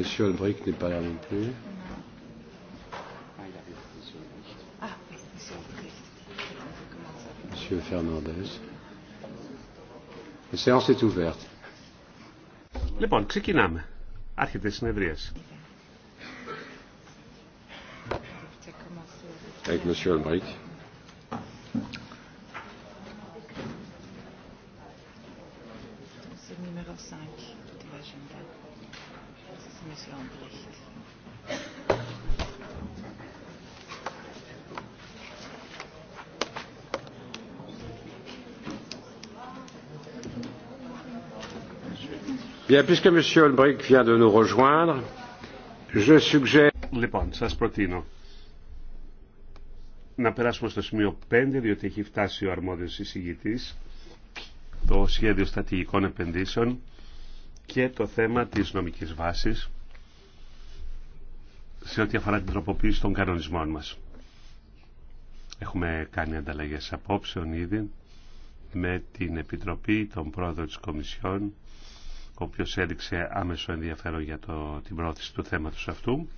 Monsieur Olbrich n'est pas là non plus. Monsieur Fernandez. La séance est ouverte. Λοιπόν, ξεκινάμε. Άρχεται η συνεδρίαση. Avec Monsieur Olbrich. Bien, puisque Λοιπόν, σα προτείνω να περάσουμε στο σημείο 5, διότι έχει φτάσει ο αρμόδιο εισηγητή, το σχέδιο στατηγικών επενδύσεων και το θέμα τη νομική βάση σε ό,τι αφορά την τροποποίηση των κανονισμών μας. Έχουμε κάνει ανταλλαγές απόψεων ήδη με την Επιτροπή, τον Πρόεδρο της Κομισιόν ο οποίος έδειξε άμεσο ενδιαφέρον για το, την πρόθεση του θέματος αυτού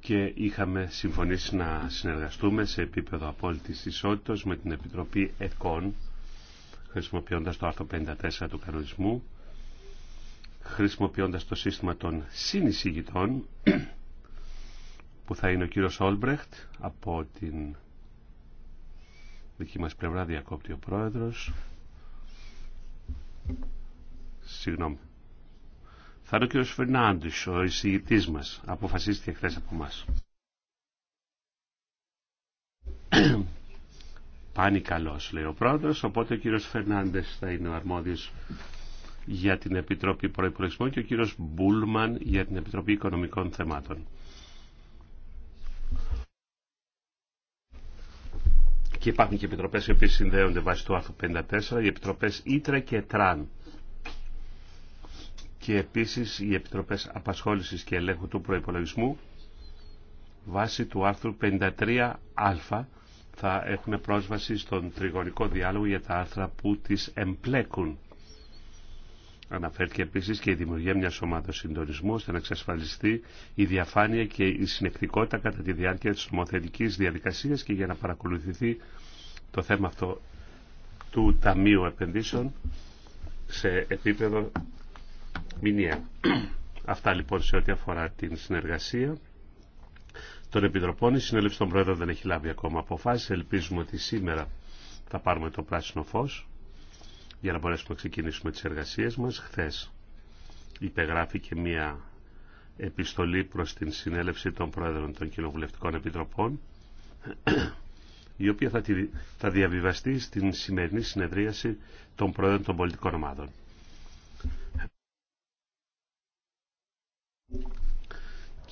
και είχαμε συμφωνήσει να συνεργαστούμε σε επίπεδο απόλυτης ισότητα με την Επιτροπή ΕΚΟΝ χρησιμοποιώντας το άρθρο 54 του κανονισμού χρησιμοποιώντας το σύστημα των συνεισηγητών που θα είναι ο κύριος Όλμπρεχτ από την δική μας πλευρά διακόπτει ο πρόεδρος Συγγνώμη. Θα είναι ο κύριος Φερνάντης, ο εισηγητής μας. Αποφασίστηκε χθε από εμάς. Πάνει καλός, λέει ο πρόεδρος, οπότε ο κύριος Φερνάντες θα είναι ο αρμόδιος για την Επιτροπή Προϋπολογισμών και ο κύριος Μπούλμαν για την Επιτροπή Οικονομικών Θεμάτων. Και υπάρχουν και επιτροπές οι οποίες συνδέονται βάσει του άρθρου 54, οι επιτροπές Ήτρε και Τραν και επίσης οι Επιτροπές Απασχόλησης και Ελέγχου του Προϋπολογισμού βάσει του άρθρου 53α θα έχουν πρόσβαση στον τριγωνικό διάλογο για τα άρθρα που τις εμπλέκουν. Αναφέρθηκε επίσης και η δημιουργία μιας ομάδας συντονισμού ώστε να εξασφαλιστεί η διαφάνεια και η συνεκτικότητα κατά τη διάρκεια της νομοθετικής διαδικασίας και για να παρακολουθηθεί το θέμα αυτό του Ταμείου Επενδύσεων σε επίπεδο Αυτά λοιπόν σε ό,τι αφορά την συνεργασία των Επιτροπών. Η Συνέλευση των Πρόεδρων δεν έχει λάβει ακόμα αποφάσει. Ελπίζουμε ότι σήμερα θα πάρουμε το πράσινο φω για να μπορέσουμε να ξεκινήσουμε τις εργασίες μας. χθε. υπεγράφηκε μια επιστολή προς την Συνέλευση των Πρόεδρων των Κοινοβουλευτικών Επιτροπών η οποία θα, θα διαβιβαστεί στην σημερινή συνεδρίαση των Πρόεδρων των Πολιτικών Ομάδων.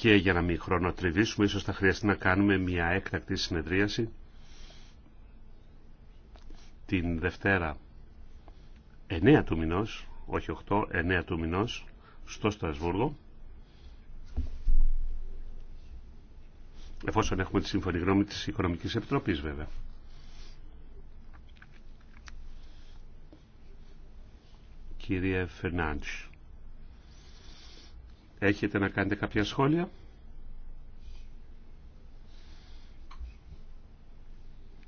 Και για να μην χρονοτριβήσουμε, ίσως θα χρειαστεί να κάνουμε μια έκτακτη συνεδρίαση την Δευτέρα 9 του μηνός, όχι 8, 9 του μηνός, στο Στρασβούργο. Εφόσον έχουμε τη σύμφωνη γνώμη της Οικονομικής Επιτροπής βέβαια. Κύριε Φερνάντσου. Έχετε να κάνετε κάποια σχόλια.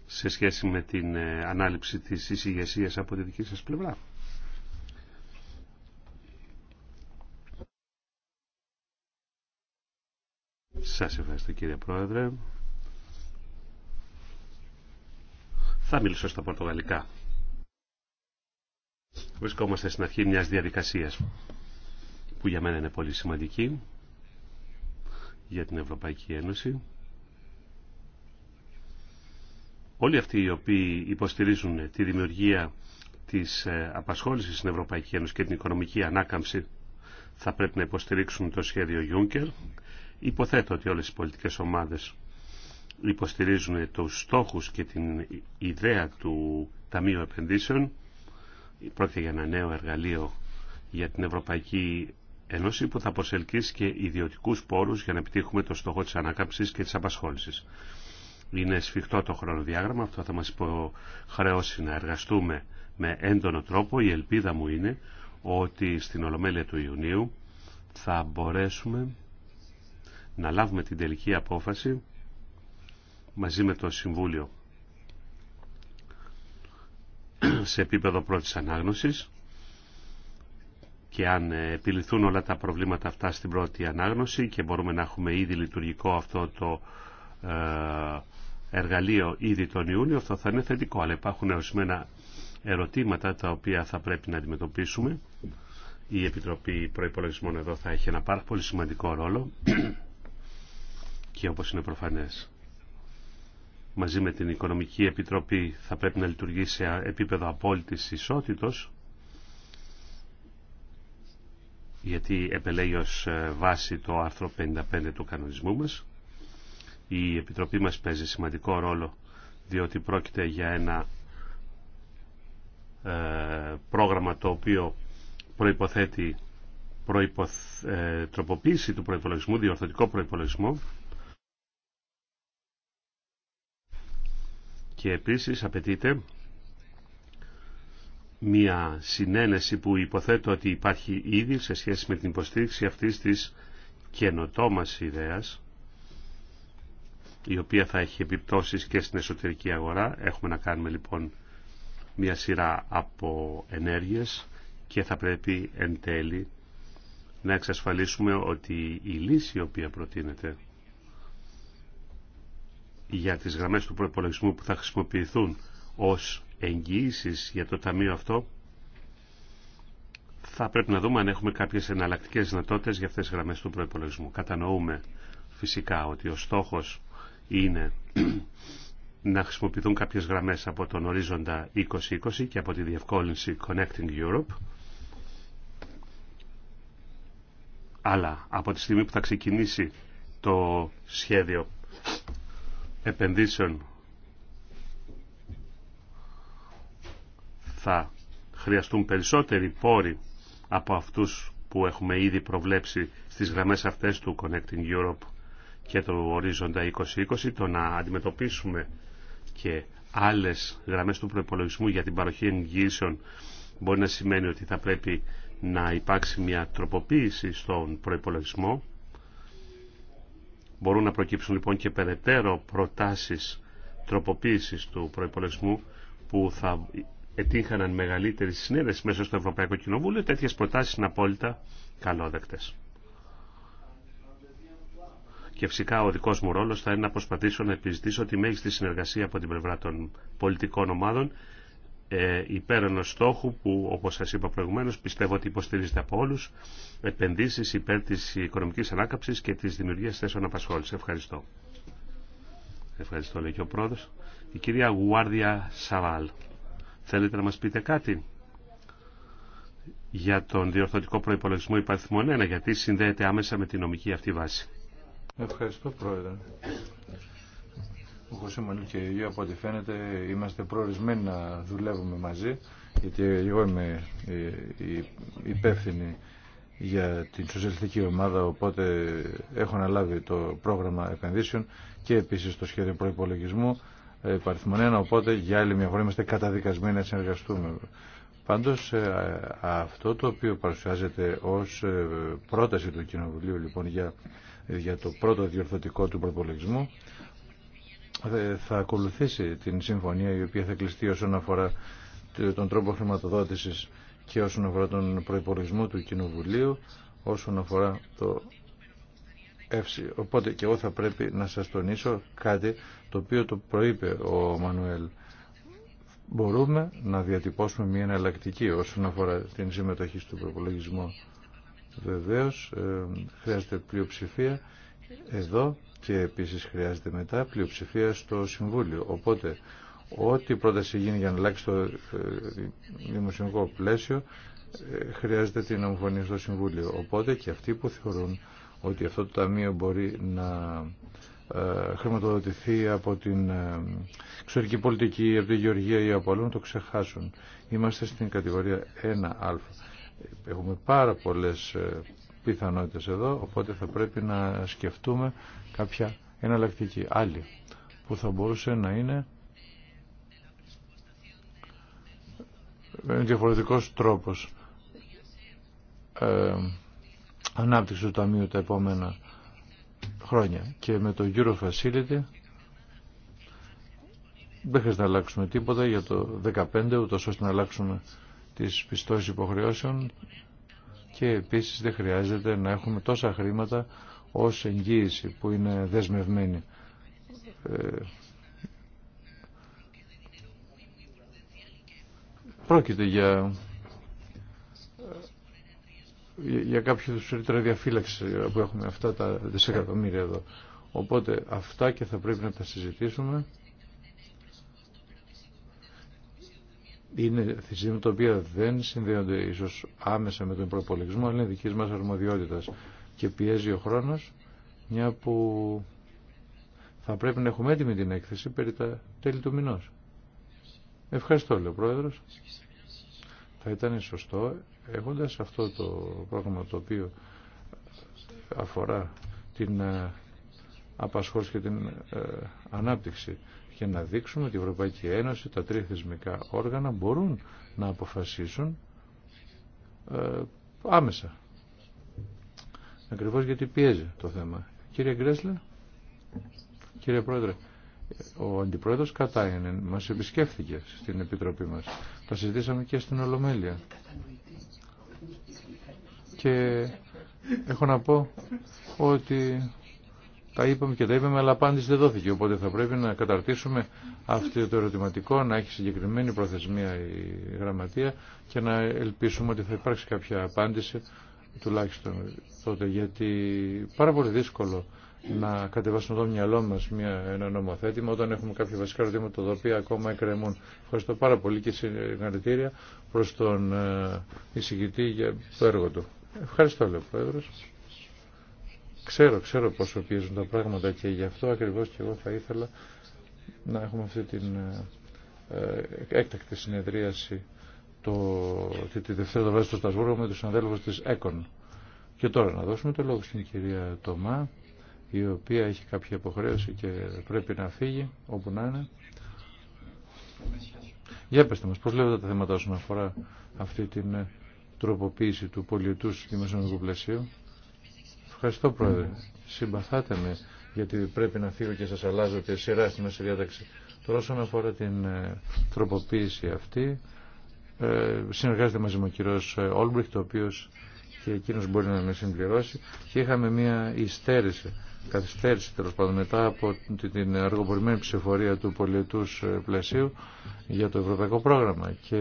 σε σχέση με την ε, ανάληψη της εισηγεσίας από τη δική σας πλευρά. Σας ευχαριστώ κύριε Πρόεδρε. Θα μιλήσω στα πορτογαλικά. Βρισκόμαστε στην αρχή μιας διαδικασίας που για μένα είναι πολύ σημαντική για την Ευρωπαϊκή Ένωση. Όλοι αυτοί οι οποίοι υποστηρίζουν τη δημιουργία της ε, απασχόλησης στην Ευρωπαϊκή Ένωση και την οικονομική ανάκαμψη θα πρέπει να υποστηρίξουν το σχέδιο Juncker. Υποθέτω ότι όλες οι πολιτικές ομάδες υποστηρίζουν τους στόχους και την ιδέα του Ταμείου Επενδύσεων. Πρόκειται για ένα νέο εργαλείο για την Ευρωπαϊκή Ένωση που θα προσελκύσει και ιδιωτικού πόρους για να επιτύχουμε το στόχο της ανάκαμψη και της απασχόλησης. Είναι σφιχτό το χρονοδιάγραμμα, αυτό θα μας υποχρεώσει να εργαστούμε με έντονο τρόπο. Η ελπίδα μου είναι ότι στην Ολομέλεια του Ιουνίου θα μπορέσουμε να λάβουμε την τελική απόφαση μαζί με το Συμβούλιο σε επίπεδο πρώτης ανάγνωσης και αν ε, επιληθούν όλα τα προβλήματα αυτά στην πρώτη ανάγνωση και μπορούμε να έχουμε ήδη λειτουργικό αυτό το ε, εργαλείο ήδη τον Ιούνιο, αυτό θα είναι θετικό. Αλλά υπάρχουν ορισμένα ερωτήματα τα οποία θα πρέπει να αντιμετωπίσουμε. Η Επιτροπή Προϋπολογισμών εδώ θα έχει ένα πάρα πολύ σημαντικό ρόλο και όπως είναι προφανές μαζί με την Οικονομική Επιτροπή θα πρέπει να λειτουργήσει σε επίπεδο απόλυτης ισότητος γιατί επελέγει ως ε, βάση το άρθρο 55 του κανονισμού μας. Η Επιτροπή μας παίζει σημαντικό ρόλο διότι πρόκειται για ένα ε, πρόγραμμα το οποίο προϋποθέτει προϋποθ, ε, τροποποίηση του προϋπολογισμού, διορθωτικό προϋπολογισμό και επίσης απαιτείται μια συνένεση που υποθέτω ότι υπάρχει ήδη σε σχέση με την υποστήριξη αυτής της καινοτόμας ιδέας η οποία θα έχει επιπτώσεις και στην εσωτερική αγορά. Έχουμε να κάνουμε λοιπόν μια σειρά από ενέργειες και θα πρέπει εν τέλει να εξασφαλίσουμε ότι η λύση η οποία προτείνεται για τις γραμμές του προπολογισμού που θα χρησιμοποιηθούν ως εγγυήσεις για το Ταμείο αυτό, θα πρέπει να δούμε αν έχουμε κάποιες εναλλακτικές δυνατότητες για αυτές τις γραμμές του προϋπολογισμού. Κατανοούμε φυσικά ότι ο στόχος είναι να χρησιμοποιηθούν κάποιες γραμμές από τον ορίζοντα 2020 και από τη διευκόλυνση Connecting Europe. Αλλά από τη στιγμή που θα ξεκινήσει το σχέδιο επενδύσεων θα χρειαστούν περισσότεροι πόροι από αυτούς που έχουμε ήδη προβλέψει στις γραμμές αυτές του Connecting Europe και του Horizon 2020, το να αντιμετωπίσουμε και άλλες γραμμές του προϋπολογισμού για την παροχή εγγύησεων μπορεί να σημαίνει ότι θα πρέπει να υπάρξει μια τροποποίηση στον προϋπολογισμό. Μπορούν να προκύψουν λοιπόν και περαιτέρω προτάσεις τροποποίησης του προϋπολογισμού που θα ετύχαναν μεγαλύτερη συνέντευξη μέσα στο Ευρωπαϊκό Κοινοβούλιο, τέτοιε προτάσει είναι απόλυτα καλόδεκτες. Και φυσικά ο δικό μου ρόλο θα είναι να προσπαθήσω να επιζητήσω τη μέγιστη συνεργασία από την πλευρά των πολιτικών ομάδων ε, υπέρ ενό στόχου που όπω σα είπα προηγουμένω, πιστεύω ότι υποστηρίζεται από όλου επενδύσει, υπέρ τη οικονομικής ανάκαψης και τη δημιουργία θέσεων απασχόλησης. Ευχαριστώ. Ευχαριστώ λέει και ο πρόεδρο. Η κυρία Γουάρδια Σαβάλ. Θέλετε να μας πείτε κάτι για τον διορθωτικό προϋπολογισμό υπαριθμών γιατί συνδέεται άμεσα με τη νομική αυτή βάση. Ευχαριστώ Πρόεδρε. Ο Χωσέ και εγώ από ό,τι φαίνεται είμαστε προορισμένοι να δουλεύουμε μαζί, γιατί εγώ είμαι υπεύθυνη για την σοσιαλιστική ομάδα, οπότε έχω αναλάβει το πρόγραμμα επενδύσεων και επίσης το σχέδιο προϋπολογισμού παριθμονένα, οπότε για άλλη μια φορά είμαστε καταδικασμένοι να συνεργαστούμε. Πάντως ε, αυτό το οποίο παρουσιάζεται ως ε, πρόταση του Κοινοβουλίου λοιπόν για, για το πρώτο διορθωτικό του προπολογισμού ε, θα ακολουθήσει την συμφωνία η οποία θα κλειστεί όσον αφορά τον τρόπο χρηματοδότησης και όσον αφορά τον προϋπολογισμό του Κοινοβουλίου όσον αφορά το Οπότε και εγώ θα πρέπει να σας τονίσω κάτι το οποίο το προείπε ο Μανουέλ. Μπορούμε να διατυπώσουμε μια εναλλακτική όσον αφορά την συμμετοχή στον προπολογισμό. Βεβαίω, ε, χρειάζεται πλειοψηφία εδώ και επίσης χρειάζεται μετά πλειοψηφία στο Συμβούλιο. Οπότε ό,τι πρόταση γίνει για να αλλάξει το ε, δημοσιονομικό πλαίσιο ε, χρειάζεται την ομοφωνία στο Συμβούλιο. Οπότε και αυτοί που θεωρούν ότι αυτό το ταμείο μπορεί να ε, χρηματοδοτηθεί από την ε, εξωτερική πολιτική, από τη Γεωργία ή από αλλού, να το ξεχάσουν. Είμαστε στην κατηγορία 1α. Έχουμε πάρα πολλές ε, πιθανότητε εδώ, οπότε θα πρέπει να σκεφτούμε κάποια εναλλακτική άλλη που θα μπορούσε να είναι διαφορετικός τρόπος ανάπτυξη του Ταμείου τα επόμενα χρόνια. Και με το Euro Facility δεν χρειάζεται να αλλάξουμε τίποτα για το 2015, ούτως ώστε να αλλάξουμε τις πιστώσεις υποχρεώσεων και επίσης δεν χρειάζεται να έχουμε τόσα χρήματα ως εγγύηση που είναι δεσμευμένη. Ε, πρόκειται για για κάποιο ρήτρα διαφύλαξη ε, που έχουμε αυτά τα δισεκατομμύρια εδώ. Οπότε αυτά και θα πρέπει να τα συζητήσουμε. Είναι θυσίες τα οποία δεν συνδέονται ίσως άμεσα με τον προπολογισμό, αλλά είναι δική μας αρμοδιότητας και πιέζει ο χρόνος, μια που θα πρέπει να έχουμε έτοιμη την έκθεση περί τα τέλη του μηνό. Ευχαριστώ, λέει ο Πρόεδρος. Θα ήταν σωστό Έχοντας αυτό το πρόγραμμα το οποίο αφορά την ε, απασχόληση και την ε, ανάπτυξη και να δείξουμε ότι η Ευρωπαϊκή Ένωση, τα τρία θεσμικά όργανα μπορούν να αποφασίσουν ε, άμεσα. Ακριβώς γιατί πιέζει το θέμα. Κύριε Γκρέσλε, κύριε Πρόεδρε, ο Αντιπρόεδρος Κατάινεν μας επισκέφθηκε στην Επιτροπή μας. Τα συζητήσαμε και στην Ολομέλεια και έχω να πω ότι τα είπαμε και τα είπαμε, αλλά απάντηση δεν δόθηκε. Οπότε θα πρέπει να καταρτήσουμε αυτό το ερωτηματικό, να έχει συγκεκριμένη προθεσμία η γραμματεία και να ελπίσουμε ότι θα υπάρξει κάποια απάντηση τουλάχιστον τότε. Γιατί πάρα πολύ δύσκολο να κατεβάσουμε το μυαλό μα ένα νομοθέτημα όταν έχουμε κάποια βασικά ερωτήματα τα οποία ακόμα εκκρεμούν. Ευχαριστώ πάρα πολύ και συγχαρητήρια προ τον ε, εισηγητή για το έργο του. Ευχαριστώ, λέει ο Ξέρω, ξέρω πόσο πιέζουν τα πράγματα και γι' αυτό ακριβώς και εγώ θα ήθελα να έχουμε αυτή την ε, ε, έκτακτη συνεδρίαση το, τη, τη Δευτέρα το βράδυ στο Στασβούργο με του συναδέλφου της ΕΚΟΝ. Και τώρα να δώσουμε το λόγο στην κυρία Τομά, η οποία έχει κάποια υποχρέωση και πρέπει να φύγει όπου να είναι. Για πετε μα, πώς λέτε τα θέματα όσον αφορά αυτή την ε, τροποποίηση του πολιτού δημοσιονομικό πλαισίο. Ευχαριστώ Πρόεδρε. Συμπαθάτε με γιατί πρέπει να φύγω και σας αλλάζω και σειρά στη μέση διάταξη. Τώρα όσον αφορά την ε, τροποποίηση αυτή, ε, συνεργάζεται μαζί μου ο κύριος ε, Όλμπριχτ, ο οποίος και εκείνος μπορεί να με συμπληρώσει και είχαμε μια υστέρηση, καθυστέρηση τέλο πάντων μετά από την αργοπορημένη ψηφορία του πολιτούς πλαισίου για το ευρωπαϊκό πρόγραμμα και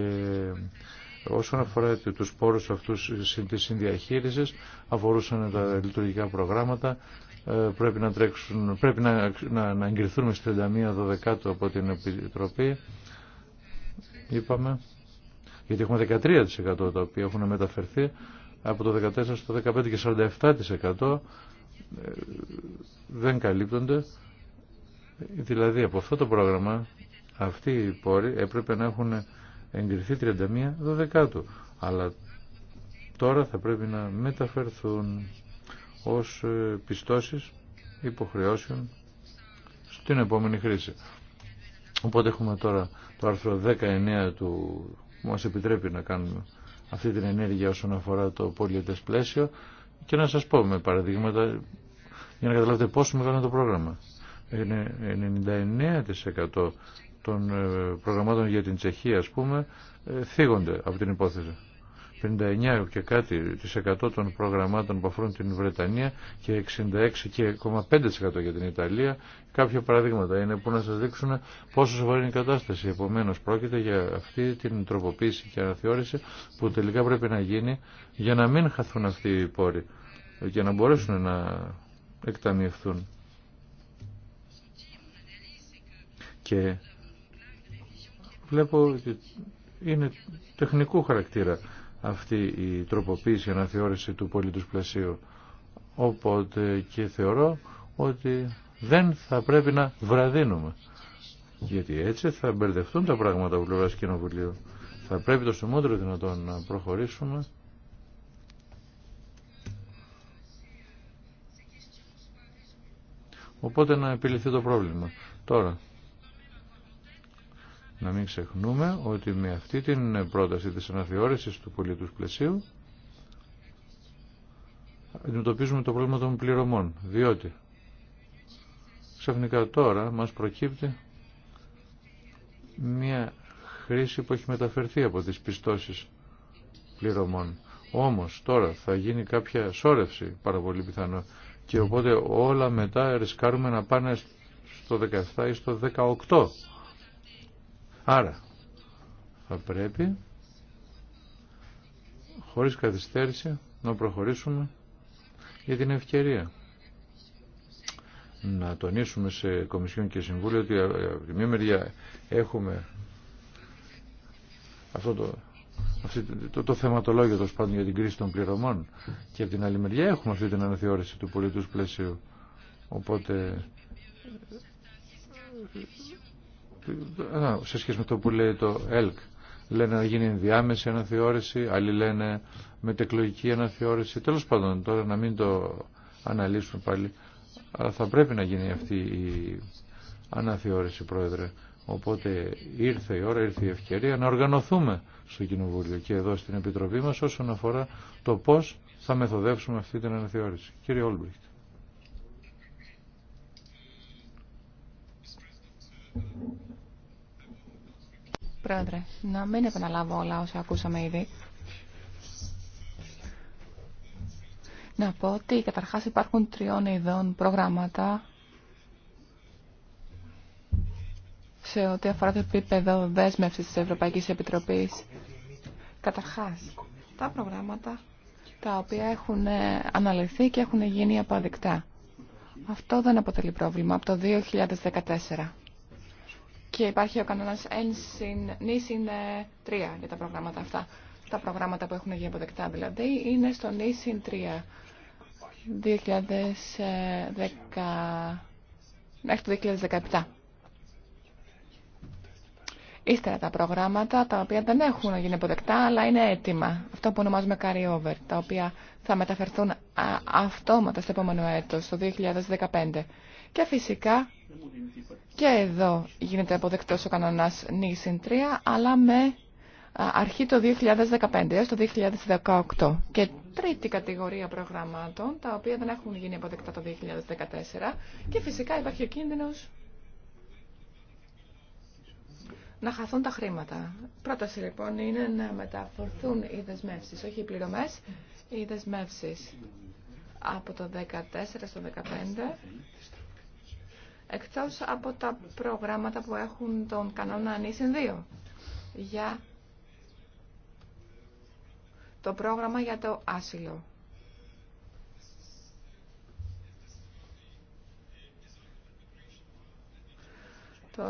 όσον αφορά τους πόρους αυτούς της συνδιαχείρισης, αφορούσαν τα λειτουργικά προγράμματα, ε, πρέπει να, τρέξουν, πρέπει να, να, να στις 31 Δωδεκάτου από την Επιτροπή, είπαμε, γιατί έχουμε 13% τα οποία έχουν μεταφερθεί, από το 14% στο 15% και 47% ε, δεν καλύπτονται. Δηλαδή από αυτό το πρόγραμμα αυτοί οι πόροι έπρεπε να έχουν εγκριθεί 31 δωδεκάτου, Αλλά τώρα θα πρέπει να μεταφερθούν ως ε, πιστώσεις υποχρεώσεων στην επόμενη χρήση. Οπότε έχουμε τώρα το άρθρο 19 του που μας επιτρέπει να κάνουμε αυτή την ενέργεια όσον αφορά το πολιετές πλαίσιο και να σας πω με παραδείγματα για να καταλάβετε πόσο μεγάλο είναι το πρόγραμμα. Είναι 99% των ε, προγραμμάτων για την Τσεχία, ας πούμε, ε, θίγονται από την υπόθεση. 59 και κάτι της εκατό των προγραμμάτων που αφορούν την Βρετανία και 66 και 5% για την Ιταλία. Κάποια παραδείγματα είναι που να σας δείξουν πόσο σοβαρή είναι η κατάσταση. Επομένως πρόκειται για αυτή την τροποποίηση και αναθεώρηση που τελικά πρέπει να γίνει για να μην χαθούν αυτοί οι πόροι και να μπορέσουν να εκταμιευθούν. Και Βλέπω ότι είναι τεχνικού χαρακτήρα αυτή η τροποποίηση, η αναθεώρηση του πολίτους πλασίου. Οπότε και θεωρώ ότι δεν θα πρέπει να βραδύνουμε. Γιατί έτσι θα μπερδευτούν τα πράγματα από πλευράς κοινοβουλίου. Θα πρέπει το σημαντικό δυνατόν να προχωρήσουμε. Οπότε να επιληθεί το πρόβλημα. Τώρα, να μην ξεχνούμε ότι με αυτή την πρόταση της αναθεώρησης του πολιτού πλαισίου αντιμετωπίζουμε το πρόβλημα των πληρωμών, διότι ξαφνικά τώρα μας προκύπτει μια χρήση που έχει μεταφερθεί από τις πιστώσεις πληρωμών. Όμως τώρα θα γίνει κάποια σόρευση πάρα πολύ πιθανό και οπότε όλα μετά ρισκάρουμε να πάνε στο 17 ή στο Άρα θα πρέπει χωρίς καθυστέρηση να προχωρήσουμε για την ευκαιρία να τονίσουμε σε Κομισιόν και Συμβούλιο ότι ε, ε, από τη μία μεριά έχουμε αυτό το, το, θεματολόγιο το πάντων για την κρίση των πληρωμών και από την άλλη μεριά έχουμε αυτή την αναθεώρηση του πολιτούς πλαισίου. Οπότε σε σχέση με το που λέει το ΕΛΚ. Λένε να γίνει διάμεση αναθεώρηση, άλλοι λένε μετεκλογική αναθεώρηση. Τέλος πάντων, τώρα να μην το αναλύσουμε πάλι. Αλλά θα πρέπει να γίνει αυτή η αναθεώρηση, Πρόεδρε. Οπότε ήρθε η ώρα, ήρθε η ευκαιρία να οργανωθούμε στο Κοινοβούλιο και εδώ στην Επιτροπή μας όσον αφορά το πώς θα μεθοδεύσουμε αυτή την αναθεώρηση. Κύριε Όλμπριχτ. Πρόεδρε, να μην επαναλάβω όλα όσα ακούσαμε ήδη. Να πω ότι καταρχάς υπάρχουν τριών ειδών προγράμματα σε ό,τι αφορά το επίπεδο δέσμευσης της Ευρωπαϊκής Επιτροπής. Καταρχάς, τα προγράμματα τα οποία έχουν αναλυθεί και έχουν γίνει αποδεικτά. Αυτό δεν αποτελεί πρόβλημα από το 2014. Και υπάρχει ο κανόνας νησιν 3 ε, για τα προγράμματα αυτά. Τα προγράμματα που έχουν γίνει αποδεκτά δηλαδή είναι στο νησιν 3. Ε, μέχρι το 2017. Ύστερα τα προγράμματα τα οποία δεν έχουν γίνει αποδεκτά αλλά είναι έτοιμα. Αυτό που ονομάζουμε carry τα οποία θα μεταφερθούν αυτόματα στο επόμενο έτος, το 2015. Και φυσικά και εδώ γίνεται αποδεκτός ο κανονάς Νίσιν 3, αλλά με αρχή το 2015 έως το 2018. Και τρίτη κατηγορία προγραμμάτων, τα οποία δεν έχουν γίνει αποδεκτά το 2014. Και φυσικά υπάρχει ο κίνδυνος να χαθούν τα χρήματα. Πρόταση λοιπόν είναι να μεταφορθούν οι δεσμεύσει, όχι οι πληρωμέ, οι δεσμεύσει από το 2014 στο 2015 εκτός από τα προγράμματα που έχουν τον κανόνα νήσιν 2 για το πρόγραμμα για το άσυλο. το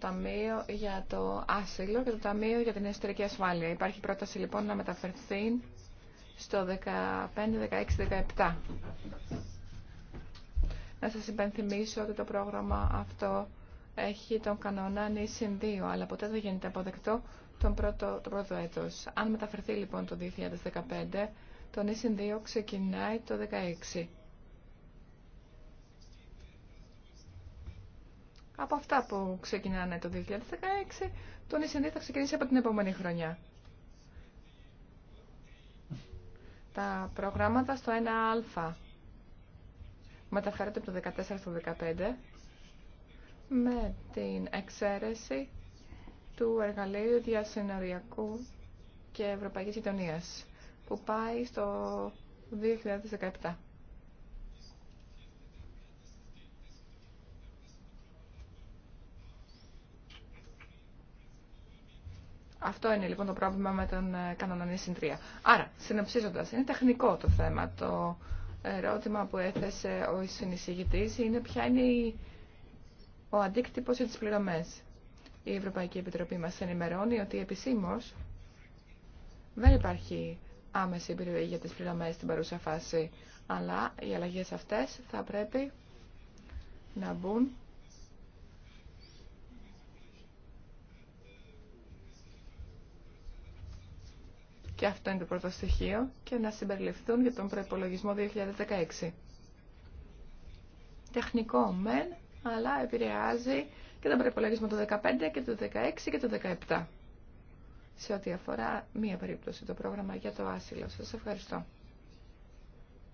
Ταμείο για το Άσυλο και το Ταμείο για την Εσωτερική Ασφάλεια. Υπάρχει πρόταση λοιπόν να μεταφερθεί στο 15, 16, 17. Να σας υπενθυμίσω ότι το πρόγραμμα αυτό έχει τον κανόνα νησιν 2, αλλά ποτέ δεν γίνεται αποδεκτό τον πρώτο, το πρώτο έτος. Αν μεταφερθεί λοιπόν το 2015, το νησιν 2 ξεκινάει το 2016. Από αυτά που ξεκινάνε το 2016, το νησιν 2 θα ξεκινήσει από την επόμενη χρονιά. Τα προγράμματα στο 1α μεταφέρεται από το 14 στο 15 με την εξαίρεση του εργαλείου διασυνοριακού και ευρωπαϊκής γειτονίας που πάει στο 2017. Αυτό είναι λοιπόν το πρόβλημα με τον ε, κανονισμό συντρία. Άρα, συνοψίζοντας, είναι τεχνικό το θέμα. Το ερώτημα που έθεσε ο συνεισηγητής είναι ποια είναι ο αντίκτυπος της πληρωμές. Η Ευρωπαϊκή Επιτροπή μας ενημερώνει ότι επισήμως δεν υπάρχει άμεση επιρροή για τις πληρωμές στην παρούσα φάση, αλλά οι αλλαγές αυτές θα πρέπει να μπουν και αυτό είναι το πρώτο στοιχείο, και να συμπεριληφθούν για τον προπολογισμό 2016. Τεχνικό μεν, αλλά επηρεάζει και τον προπολογισμό του 2015 και του 2016 και του 2017 σε ό,τι αφορά μία περίπτωση το πρόγραμμα για το άσυλο. Σας ευχαριστώ.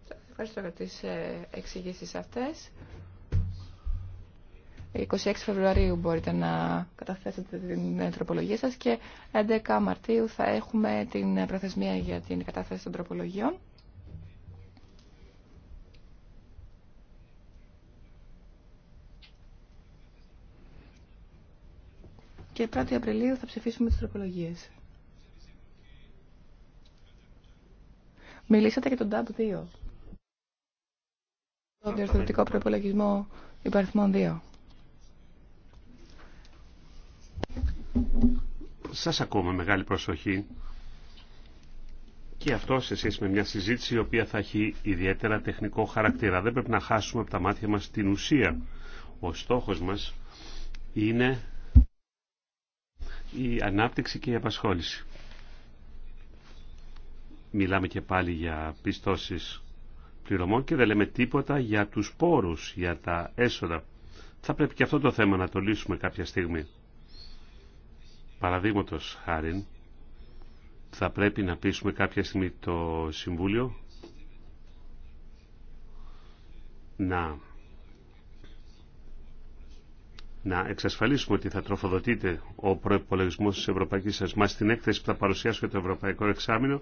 Σας ευχαριστώ για τις ε, εξηγήσεις αυτές. 26 Φεβρουαρίου μπορείτε να καταθέσετε την τροπολογία σας και 11 Μαρτίου θα έχουμε την προθεσμία για την κατάθεση των τροπολογιών. Και 1 Απριλίου θα ψηφίσουμε τις τροπολογίες. Μιλήσατε και τον DAB 2. Το διορθωτικό προπολογισμό υπαριθμών 2. Σας ακούω με μεγάλη προσοχή και αυτό σε σχέση με μια συζήτηση η οποία θα έχει ιδιαίτερα τεχνικό χαρακτήρα. Δεν πρέπει να χάσουμε από τα μάτια μας την ουσία. Ο στόχος μας είναι η ανάπτυξη και η απασχόληση. Μιλάμε και πάλι για πιστώσεις πληρωμών και δεν λέμε τίποτα για τους πόρους, για τα έσοδα. Θα πρέπει και αυτό το θέμα να το λύσουμε κάποια στιγμή. Παραδείγματος χάρη, θα πρέπει να πείσουμε κάποια στιγμή το Συμβούλιο να, να εξασφαλίσουμε ότι θα τροφοδοτείτε ο προπολογισμό τη Ευρωπαϊκή Μα στην έκθεση που θα παρουσιάσουμε για το Ευρωπαϊκό Εξάμεινο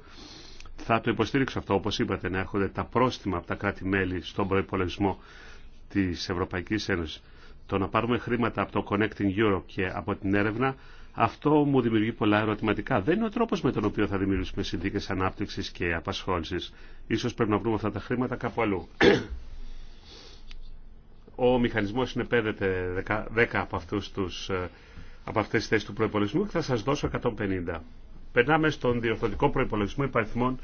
θα το υποστήριξω αυτό. Όπω είπατε, να έρχονται τα πρόστιμα από τα κράτη-μέλη στον προπολογισμό τη Ευρωπαϊκή Ένωση. Το να πάρουμε χρήματα από το Connecting Europe και από την έρευνα αυτό μου δημιουργεί πολλά ερωτηματικά. Δεν είναι ο τρόπο με τον οποίο θα δημιουργήσουμε συνθήκε ανάπτυξη και απασχόληση. σω πρέπει να βρούμε αυτά τα χρήματα κάπου αλλού. Ο μηχανισμό συνεπέδεται 10 από, αυτούς τους, ε, από αυτέ τι θέσει του προπολογισμού και θα σα δώσω 150. Περνάμε στον διορθωτικό προπολογισμό υπαριθμών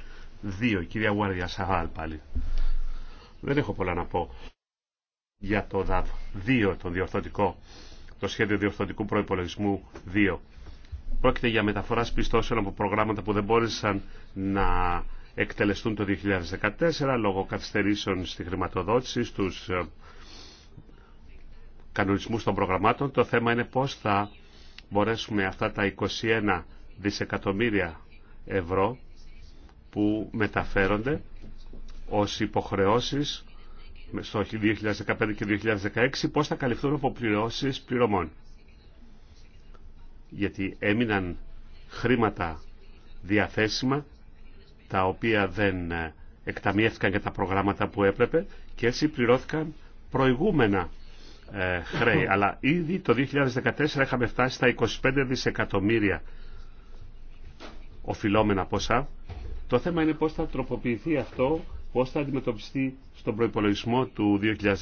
2. Κυρία Γουάρια Σαγάλ πάλι. Δεν έχω πολλά να πω για το ΔΑΒ 2, τον διορθωτικό το σχέδιο διορθωτικού προϋπολογισμού 2. Πρόκειται για μεταφορά πιστώσεων από προγράμματα που δεν μπόρεσαν να εκτελεστούν το 2014 λόγω καθυστερήσεων στη χρηματοδότηση, στους ε, κανονισμούς των προγραμμάτων. Το θέμα είναι πώς θα μπορέσουμε αυτά τα 21 δισεκατομμύρια ευρώ που μεταφέρονται ως υποχρεώσεις στο 2015 και 2016 πώς θα καλυφθούν από πληρώσεις πληρωμών. Γιατί έμειναν χρήματα διαθέσιμα τα οποία δεν ε, εκταμιεύτηκαν για τα προγράμματα που έπρεπε και έτσι πληρώθηκαν προηγούμενα ε, χρέη. Αλλά ήδη το 2014 είχαμε φτάσει στα 25 δισεκατομμύρια οφειλόμενα ποσά. Το θέμα είναι πώς θα τροποποιηθεί αυτό πώς θα αντιμετωπιστεί στον προϋπολογισμό του 2015.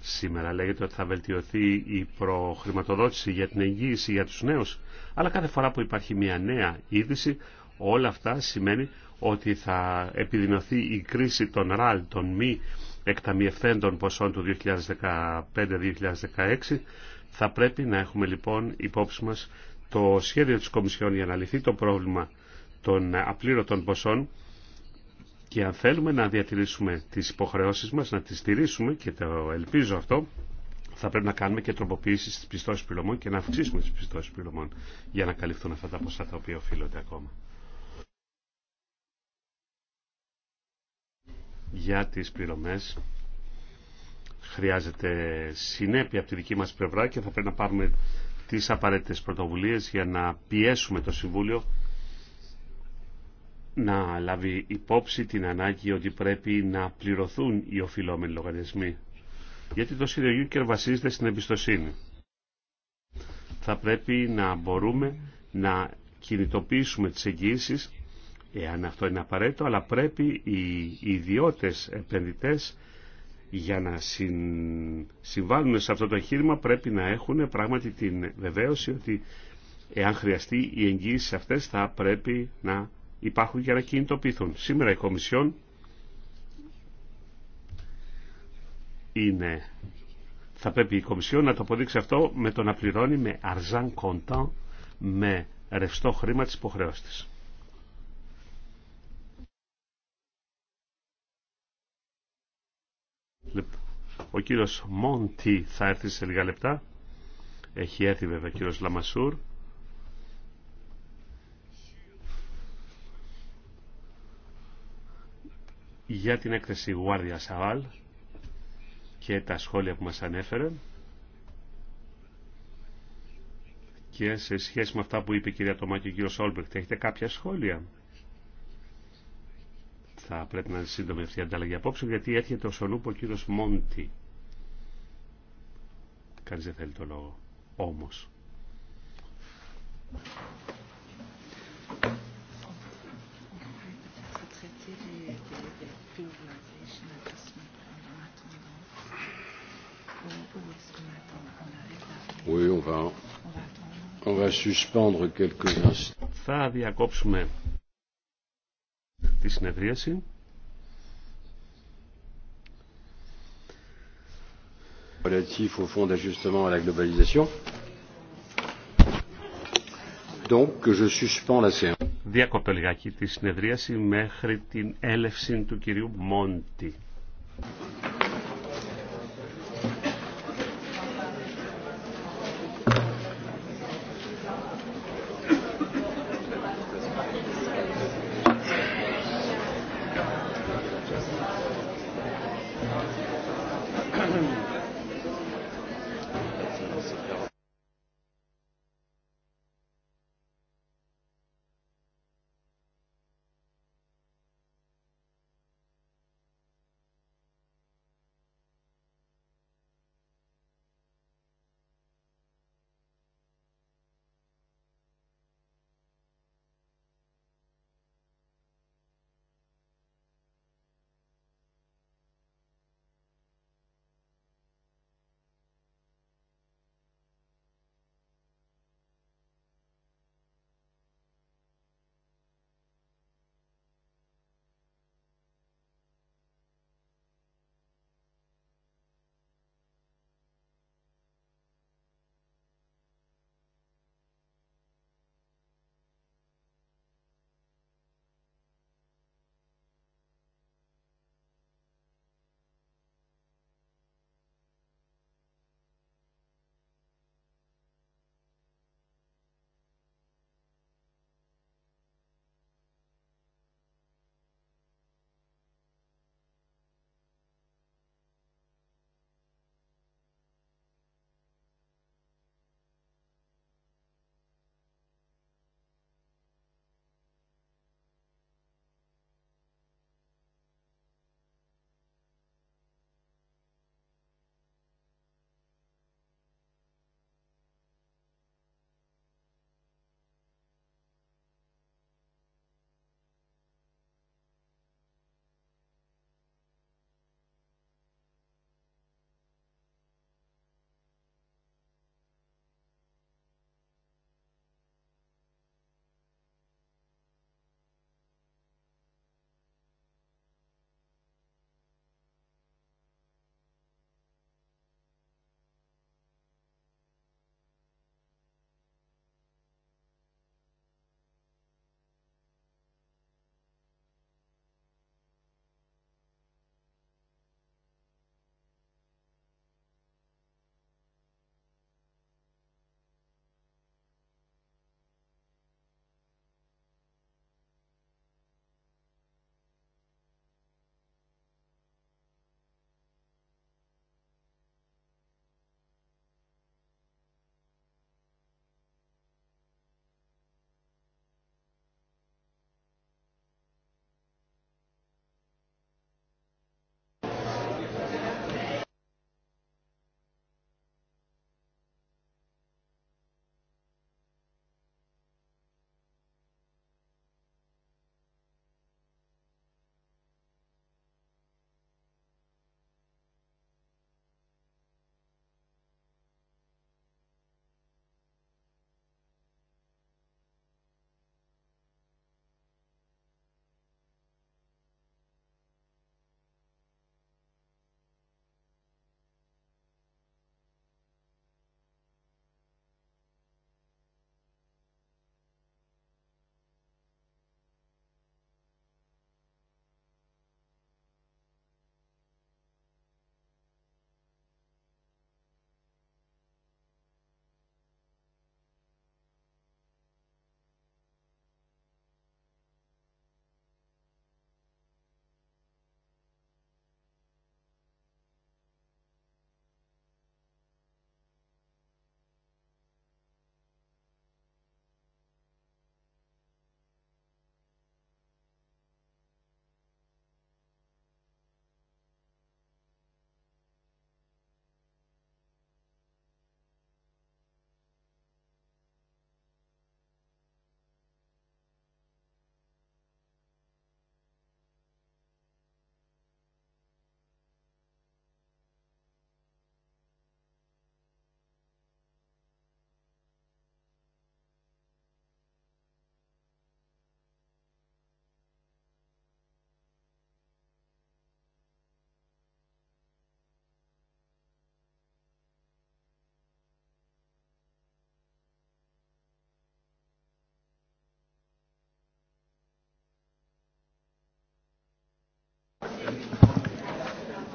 Σήμερα λέγεται ότι θα βελτιωθεί η προχρηματοδότηση για την εγγύηση για τους νέους, αλλά κάθε φορά που υπάρχει μια νέα είδηση, όλα αυτά σημαίνει ότι θα επιδεινωθεί η κρίση των ραλ, των μη εκταμιευθέντων ποσών του 2015-2016. Θα πρέπει να έχουμε λοιπόν υπόψη μας το σχέδιο της Κομισιόν για να λυθεί το πρόβλημα των απλήρωτων ποσών και αν θέλουμε να διατηρήσουμε τις υποχρεώσεις μας, να τις στηρίσουμε και το ελπίζω αυτό, θα πρέπει να κάνουμε και τροποποίηση στις πιστώσεις πληρωμών και να αυξήσουμε τις πιστώσεις πληρωμών για να καλυφθούν αυτά τα ποσά τα οποία οφείλονται ακόμα. Για τις πληρωμές χρειάζεται συνέπεια από τη δική μας πλευρά και θα πρέπει να πάρουμε τις απαραίτητες πρωτοβουλίες για να πιέσουμε το Συμβούλιο να λάβει υπόψη την ανάγκη ότι πρέπει να πληρωθούν οι οφειλόμενοι λογαριασμοί. Γιατί το Σύριο κερβασίζεται βασίζεται στην εμπιστοσύνη. Θα πρέπει να μπορούμε να κινητοποιήσουμε τις εγγύησεις, εάν αυτό είναι απαραίτητο, αλλά πρέπει οι ιδιώτες επενδυτές για να συμβάλλουν σε αυτό το εγχείρημα πρέπει να έχουν πράγματι την βεβαίωση ότι εάν χρειαστεί οι εγγύησεις αυτές θα πρέπει να υπάρχουν για να κινητοποιηθούν. Σήμερα η Κομισιόν είναι... Θα πρέπει η Κομισιόν να το αποδείξει αυτό με το να πληρώνει με αρζάν κοντά, με ρευστό χρήμα της υποχρέωσης Ο κύριος Μόντι θα έρθει σε λίγα λεπτά. Έχει έρθει βέβαια ο κύριος Λαμασούρ. για την έκθεση Γουάρδια Σαβάλ και τα σχόλια που μας ανέφερε και σε σχέση με αυτά που είπε η κυρία Τωμάκη και ο κύριος θα έχετε κάποια σχόλια θα πρέπει να είναι σύντομη αυτή η ανταλλαγή απόψε γιατί έρχεται ο Σολούπο ο κύριος Μόντι κανείς δεν θέλει το λόγο όμως Oui, on va... On va suspendre quelques instants. Θα διακόψουμε τη συνεδρίαση. Relatif au fonds d'ajustement à la globalisation. Donc, je suspends la séance. Διακόπτω λιγάκι τη συνεδρίαση μέχρι την έλευση του κυρίου Μόντι.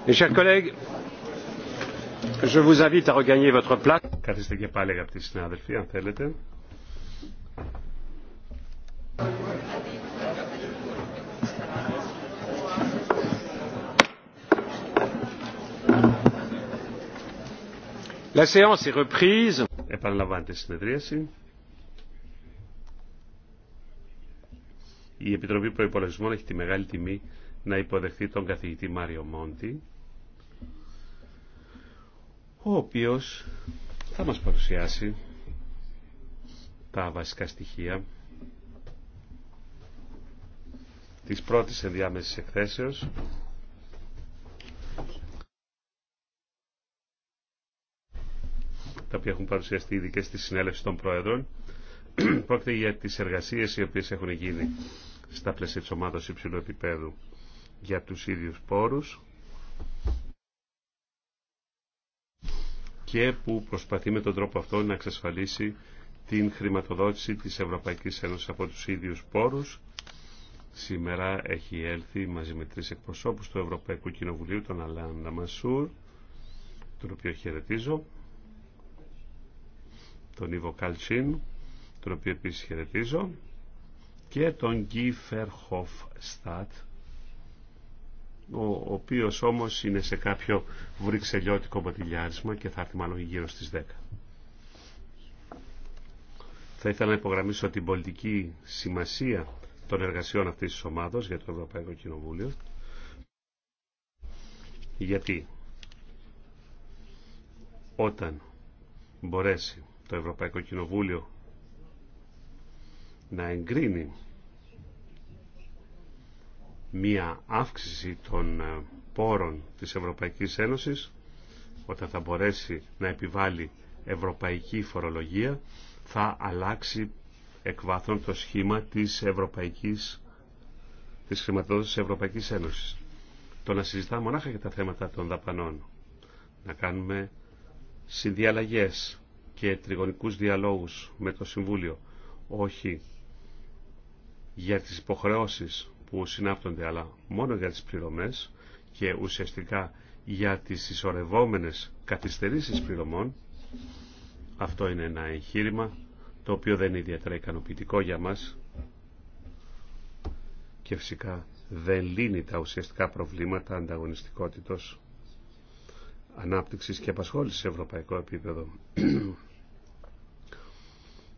Mes chers collègues, je vous invite à regagner votre place. Καθίστε και πάλι αγαπητοί συνάδελφοι, αν θέλετε. La séance est reprise. Επαναλαμβάνεται η συνεδρίαση. Η Επιτροπή Προϋπολογισμών έχει τη μεγάλη τιμή να υποδεχθεί τον καθηγητή Μάριο Μόντι, ο οποίος θα μας παρουσιάσει τα βασικά στοιχεία της πρώτης ενδιάμεσης εκθέσεως τα οποία έχουν παρουσιαστεί ήδη και στη συνέλευση των Πρόεδρων. Πρόκειται για τις εργασίες οι οποίες έχουν γίνει στα πλαίσια της ομάδας υψηλού επίπεδου για τους ίδιους πόρους και που προσπαθεί με τον τρόπο αυτό να εξασφαλίσει την χρηματοδότηση της Ευρωπαϊκής Ένωσης από τους ίδιους πόρους. Σήμερα έχει έλθει μαζί με τρεις εκπροσώπους του Ευρωπαϊκού Κοινοβουλίου, τον Αλάν Μασούρ, τον οποίο χαιρετίζω, τον Ιβο Καλτσίν, τον οποίο επίσης χαιρετίζω, και τον Γκί Φερχοφ Στάτ, ο οποίος όμως είναι σε κάποιο βρυξελιώτικο μποτιλιάρισμα και θα έρθει μάλλον γύρω στις 10. Θα ήθελα να υπογραμμίσω την πολιτική σημασία των εργασιών αυτής της ομάδος για το Ευρωπαϊκό Κοινοβούλιο. Γιατί όταν μπορέσει το Ευρωπαϊκό Κοινοβούλιο να εγκρίνει μία αύξηση των ε, πόρων της Ευρωπαϊκής Ένωσης όταν θα μπορέσει να επιβάλλει ευρωπαϊκή φορολογία θα αλλάξει εκ το σχήμα της, ευρωπαϊκής, της χρηματοδότησης της Ευρωπαϊκής Ένωσης. Το να συζητάμε μονάχα για τα θέματα των δαπανών, να κάνουμε συνδιαλλαγές και τριγωνικούς διαλόγους με το Συμβούλιο, όχι για τις υποχρεώσεις που συνάπτονται, αλλά μόνο για τις πληρωμές και ουσιαστικά για τις ισορρευόμενες καθυστερήσεις πληρωμών. Αυτό είναι ένα εγχείρημα το οποίο δεν είναι ιδιαίτερα ικανοποιητικό για μας και φυσικά δεν λύνει τα ουσιαστικά προβλήματα ανταγωνιστικότητος ανάπτυξης και απασχόλησης σε ευρωπαϊκό επίπεδο.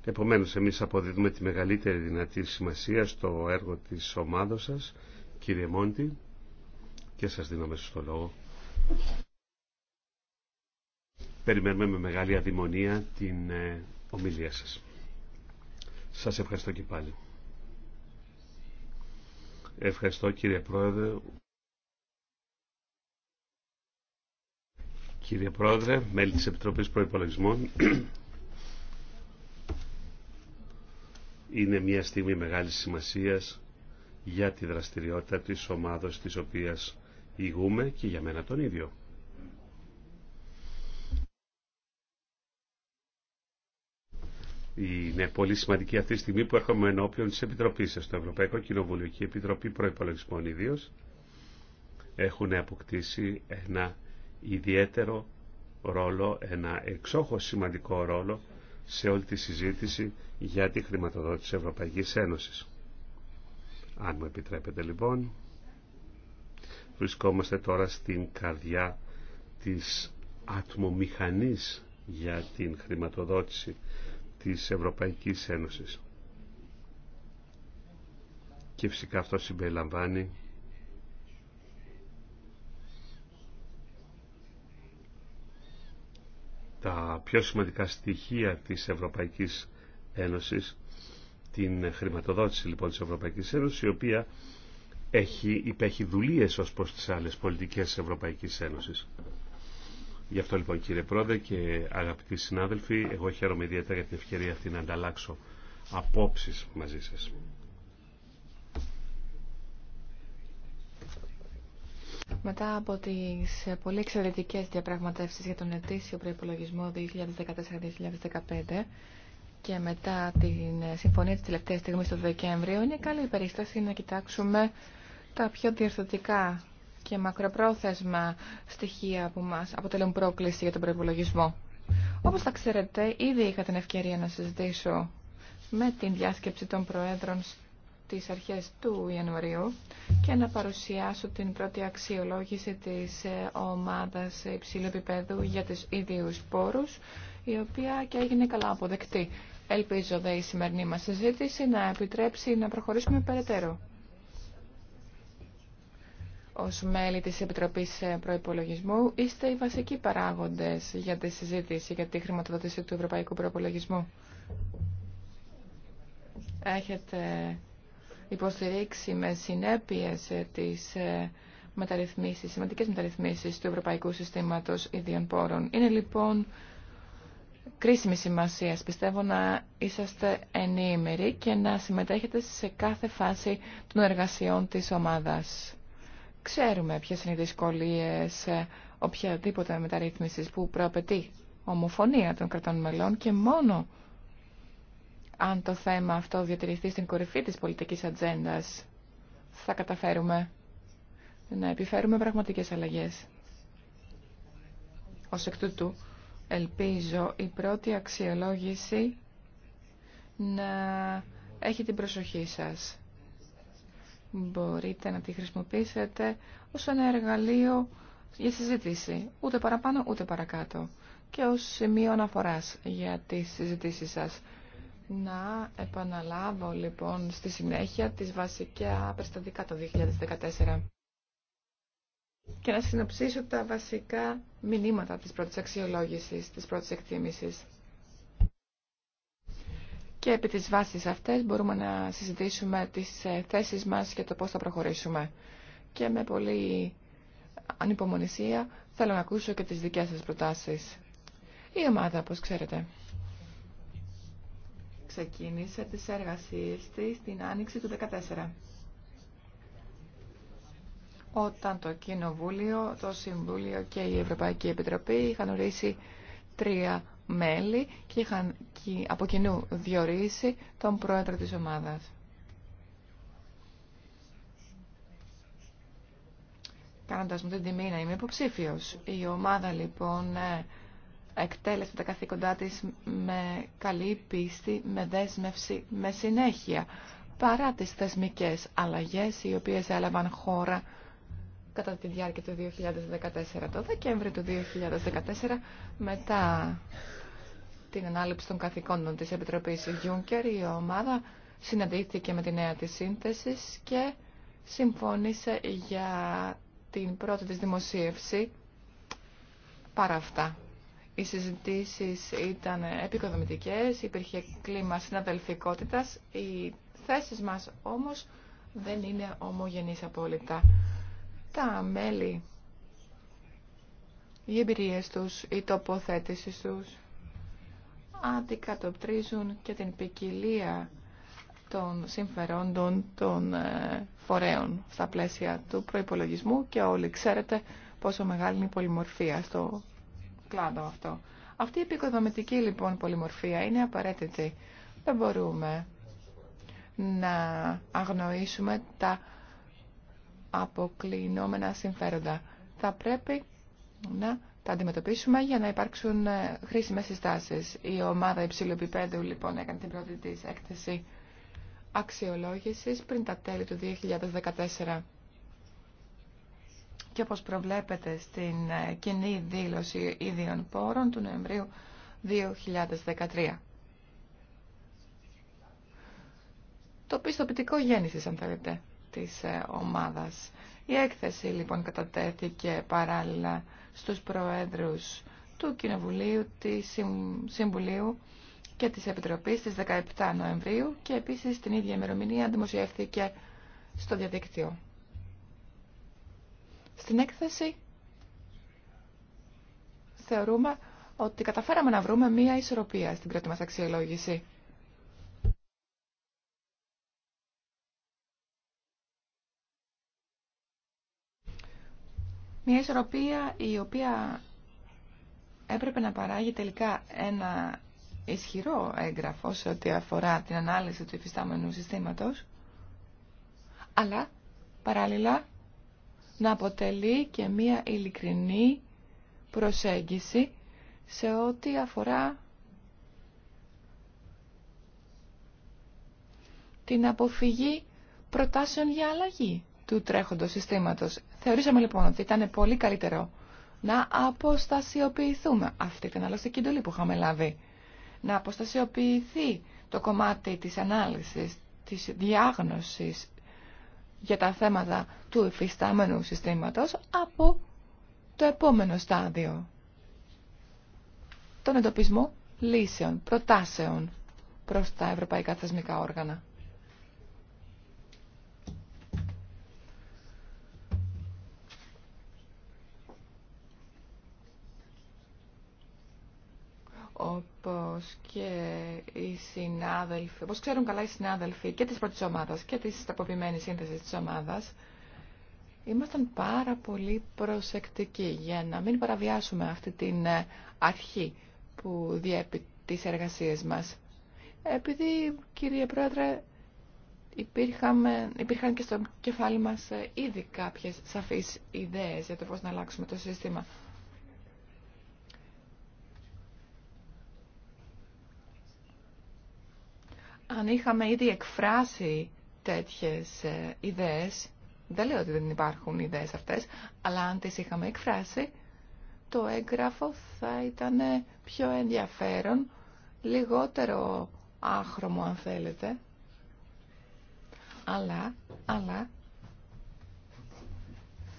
Επομένως, εμείς αποδίδουμε τη μεγαλύτερη δυνατή σημασία στο έργο της ομάδος σας, κύριε Μόντι, και σας δίνω στο λόγο. Περιμένουμε με μεγάλη αδημονία την ε, ομιλία σας. Σας ευχαριστώ και πάλι. Ευχαριστώ κύριε Πρόεδρε. Κύριε Πρόεδρε, μέλη της Επιτροπής Προϋπολογισμών, είναι μια στιγμή μεγάλης σημασίας για τη δραστηριότητα της ομάδος της οποίας ηγούμε και για μένα τον ίδιο. Είναι πολύ σημαντική αυτή τη στιγμή που έρχομαι ενώπιον της Επιτροπής σα, το Ευρωπαϊκό Κοινοβούλιο και η Επιτροπή Προϋπολογισμών ιδίω έχουν αποκτήσει ένα ιδιαίτερο ρόλο, ένα εξόχως σημαντικό ρόλο σε όλη τη συζήτηση για τη χρηματοδότηση της Ευρωπαϊκής Ένωσης. Αν μου επιτρέπετε λοιπόν, βρισκόμαστε τώρα στην καρδιά της ατμομηχανής για την χρηματοδότηση της Ευρωπαϊκής Ένωσης. Και φυσικά αυτό συμπεριλαμβάνει τα πιο σημαντικά στοιχεία της Ευρωπαϊκής Ένωσης, την χρηματοδότηση λοιπόν της Ευρωπαϊκής Ένωσης, η οποία έχει, υπέχει δουλείες ως προς τις άλλες πολιτικές της Ευρωπαϊκής Ένωσης. Γι' αυτό λοιπόν κύριε Πρόεδρε και αγαπητοί συνάδελφοι, εγώ χαίρομαι ιδιαίτερα για την ευκαιρία αυτή να ανταλλάξω απόψεις μαζί σας. Μετά από τις πολύ εξαιρετικές διαπραγματεύσεις για τον ετήσιο προϋπολογισμό 2014-2015 και μετά την συμφωνία της τελευταίας στιγμής του Δεκέμβριο, είναι καλή η περίσταση να κοιτάξουμε τα πιο διορθωτικά και μακροπρόθεσμα στοιχεία που μας αποτελούν πρόκληση για τον προϋπολογισμό. Όπως θα ξέρετε, ήδη είχα την ευκαιρία να συζητήσω με την διάσκεψη των Προέδρων τις αρχές του Ιανουαρίου και να παρουσιάσω την πρώτη αξιολόγηση της ε, ομάδας υψηλού επίπεδου για τις ίδιους πόρους, η οποία και έγινε καλά αποδεκτή. Ελπίζω δε η σημερινή μας συζήτηση να επιτρέψει να προχωρήσουμε περαιτέρω. Ως μέλη της Επιτροπής ε, Προϋπολογισμού είστε οι βασικοί παράγοντες για τη συζήτηση για τη χρηματοδότηση του Ευρωπαϊκού Προϋπολογισμού. Έχετε υποστηρίξει με συνέπειες ε, τις ε, μεταρρυθμίσεις, σημαντικές μεταρρυθμίσεις του Ευρωπαϊκού Συστήματος Ιδίων Πόρων. Είναι λοιπόν κρίσιμη σημασία. Πιστεύω να είσαστε ενήμεροι και να συμμετέχετε σε κάθε φάση των εργασιών της ομάδας. Ξέρουμε ποιε είναι οι δυσκολίε ε, οποιαδήποτε μεταρρύθμιση που προαπαιτεί ομοφωνία των κρατών μελών και μόνο αν το θέμα αυτό διατηρηθεί στην κορυφή της πολιτικής ατζέντα, θα καταφέρουμε να επιφέρουμε πραγματικές αλλαγές. Ως εκ τούτου, ελπίζω η πρώτη αξιολόγηση να έχει την προσοχή σας. Μπορείτε να τη χρησιμοποιήσετε ως ένα εργαλείο για συζήτηση, ούτε παραπάνω ούτε παρακάτω και ως σημείο αναφοράς για τις συζητήσεις σας. Να επαναλάβω λοιπόν στη συνέχεια τις βασικά περιστατικά το 2014 και να συνοψίσω τα βασικά μηνύματα της πρώτης αξιολόγησης, της πρώτης εκτίμησης. Και επί της βάσης αυτές μπορούμε να συζητήσουμε τις ε, θέσεις μας και το πώς θα προχωρήσουμε. Και με πολύ ανυπομονησία θέλω να ακούσω και τις δικές σας προτάσεις. Η ομάδα, όπως ξέρετε ξεκίνησε τις εργασίες της την άνοιξη του 2014 όταν το Κοινοβούλιο, το Συμβούλιο και η Ευρωπαϊκή Επιτροπή είχαν ορίσει τρία μέλη και είχαν από κοινού διορίσει τον πρόεδρο της ομάδας. Κάνοντας μου την τιμή να είμαι υποψήφιος. Η ομάδα λοιπόν ε, εκτέλεσε τα καθήκοντά της με καλή πίστη, με δέσμευση, με συνέχεια, παρά τις θεσμικές αλλαγές οι οποίες έλαβαν χώρα κατά τη διάρκεια του 2014. Το Δεκέμβρη του 2014, μετά την ανάληψη των καθηκόντων της Επιτροπής Juncker, η ομάδα συναντήθηκε με τη νέα της σύνθεσης και συμφώνησε για την πρώτη της δημοσίευση παρά αυτά οι συζητήσει ήταν επικοδομητικέ, υπήρχε κλίμα συναδελφικότητα. Οι θέσει μας όμως δεν είναι ομογενεί απόλυτα. Τα μέλη, οι εμπειρίε του, οι τοποθέτηση του αντικατοπτρίζουν και την ποικιλία των συμφερόντων των ε, φορέων στα πλαίσια του προϋπολογισμού και όλοι ξέρετε πόσο μεγάλη είναι η πολυμορφία στο κλάδο αυτό. Αυτή η επικοδομητική λοιπόν πολυμορφία είναι απαραίτητη. Δεν μπορούμε να αγνοήσουμε τα αποκλεινόμενα συμφέροντα. Θα πρέπει να τα αντιμετωπίσουμε για να υπάρξουν ε, χρήσιμες συστάσεις. Η ομάδα υψηλού επίπεδου λοιπόν έκανε την πρώτη της έκθεση αξιολόγησης πριν τα τέλη του 2014 και όπως προβλέπεται στην ε, κοινή δήλωση ίδιων πόρων του Νοεμβρίου 2013. Το πιστοποιητικό γέννησης, αν θέλετε, της ε, ομάδας. Η έκθεση, λοιπόν, κατατέθηκε παράλληλα στους προέδρους του Κοινοβουλίου, της Συμβουλίου και της Επιτροπής στις 17 Νοεμβρίου και επίσης την ίδια ημερομηνία δημοσιεύθηκε στο διαδικτύο. Στην έκθεση θεωρούμε ότι καταφέραμε να βρούμε μία ισορροπία στην πρώτη μας αξιολόγηση. Μία ισορροπία η οποία έπρεπε να παράγει τελικά ένα ισχυρό έγγραφο σε ό,τι αφορά την ανάλυση του υφιστάμενου συστήματος, αλλά παράλληλα να αποτελεί και μία ειλικρινή προσέγγιση σε ό,τι αφορά την αποφυγή προτάσεων για αλλαγή του τρέχοντος συστήματος. Θεωρήσαμε λοιπόν ότι ήταν πολύ καλύτερο να αποστασιοποιηθούμε. Αυτή ήταν άλλωστε και εντολή που είχαμε λάβει. Να αποστασιοποιηθεί το κομμάτι της ανάλυσης, της διάγνωσης για τα θέματα του υφιστάμενου συστήματος από το επόμενο στάδιο. Τον εντοπισμό λύσεων, προτάσεων προς τα ευρωπαϊκά θεσμικά όργανα. όπως και οι συνάδελφοι, όπως ξέρουν καλά οι συνάδελφοι και της πρώτης ομάδας και της ταποποιημένης σύνθεσης της ομάδας, ήμασταν πάρα πολύ προσεκτικοί για να μην παραβιάσουμε αυτή την ε, αρχή που διέπει τις εργασίες μας. Επειδή, κύριε Πρόεδρε, υπήρχαμε, υπήρχαν και στο κεφάλι μας ε, ήδη κάποιες σαφείς ιδέες για το πώς να αλλάξουμε το σύστημα. αν είχαμε ήδη εκφράσει τέτοιες ε, ιδέες, δεν λέω ότι δεν υπάρχουν ιδέες αυτές, αλλά αν τις είχαμε εκφράσει, το έγγραφο θα ήταν πιο ενδιαφέρον, λιγότερο άχρωμο αν θέλετε. Αλλά, αλλά,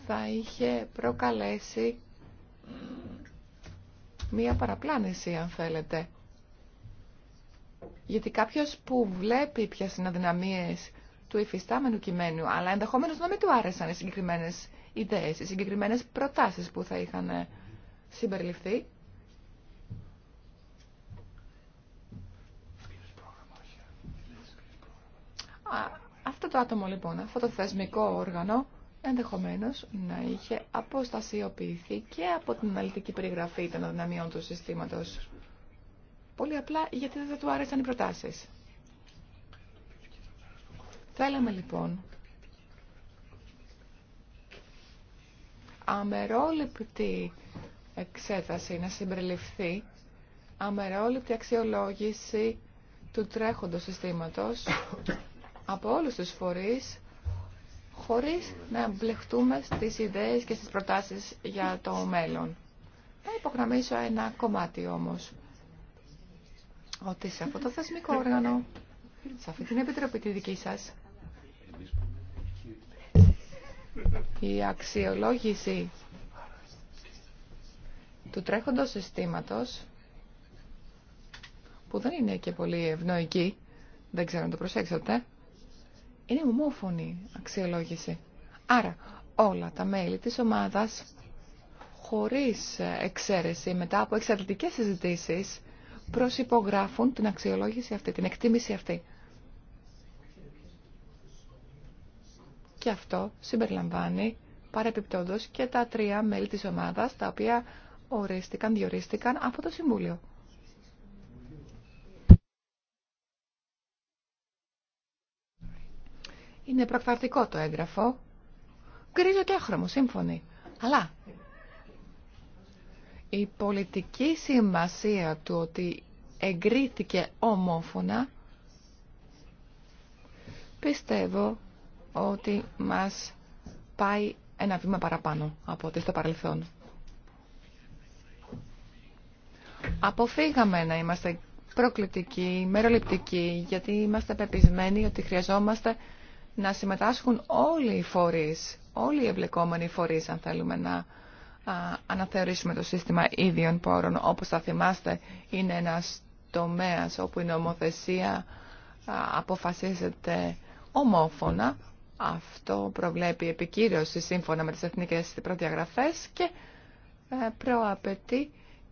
θα είχε προκαλέσει μία παραπλάνηση αν θέλετε γιατί κάποιος που βλέπει ποιε είναι αδυναμίε του υφιστάμενου κειμένου, αλλά ενδεχομένω να μην του άρεσαν οι συγκεκριμένες ιδέες, οι συγκεκριμένες προτάσεις που θα είχαν ε, συμπεριληφθεί, αυτό το άτομο λοιπόν, αυτό το θεσμικό όργανο, ενδεχομένως να είχε αποστασιοποιηθεί και από την αναλυτική περιγραφή των αδυναμιών του συστήματος. Πολύ απλά γιατί δεν θα του άρεσαν οι προτάσεις. Θέλαμε λοιπόν αμερόληπτη εξέταση να συμπεριληφθεί, αμερόληπτη αξιολόγηση του τρέχοντος συστήματος από όλους τους φορείς, χωρίς να μπλεχτούμε στις ιδέες και στις προτάσεις για το μέλλον. Θα υπογραμμίσω ένα κομμάτι όμως ότι σε αυτό το θεσμικό όργανο, σε αυτή την επιτροπή τη δική σα. η αξιολόγηση του τρέχοντος συστήματος, που δεν είναι και πολύ ευνοϊκή, δεν ξέρω αν το προσέξατε, είναι ομόφωνη αξιολόγηση. Άρα όλα τα μέλη της ομάδας, χωρίς εξαίρεση μετά από εξαρτητικές συζητήσεις, προσυπογράφουν την αξιολόγηση αυτή, την εκτίμηση αυτή. Και αυτό συμπεριλαμβάνει παρεπιπτόντως και τα τρία μέλη της ομάδας, τα οποία ορίστηκαν, διορίστηκαν από το Συμβούλιο. Είναι προκθαρτικό το έγγραφο. Γκρίζο και άχρωμο, σύμφωνοι. Αλλά η πολιτική σημασία του ότι εγκρίθηκε ομόφωνα πιστεύω ότι μας πάει ένα βήμα παραπάνω από ό,τι στο παρελθόν. Αποφύγαμε να είμαστε προκλητικοί, μεροληπτικοί, γιατί είμαστε πεπισμένοι ότι χρειαζόμαστε να συμμετάσχουν όλοι οι φορείς, όλοι οι εμπλεκόμενοι φορείς, αν θέλουμε να αναθεωρήσουμε το σύστημα ίδιων πόρων. Όπως θα θυμάστε, είναι ένας τομέας όπου η νομοθεσία αποφασίζεται ομόφωνα. Αυτό προβλέπει επικύρωση σύμφωνα με τις εθνικές προδιαγραφές και ε, προαπαιτεί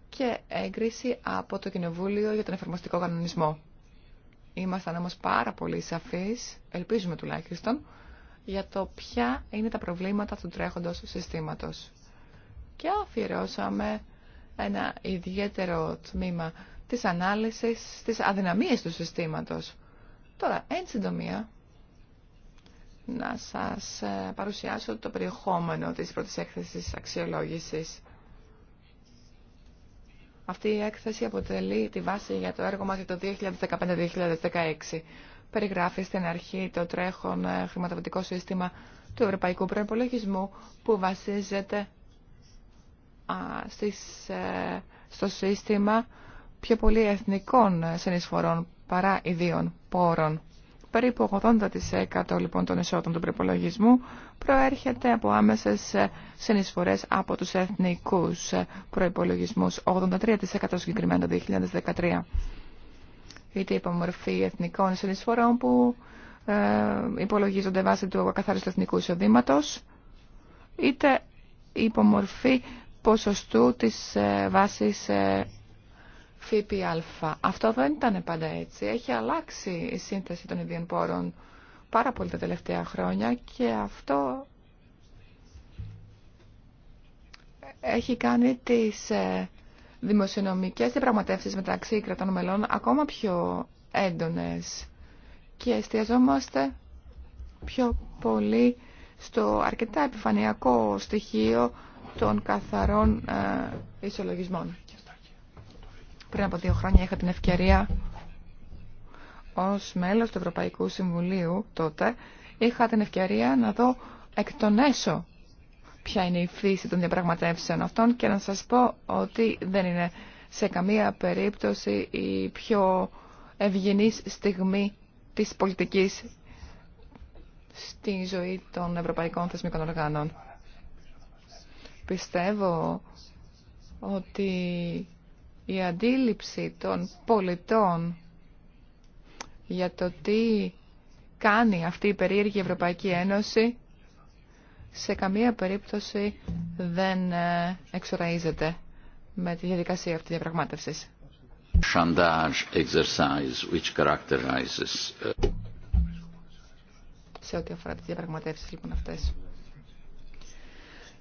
και έγκριση από το Κοινοβούλιο για τον εφαρμοστικό κανονισμό. Ήμασταν όμως πάρα πολύ σαφείς, ελπίζουμε τουλάχιστον, για το ποια είναι τα προβλήματα του τρέχοντος συστήματος και αφιερώσαμε ένα ιδιαίτερο τμήμα της ανάλυσης στις αδυναμίες του συστήματος. Τώρα, εν συντομία, να σας ε, παρουσιάσω το περιεχόμενο της πρώτης έκθεσης αξιολόγησης. Αυτή η έκθεση αποτελεί τη βάση για το έργο μας για το 2015-2016. Περιγράφει στην αρχή το τρέχον ε, χρηματοδοτικό σύστημα του Ευρωπαϊκού Προϋπολογισμού που βασίζεται ε, στο σύστημα πιο πολύ εθνικών συνεισφορών παρά ιδίων πόρων. Περίπου 80% λοιπόν των εισόδων του προπολογισμού προέρχεται από άμεσες ε, συνεισφορές από τους εθνικούς ε, προϋπολογισμούς, 83% συγκεκριμένα το 2013. Είτε υπομορφή εθνικών συνεισφορών που υπολογίζονται βάσει του ακαθάριστου εθνικού εισοδήματος, είτε υπομορφή ποσοστού της ε, βάσης ε, ΦΠΑ. Αυτό δεν ήταν πάντα έτσι. Έχει αλλάξει η σύνθεση των ιδίων πόρων πάρα πολύ τα τελευταία χρόνια και αυτό έχει κάνει τις ε, δημοσιονομικές διαπραγματεύσεις μεταξύ κρατών μελών ακόμα πιο έντονες και εστιαζόμαστε πιο πολύ στο αρκετά επιφανειακό στοιχείο των καθαρών ε, ισολογισμών. Πριν από δύο χρόνια είχα την ευκαιρία ως μέλος του Ευρωπαϊκού Συμβουλίου τότε είχα την ευκαιρία να δω εκ των έσω ποια είναι η φύση των διαπραγματεύσεων αυτών και να σας πω ότι δεν είναι σε καμία περίπτωση η πιο ευγενής στιγμή της πολιτικής στη ζωή των ευρωπαϊκών θεσμικών οργάνων. Πιστεύω ότι η αντίληψη των πολιτών για το τι κάνει αυτή η περίεργη Ευρωπαϊκή Ένωση σε καμία περίπτωση δεν ε, εξοραίζεται με τη διαδικασία αυτή της διαπραγμάτευσης. Ε, σε ό,τι αφορά τις διαπραγματεύσεις λοιπόν αυτές.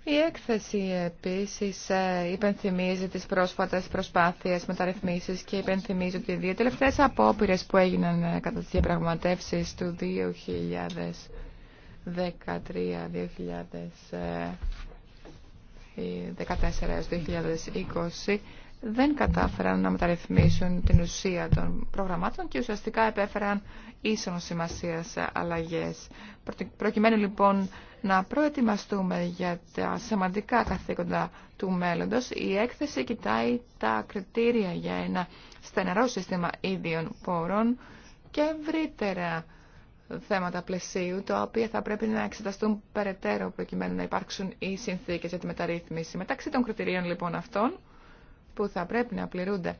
Η έκθεση επίσης ε, υπενθυμίζει τις πρόσφατες προσπάθειες μεταρρυθμίσεις και υπενθυμίζει ότι οι δύο τελευταίες απόπειρες που έγιναν ε, κατά τις διαπραγματεύσεις του 2013-2014 2020 δεν κατάφεραν να μεταρρυθμίσουν την ουσία των προγραμμάτων και ουσιαστικά επέφεραν ίσον σημασία σε αλλαγές. Προκειμένου λοιπόν να προετοιμαστούμε για τα σημαντικά καθήκοντα του μέλλοντος, η έκθεση κοιτάει τα κριτήρια για ένα στεναρό σύστημα ίδιων πόρων και ευρύτερα θέματα πλαισίου, τα οποία θα πρέπει να εξεταστούν περαιτέρω προκειμένου να υπάρξουν οι συνθήκες για τη μεταρρύθμιση. Μεταξύ των κριτηρίων λοιπόν αυτών, που θα πρέπει να πληρούνται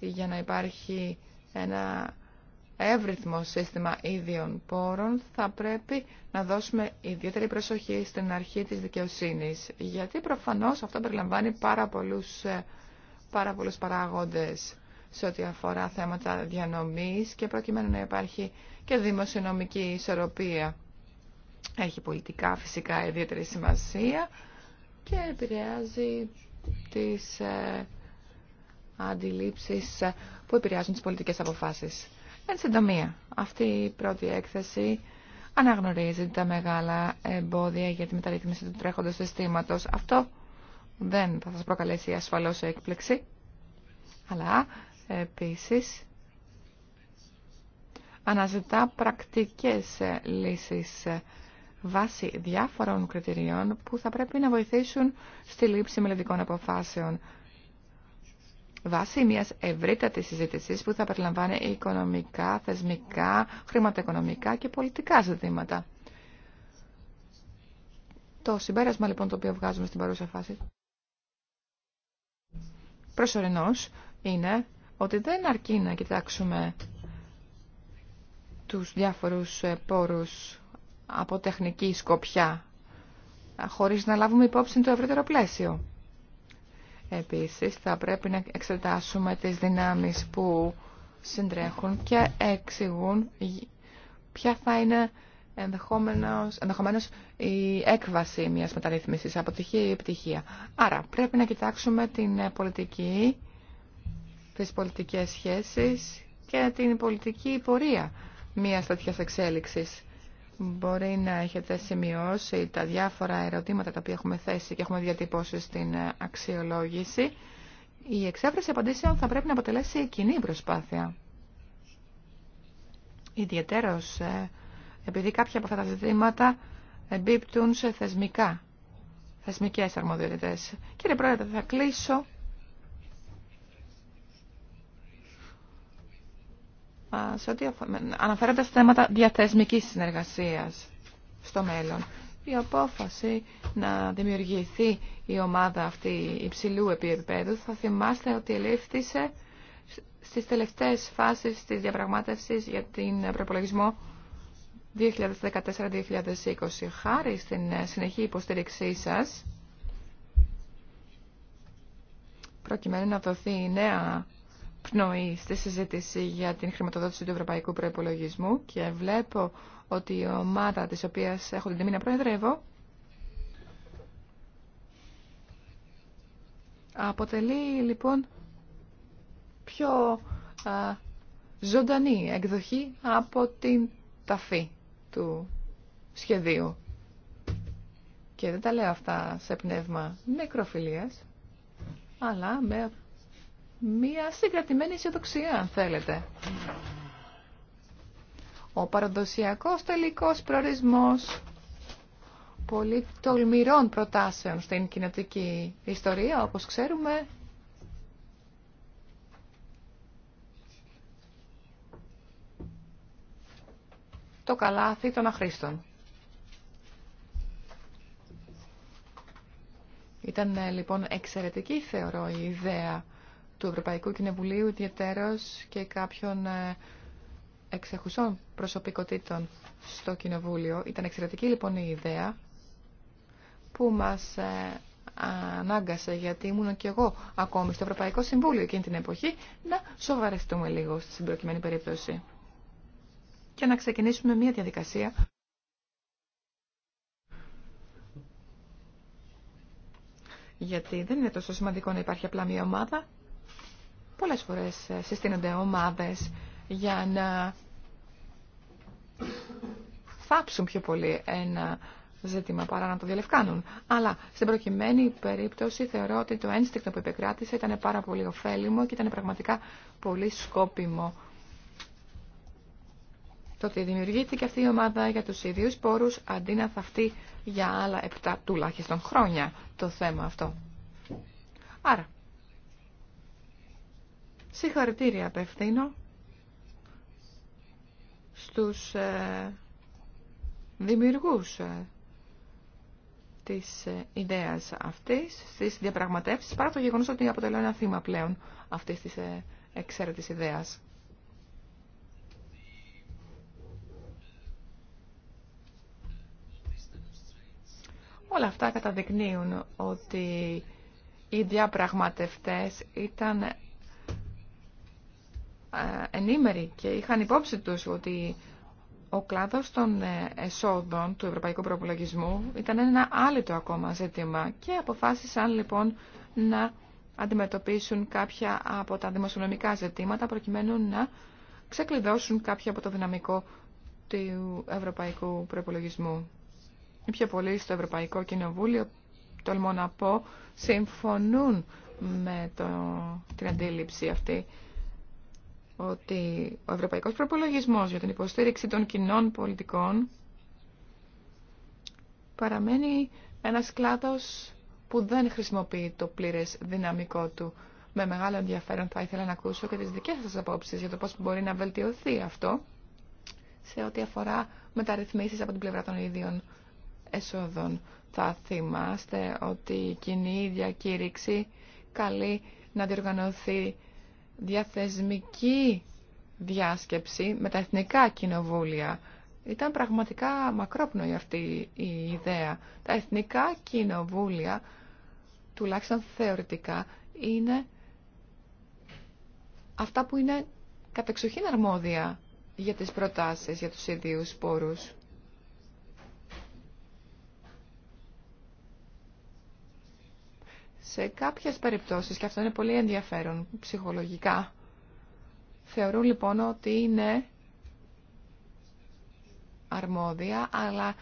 για να υπάρχει ένα εύρυθμο σύστημα ίδιων πόρων, θα πρέπει να δώσουμε ιδιαίτερη προσοχή στην αρχή της δικαιοσύνης. Γιατί προφανώς αυτό περιλαμβάνει πάρα πολλούς, ε, πάρα πολλούς παράγοντες σε ό,τι αφορά θέματα διανομής και προκειμένου να υπάρχει και δημοσιονομική ισορροπία. Έχει πολιτικά φυσικά ιδιαίτερη σημασία και επηρεάζει τις ε, αντιλήψεις που επηρεάζουν τις πολιτικές αποφάσεις. Εν συντομία, αυτή η πρώτη έκθεση αναγνωρίζει τα μεγάλα εμπόδια για τη μεταρρύθμιση του τρέχοντος συστήματος. Αυτό δεν θα σας προκαλέσει ασφαλώς έκπληξη, αλλά επίσης αναζητά πρακτικές λύσεις βάσει διάφορων κριτηριών που θα πρέπει να βοηθήσουν στη λήψη μελλοντικών αποφάσεων βάση μιας ευρύτατης συζήτησης που θα περιλαμβάνει οικονομικά, θεσμικά, χρηματοοικονομικά και πολιτικά ζητήματα. Το συμπέρασμα λοιπόν το οποίο βγάζουμε στην παρούσα φάση προσωρινός είναι ότι δεν αρκεί να κοιτάξουμε τους διάφορους πόρους από τεχνική σκοπιά χωρίς να λάβουμε υπόψη το ευρύτερο πλαίσιο. Επίσης, θα πρέπει να εξετάσουμε τις δυνάμεις που συντρέχουν και εξηγούν ποια θα είναι ενδεχομένως, η έκβαση μιας μεταρρύθμισης, αποτυχία ή επιτυχία. Άρα, πρέπει να κοιτάξουμε την πολιτική, τις πολιτικές σχέσεις και την πολιτική πορεία μιας τέτοια εξέλιξης. Μπορεί να έχετε σημειώσει τα διάφορα ερωτήματα τα οποία έχουμε θέσει και έχουμε διατυπώσει στην αξιολόγηση. Η εξέφραση απαντήσεων θα πρέπει να αποτελέσει κοινή προσπάθεια. Ιδιαιτέρως ε, επειδή κάποια από αυτά τα ζητήματα εμπίπτουν σε θεσμικά, θεσμικές αρμοδιότητες. Κύριε Πρόεδρε, θα κλείσω σε ό,τι στα θέματα διαθεσμικής συνεργασίας στο μέλλον. Η απόφαση να δημιουργηθεί η ομάδα αυτή υψηλού επίπεδου θα θυμάστε ότι ελήφθησε στις τελευταίες φάσεις της διαπραγμάτευσης για την προπολογισμό 2014-2020. Χάρη στην συνεχή υποστήριξή σας, προκειμένου να δοθεί η νέα πνοή στη συζήτηση για την χρηματοδότηση του Ευρωπαϊκού Προπολογισμού. και βλέπω ότι η ομάδα της οποίας έχω την τιμή να προεδρεύω αποτελεί λοιπόν πιο α, ζωντανή εκδοχή από την ταφή του σχεδίου. Και δεν τα λέω αυτά σε πνεύμα νεκροφιλίας, αλλά με μία συγκρατημένη αισιοδοξία, αν θέλετε. Ο παραδοσιακός τελικός προορισμός πολύ τολμηρών προτάσεων στην κοινωτική ιστορία, όπως ξέρουμε, το καλάθι των αχρήστων. Ήταν ε, λοιπόν εξαιρετική θεωρώ η ιδέα του Ευρωπαϊκού Κοινοβουλίου ιδιαιτέρως και κάποιων ε, εξεχουσών προσωπικότητων στο Κοινοβούλιο. Ήταν εξαιρετική λοιπόν η ιδέα που μας ε, ανάγκασε γιατί ήμουν και εγώ ακόμη στο Ευρωπαϊκό Συμβούλιο εκείνη την εποχή να σοβαρευτούμε λίγο στην συμπροκειμένη περίπτωση και να ξεκινήσουμε μια διαδικασία γιατί δεν είναι τόσο σημαντικό να υπάρχει απλά μια ομάδα Πολλές φορές ε, συστήνονται ομάδες για να θάψουν πιο πολύ ένα ζήτημα παρά να το διαλευκάνουν. Αλλά στην προκειμένη περίπτωση θεωρώ ότι το ένστικτο που επικράτησε ήταν πάρα πολύ ωφέλιμο και ήταν πραγματικά πολύ σκόπιμο. Το ότι δημιουργήθηκε αυτή η ομάδα για τους ίδιους πόρους αντί να θαυτεί για άλλα 7 τουλάχιστον χρόνια το θέμα αυτό. Άρα, Συγχαρητήρια απευθύνω στους ε, δημιουργούς ε, της ε, ιδέας αυτής, στις διαπραγματεύσεις, παρά το γεγονός ότι αποτελούν ένα θύμα πλέον αυτής της εξαίρετης ιδέας. Όλα αυτά καταδεικνύουν ότι οι διαπραγματευτές ήταν ε, ενήμεροι και είχαν υπόψη τους ότι ο κλάδος των ε, εσόδων του Ευρωπαϊκού Προπολογισμού ήταν ένα άλυτο ακόμα ζήτημα και αποφάσισαν λοιπόν να αντιμετωπίσουν κάποια από τα δημοσιονομικά ζητήματα προκειμένου να ξεκλειδώσουν κάποια από το δυναμικό του Ευρωπαϊκού Προπολογισμού. Οι πιο πολλοί στο Ευρωπαϊκό Κοινοβούλιο, τολμώ να πω, συμφωνούν με την αντίληψη αυτή ότι ο ευρωπαϊκός προπολογισμός για την υποστήριξη των κοινών πολιτικών παραμένει ένας κλάδος που δεν χρησιμοποιεί το πλήρες δυναμικό του. Με μεγάλο ενδιαφέρον θα ήθελα να ακούσω και τις δικές σας απόψεις για το πώς μπορεί να βελτιωθεί αυτό σε ό,τι αφορά μεταρρυθμίσεις από την πλευρά των ίδιων εσόδων. Θα θυμάστε ότι η κοινή διακήρυξη καλεί να διοργανωθεί διαθεσμική διάσκεψη με τα εθνικά κοινοβούλια. Ήταν πραγματικά μακρόπνοη αυτή η ιδέα. Τα εθνικά κοινοβούλια, τουλάχιστον θεωρητικά, είναι αυτά που είναι κατεξοχήν αρμόδια για τις προτάσεις, για τους ιδίους πόρους. Σε κάποιες περιπτώσεις, και αυτό είναι πολύ ενδιαφέρον ψυχολογικά, θεωρούν λοιπόν ότι είναι αρμόδια, αλλά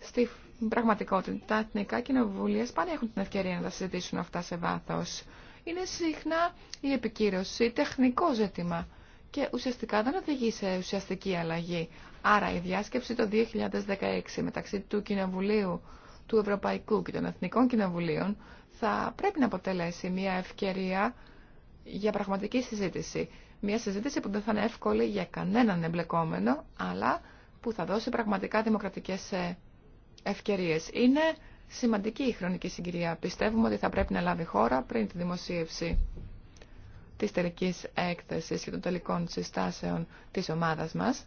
στη πραγματικότητα τα εθνικά κοινοβούλια σπάνια έχουν την ευκαιρία να τα συζητήσουν αυτά σε βάθος. Είναι συχνά η επικύρωση τεχνικό ζήτημα και ουσιαστικά δεν οδηγεί σε ουσιαστική αλλαγή. Άρα η διάσκεψη το 2016 μεταξύ του Κοινοβουλίου του Ευρωπαϊκού και των Εθνικών Κοινοβουλίων θα πρέπει να αποτελέσει μια ευκαιρία για πραγματική συζήτηση. Μια συζήτηση που δεν θα είναι εύκολη για κανέναν εμπλεκόμενο, αλλά που θα δώσει πραγματικά δημοκρατικές ε, ευκαιρίες. Είναι σημαντική η χρονική συγκυρία. Πιστεύουμε ότι θα πρέπει να λάβει χώρα πριν τη δημοσίευση της τελικής έκθεσης και των τελικών συστάσεων της ομάδας μας.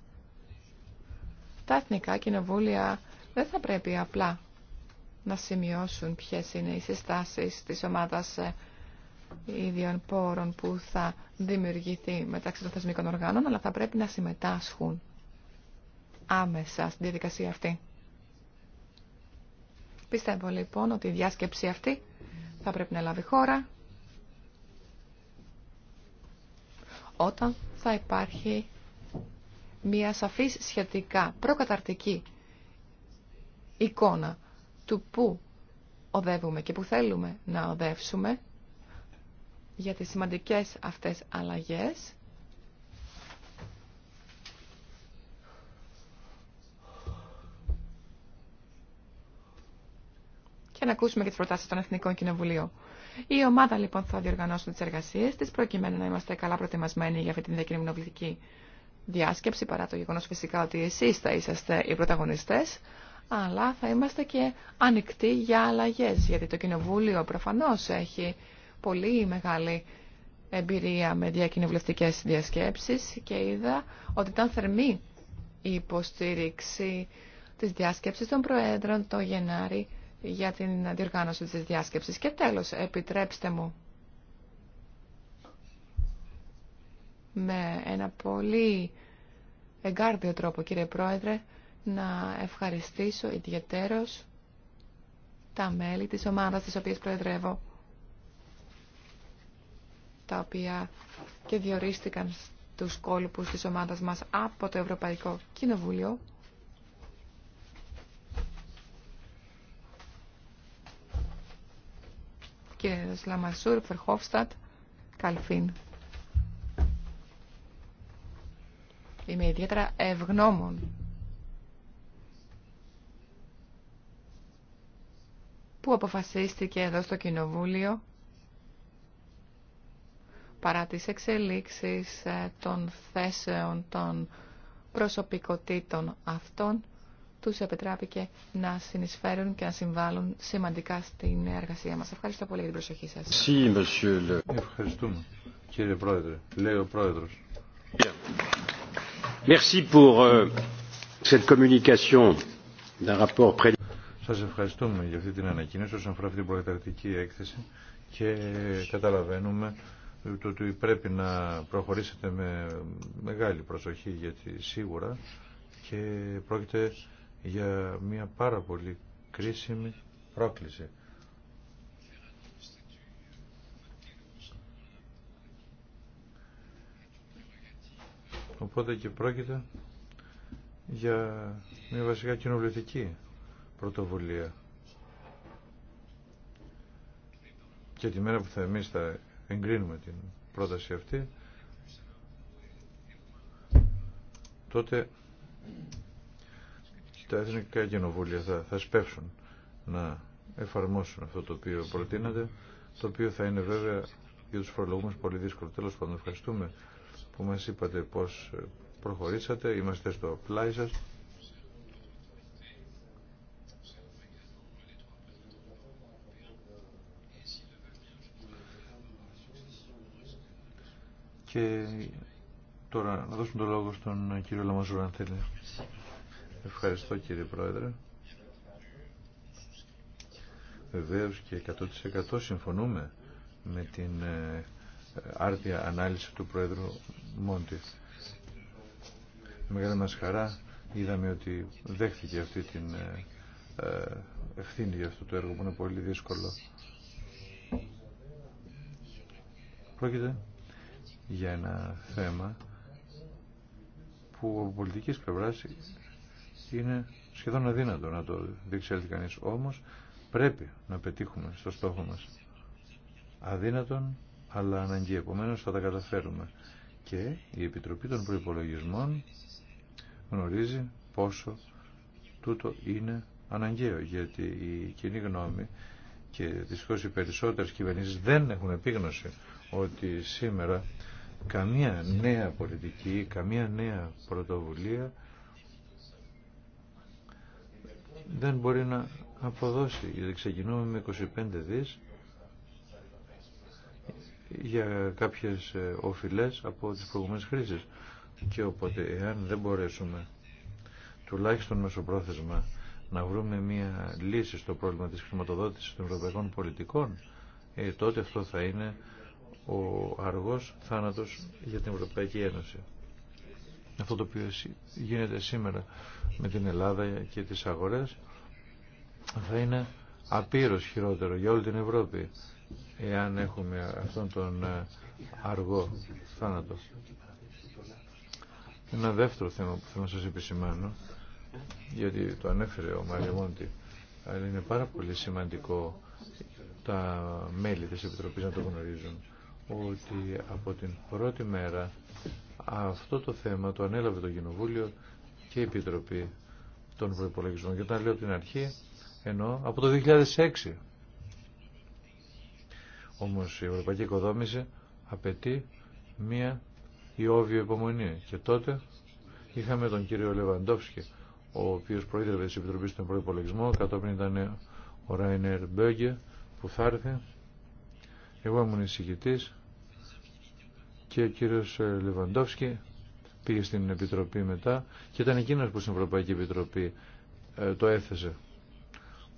Τα εθνικά κοινοβούλια δεν θα πρέπει απλά να σημειώσουν ποιες είναι οι συστάσεις της ομάδας ε, ίδιων πόρων που θα δημιουργηθεί μεταξύ των θεσμικών οργάνων, αλλά θα πρέπει να συμμετάσχουν άμεσα στην διαδικασία αυτή. Πιστεύω λοιπόν ότι η διάσκεψη αυτή θα πρέπει να λάβει χώρα όταν θα υπάρχει μια σαφής σχετικά προκαταρτική εικόνα του πού οδεύουμε και πού θέλουμε να οδεύσουμε για τις σημαντικές αυτές αλλαγές. Και να ακούσουμε και τις προτάσεις των Εθνικών Κοινοβουλίων. Η ομάδα λοιπόν θα διοργανώσουν τις εργασίες της προκειμένου να είμαστε καλά προετοιμασμένοι για αυτή την διακοινωνική διάσκεψη παρά το γεγονός φυσικά ότι εσείς θα είσαστε οι πρωταγωνιστές αλλά θα είμαστε και ανοιχτοί για αλλαγές, γιατί το Κοινοβούλιο προφανώς έχει πολύ μεγάλη εμπειρία με διακοινοβουλευτικές διασκέψεις και είδα ότι ήταν θερμή η υποστήριξη της διάσκεψης των Προέδρων το Γενάρη για την διοργάνωση της διάσκεψης. Και τέλος, επιτρέψτε μου με ένα πολύ εγκάρδιο τρόπο, κύριε Πρόεδρε, να ευχαριστήσω ιδιαίτερος τα μέλη της ομάδας της οποίας προεδρεύω, τα οποία και διορίστηκαν τους κόλπους της ομάδας μας από το Ευρωπαϊκό Κοινοβούλιο. Κύριε Λαμασούρ, Φερχόφστατ, Καλφίν. Είμαι ιδιαίτερα ευγνώμων που αποφασίστηκε εδώ στο Κοινοβούλιο παρά τις εξελίξεις ε, των θέσεων των προσωπικότητων αυτών τους επιτράπηκε να συνεισφέρουν και να συμβάλλουν σημαντικά στην εργασία μας. Ευχαριστώ πολύ για την προσοχή σας. Ευχαριστούμε κύριε Πρόεδρε. Λέει ο Πρόεδρος. Merci pour euh, cette communication d'un rapport σας ευχαριστούμε για αυτή την ανακοίνωση όσον αφορά αυτή την προκαταρκτική έκθεση και καταλαβαίνουμε το ότι πρέπει να προχωρήσετε με μεγάλη προσοχή γιατί σίγουρα και πρόκειται για μια πάρα πολύ κρίσιμη πρόκληση. Οπότε και πρόκειται για μια βασικά κοινοβουλευτική πρωτοβουλία. Και τη μέρα που θα εμείς θα εγκρίνουμε την πρόταση αυτή, τότε τα εθνικά κοινοβούλια θα, θα σπεύσουν να εφαρμόσουν αυτό το οποίο προτείνατε, το οποίο θα είναι βέβαια για τους φορολογούμενους πολύ δύσκολο. Τέλος πάντων, ευχαριστούμε που μας είπατε πώς προχωρήσατε, είμαστε στο πλάι σας. Και τώρα να δώσουμε το λόγο στον κύριο Λαμαζούρα αν θέλει. Ευχαριστώ κύριε Πρόεδρε. Βεβαίω, και 100% συμφωνούμε με την ε, άρτια ανάλυση του Πρόεδρου Μόντι. μεγάλη μας χαρά είδαμε ότι δέχθηκε αυτή την ε, ε, ευθύνη για αυτό το έργο που είναι πολύ δύσκολο. Πρόκειται για ένα θέμα που από πολιτικής πλευράς είναι σχεδόν αδύνατο να το διεξέλθει κανείς. Όμως πρέπει να πετύχουμε στο στόχο μας. Αδύνατον αλλά αναγκή. Επομένω θα τα καταφέρουμε. Και η Επιτροπή των Προϋπολογισμών γνωρίζει πόσο τούτο είναι αναγκαίο. Γιατί η κοινή γνώμη και δυστυχώς οι περισσότερες κυβερνήσεις δεν έχουν επίγνωση ότι σήμερα καμία νέα πολιτική, καμία νέα πρωτοβουλία δεν μπορεί να αποδώσει. Γιατί ξεκινούμε με 25 δις για κάποιες ε, οφειλές από τις προηγούμενες χρήσεις. Και οπότε, εάν δεν μπορέσουμε τουλάχιστον μεσοπρόθεσμα να βρούμε μια λύση στο πρόβλημα της χρηματοδότησης των ευρωπαϊκών πολιτικών, ε, τότε αυτό θα είναι ο αργός θάνατος για την Ευρωπαϊκή Ένωση. Αυτό το οποίο γίνεται σήμερα με την Ελλάδα και τις αγορές θα είναι απείρως χειρότερο για όλη την Ευρώπη εάν έχουμε αυτόν τον ε, αργό θάνατο. Ένα δεύτερο θέμα που θέλω να σας επισημάνω γιατί το ανέφερε ο Μαριμόντι αλλά είναι πάρα πολύ σημαντικό τα μέλη της Επιτροπής να το γνωρίζουν ότι από την πρώτη μέρα αυτό το θέμα το ανέλαβε το Κοινοβούλιο και η Επιτροπή των Προπολογισμών. Και όταν λέω την αρχή, ενώ από το 2006. Όμως η Ευρωπαϊκή Οικοδόμηση απαιτεί μία ιόβιο υπομονή. Και τότε είχαμε τον κύριο Λεβαντόφσκι, ο οποίος προείδρευε της Επιτροπής των Προϋπολογισμών κατόπιν ήταν ο Ράινερ Μπέγκε που θα έρθει. Εγώ ήμουν εισηγητής και ο κύριος ε, Λεβαντόφσκι πήγε στην Επιτροπή μετά και ήταν εκείνος που στην Ευρωπαϊκή Επιτροπή ε, το έθεσε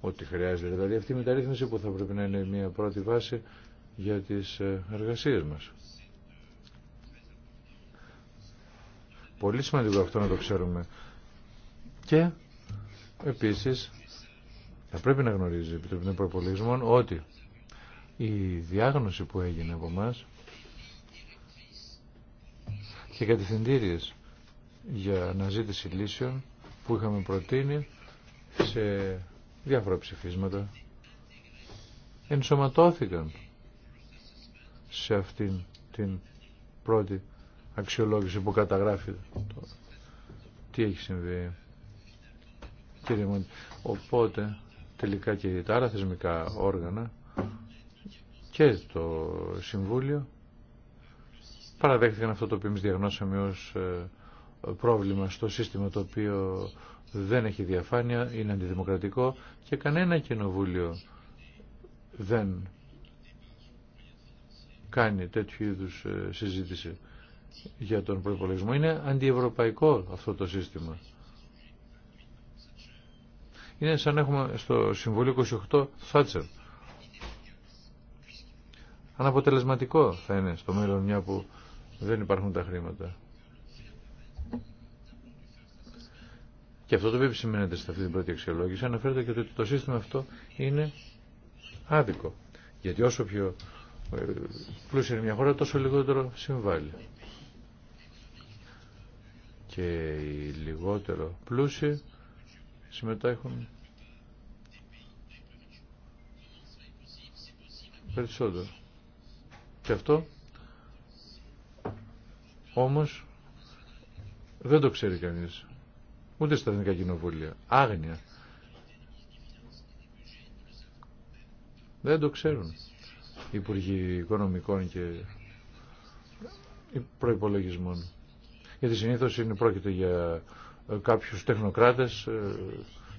ότι χρειάζεται. Δηλαδή αυτή η μεταρρύθμιση που θα πρέπει να είναι μια πρώτη βάση για τις ε, εργασίες μας. Πολύ σημαντικό αυτό να το ξέρουμε. Και επίσης θα πρέπει να γνωρίζει η Επιτροπή των ότι η διάγνωση που έγινε από μας και κατευθυντήριες για αναζήτηση λύσεων που είχαμε προτείνει σε διάφορα ψηφίσματα ενσωματώθηκαν σε αυτήν την πρώτη αξιολόγηση που καταγράφει το τι έχει συμβεί. Κύριε Οπότε τελικά και τα άλλα θεσμικά όργανα και το Συμβούλιο παραδέχτηκαν αυτό το οποίο εμείς διαγνώσαμε ως ε, πρόβλημα στο σύστημα το οποίο δεν έχει διαφάνεια, είναι αντιδημοκρατικό και κανένα κοινοβούλιο δεν κάνει τέτοιου είδους ε, συζήτηση για τον προπολογισμό. Είναι αντιευρωπαϊκό αυτό το σύστημα. Είναι σαν να έχουμε στο Συμβούλιο 28 Θάτσερ. Αναποτελεσματικό θα είναι στο μέλλον μια που δεν υπάρχουν τα χρήματα. Και αυτό το οποίο επισημαίνεται σε αυτή την πρώτη αξιολόγηση αναφέρεται και ότι το σύστημα αυτό είναι άδικο. Γιατί όσο πιο ε, πλούσια είναι μια χώρα, τόσο λιγότερο συμβάλλει. Και οι λιγότερο πλούσιοι συμμετέχουν περισσότερο. Και αυτό όμως δεν το ξέρει κανείς. Ούτε στα εθνικά κοινοβούλια. Άγνοια. Δεν το ξέρουν οι Υπουργοί Οικονομικών και Προϋπολογισμών. Γιατί συνήθως είναι πρόκειται για ε, κάποιους τεχνοκράτες ε,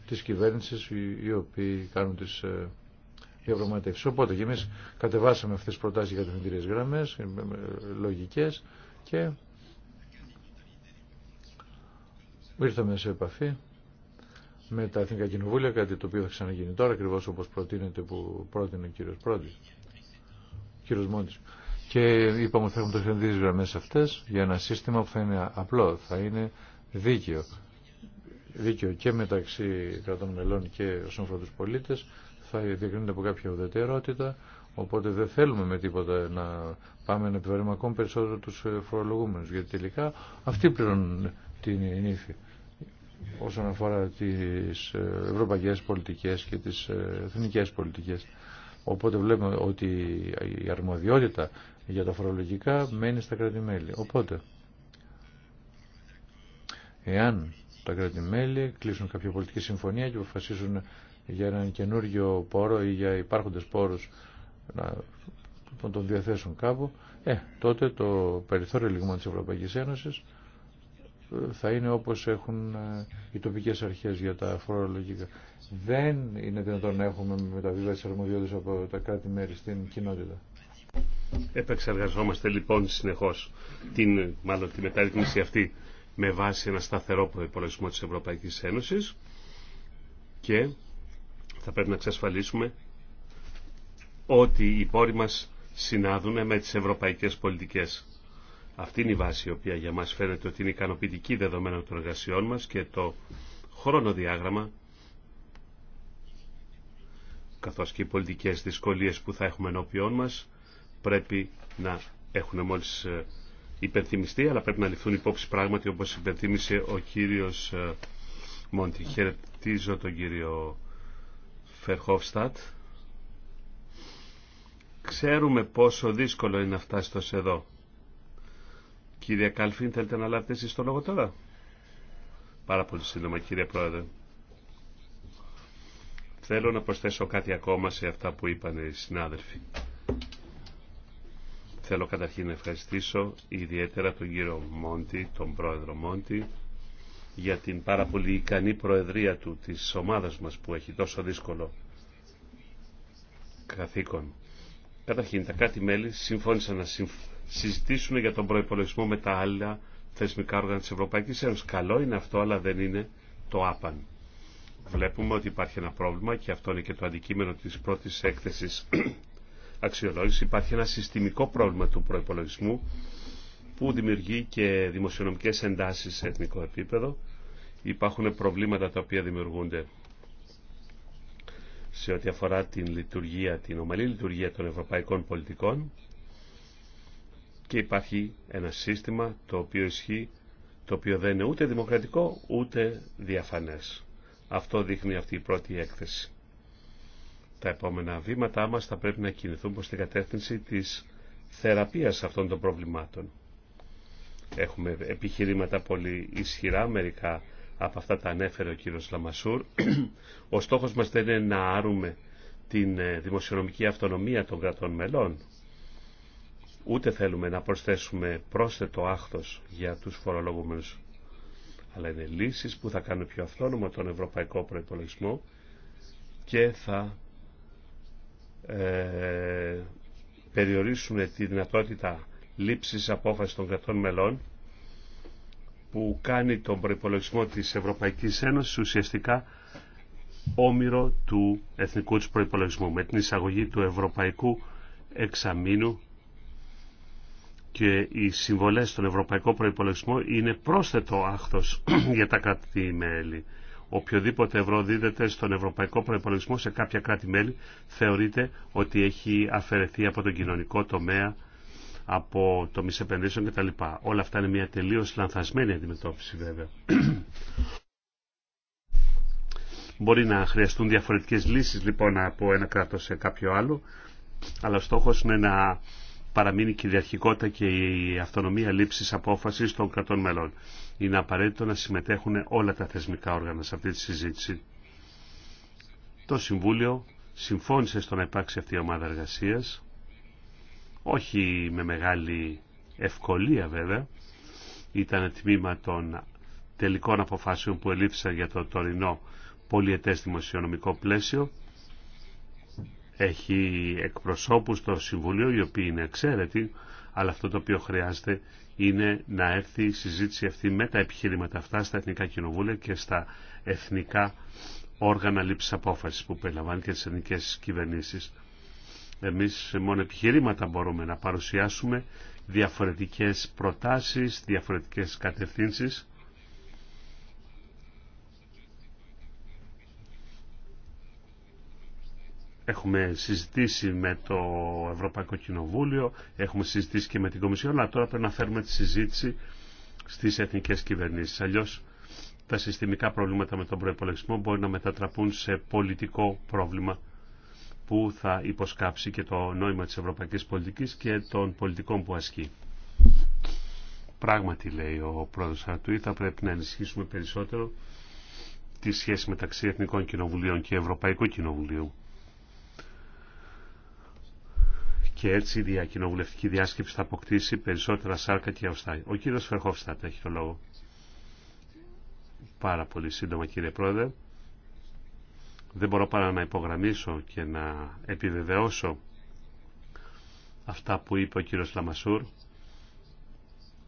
της κυβέρνησης οι οποίοι κάνουν τις ε, διαπραγματεύσεις. Οπότε και εμείς κατεβάσαμε αυτές τις προτάσεις για τεχνητήριες γραμμές, λογικές, και ήρθαμε σε επαφή με τα Εθνικά Κοινοβούλια, κάτι το οποίο θα ξαναγίνει τώρα, ακριβώ όπω προτείνεται που πρότεινε ο κύριος Πρόντι, ο κύριος Μόντης. Και είπαμε ότι θα έχουμε τεχνητές γραμμέ αυτές για ένα σύστημα που θα είναι απλό, θα είναι δίκαιο. Δίκαιο και μεταξύ κρατών μελών και όσων αφορά του πολίτες, θα διακρίνεται από κάποια ουδετερότητα, Οπότε δεν θέλουμε με τίποτα να πάμε να επιβαρύνουμε ακόμα περισσότερο τους ε, φορολογούμενου. γιατί τελικά αυτοί πληρώνουν την νύφη όσον αφορά τι ε, ευρωπαϊκέ πολιτικές και τις ε, εθνικέ πολιτικές. Οπότε βλέπουμε ότι η αρμοδιότητα για τα φορολογικά μένει στα κράτη-μέλη. Οπότε, εάν τα κράτη-μέλη κλείσουν κάποια πολιτική συμφωνία και αποφασίσουν για έναν καινούριο πόρο ή για υπάρχοντες πόρους να τον διαθέσουν κάπου, ε, τότε το περιθώριο λιγμό της Ευρωπαϊκής Ένωσης ε, θα είναι όπως έχουν ε, οι τοπικές αρχές για τα φορολογικά. Δεν είναι δυνατόν να έχουμε μεταβίβαση αρμοδιότητας από τα κράτη-μέρη στην κοινότητα. Επεξεργαζόμαστε λοιπόν συνεχώς την, μάλλον, τη μεταρρύθμιση αυτή με βάση ένα σταθερό προϋπολογισμό της Ευρωπαϊκής Ένωσης και θα πρέπει να εξασφαλίσουμε ότι οι πόροι μας συνάδουν με τις ευρωπαϊκές πολιτικές. Αυτή είναι η βάση η οποία για μας φαίνεται ότι είναι ικανοποιητική δεδομένα των εργασιών μας και το χρονοδιάγραμμα καθώς και οι πολιτικές δυσκολίες που θα έχουμε ενώπιόν μας πρέπει να έχουν μόλις ε, υπενθυμιστεί αλλά πρέπει να ληφθούν υπόψη πράγματι όπως υπενθύμησε ο κύριος ε, Μόντι. Χαιρετίζω τον κύριο Φερχόφστατ Ξέρουμε πόσο δύσκολο είναι να φτάσει το εδώ. Κύριε Καλφίν, θέλετε να λάβετε εσείς το λόγο τώρα. Πάρα πολύ σύντομα, κύριε Πρόεδρε. Θέλω να προσθέσω κάτι ακόμα σε αυτά που είπαν οι συνάδελφοι. Θέλω καταρχήν να ευχαριστήσω ιδιαίτερα τον κύριο Μόντι, τον πρόεδρο Μόντι, για την πάρα πολύ ικανή προεδρία του της ομάδας μας που έχει τόσο δύσκολο καθήκον. Καταρχήν, τα κάτι μελη συμφώνησαν να συζητήσουν για τον προπολογισμό με τα άλλα θεσμικά όργανα της Ευρωπαϊκής Ένωσης. Καλό είναι αυτό, αλλά δεν είναι το άπαν. Βλέπουμε ότι υπάρχει ένα πρόβλημα και αυτό είναι και το αντικείμενο της πρώτης έκθεσης αξιολόγηση. Υπάρχει ένα συστημικό πρόβλημα του προπολογισμού που δημιουργεί και δημοσιονομικέ εντάσει σε εθνικό επίπεδο. Υπάρχουν προβλήματα τα οποία δημιουργούνται σε ό,τι αφορά την λειτουργία, την ομαλή λειτουργία των ευρωπαϊκών πολιτικών και υπάρχει ένα σύστημα το οποίο το οποίο δεν είναι ούτε δημοκρατικό ούτε διαφανές. Αυτό δείχνει αυτή η πρώτη έκθεση. Τα επόμενα βήματά μας θα πρέπει να κινηθούν προς την κατεύθυνση της θεραπείας αυτών των προβλημάτων. Έχουμε επιχειρήματα πολύ ισχυρά, μερικά από αυτά τα ανέφερε ο κύριος Λαμασούρ. Ο στόχος μας δεν είναι να άρουμε την ε, δημοσιονομική αυτονομία των κρατών μελών. Ούτε θέλουμε να προσθέσουμε πρόσθετο άχθος για τους φορολογούμενους. Αλλά είναι λύσεις που θα κάνουν πιο αυτόνομο τον ευρωπαϊκό προϋπολογισμό και θα ε, περιορίσουν τη δυνατότητα λήψης απόφασης των κρατών μελών που κάνει τον προϋπολογισμό της Ευρωπαϊκής Ένωσης ουσιαστικά όμοιρο του εθνικού του προϋπολογισμού με την εισαγωγή του Ευρωπαϊκού Εξαμήνου και οι συμβολές στον Ευρωπαϊκό Προϋπολογισμό είναι πρόσθετο άχθος για τα κράτη-μέλη. Οποιοδήποτε ευρώ δίδεται στον Ευρωπαϊκό Προϋπολογισμό σε κάποια κράτη-μέλη θεωρείται ότι έχει αφαιρεθεί από τον κοινωνικό τομέα από το επενδύσεων κτλ. Όλα αυτά είναι μια τελείω λανθασμένη αντιμετώπιση βέβαια. Μπορεί να χρειαστούν διαφορετικέ λύσει λοιπόν από ένα κράτο σε κάποιο άλλο, αλλά ο στόχος είναι να παραμείνει η κυριαρχικότητα και η αυτονομία λήψη απόφαση των κρατών μελών. Είναι απαραίτητο να συμμετέχουν όλα τα θεσμικά όργανα σε αυτή τη συζήτηση. Το Συμβούλιο συμφώνησε στο να υπάρξει αυτή η ομάδα εργασίας όχι με μεγάλη ευκολία βέβαια, ήταν τμήμα των τελικών αποφάσεων που ελήφθησαν για το τωρινό πολιετές δημοσιονομικό πλαίσιο. Έχει εκπροσώπους στο Συμβουλίο, οι οποίοι είναι εξαίρετοι, αλλά αυτό το οποίο χρειάζεται είναι να έρθει η συζήτηση αυτή με τα επιχειρήματα αυτά στα Εθνικά Κοινοβούλια και στα Εθνικά Όργανα Λήψης Απόφασης που περιλαμβάνει και τις εθνικές κυβερνήσεις. Εμείς μόνο επιχειρήματα μπορούμε να παρουσιάσουμε διαφορετικές προτάσεις, διαφορετικές κατευθύνσεις. Έχουμε συζητήσει με το Ευρωπαϊκό Κοινοβούλιο, έχουμε συζητήσει και με την Κομισιόν, αλλά τώρα πρέπει να φέρουμε τη συζήτηση στις εθνικές κυβερνήσεις. Αλλιώς τα συστημικά προβλήματα με τον προϋπολογισμό μπορεί να μετατραπούν σε πολιτικό πρόβλημα που θα υποσκάψει και το νόημα της ευρωπαϊκής πολιτικής και των πολιτικών που ασκεί. Πράγματι, λέει ο πρόεδρος Αρτουή, θα πρέπει να ενισχύσουμε περισσότερο τη σχέση μεταξύ Εθνικών Κοινοβουλίων και Ευρωπαϊκού Κοινοβουλίου. Και έτσι η διακοινοβουλευτική διάσκεψη θα αποκτήσει περισσότερα σάρκα και οστά. Ο κύριος Φερχόφστατ έχει το λόγο. Πάρα πολύ σύντομα κύριε Πρόεδρε. Δεν μπορώ παρά να υπογραμμίσω και να επιβεβαιώσω αυτά που είπε ο κύριος Λαμασούρ.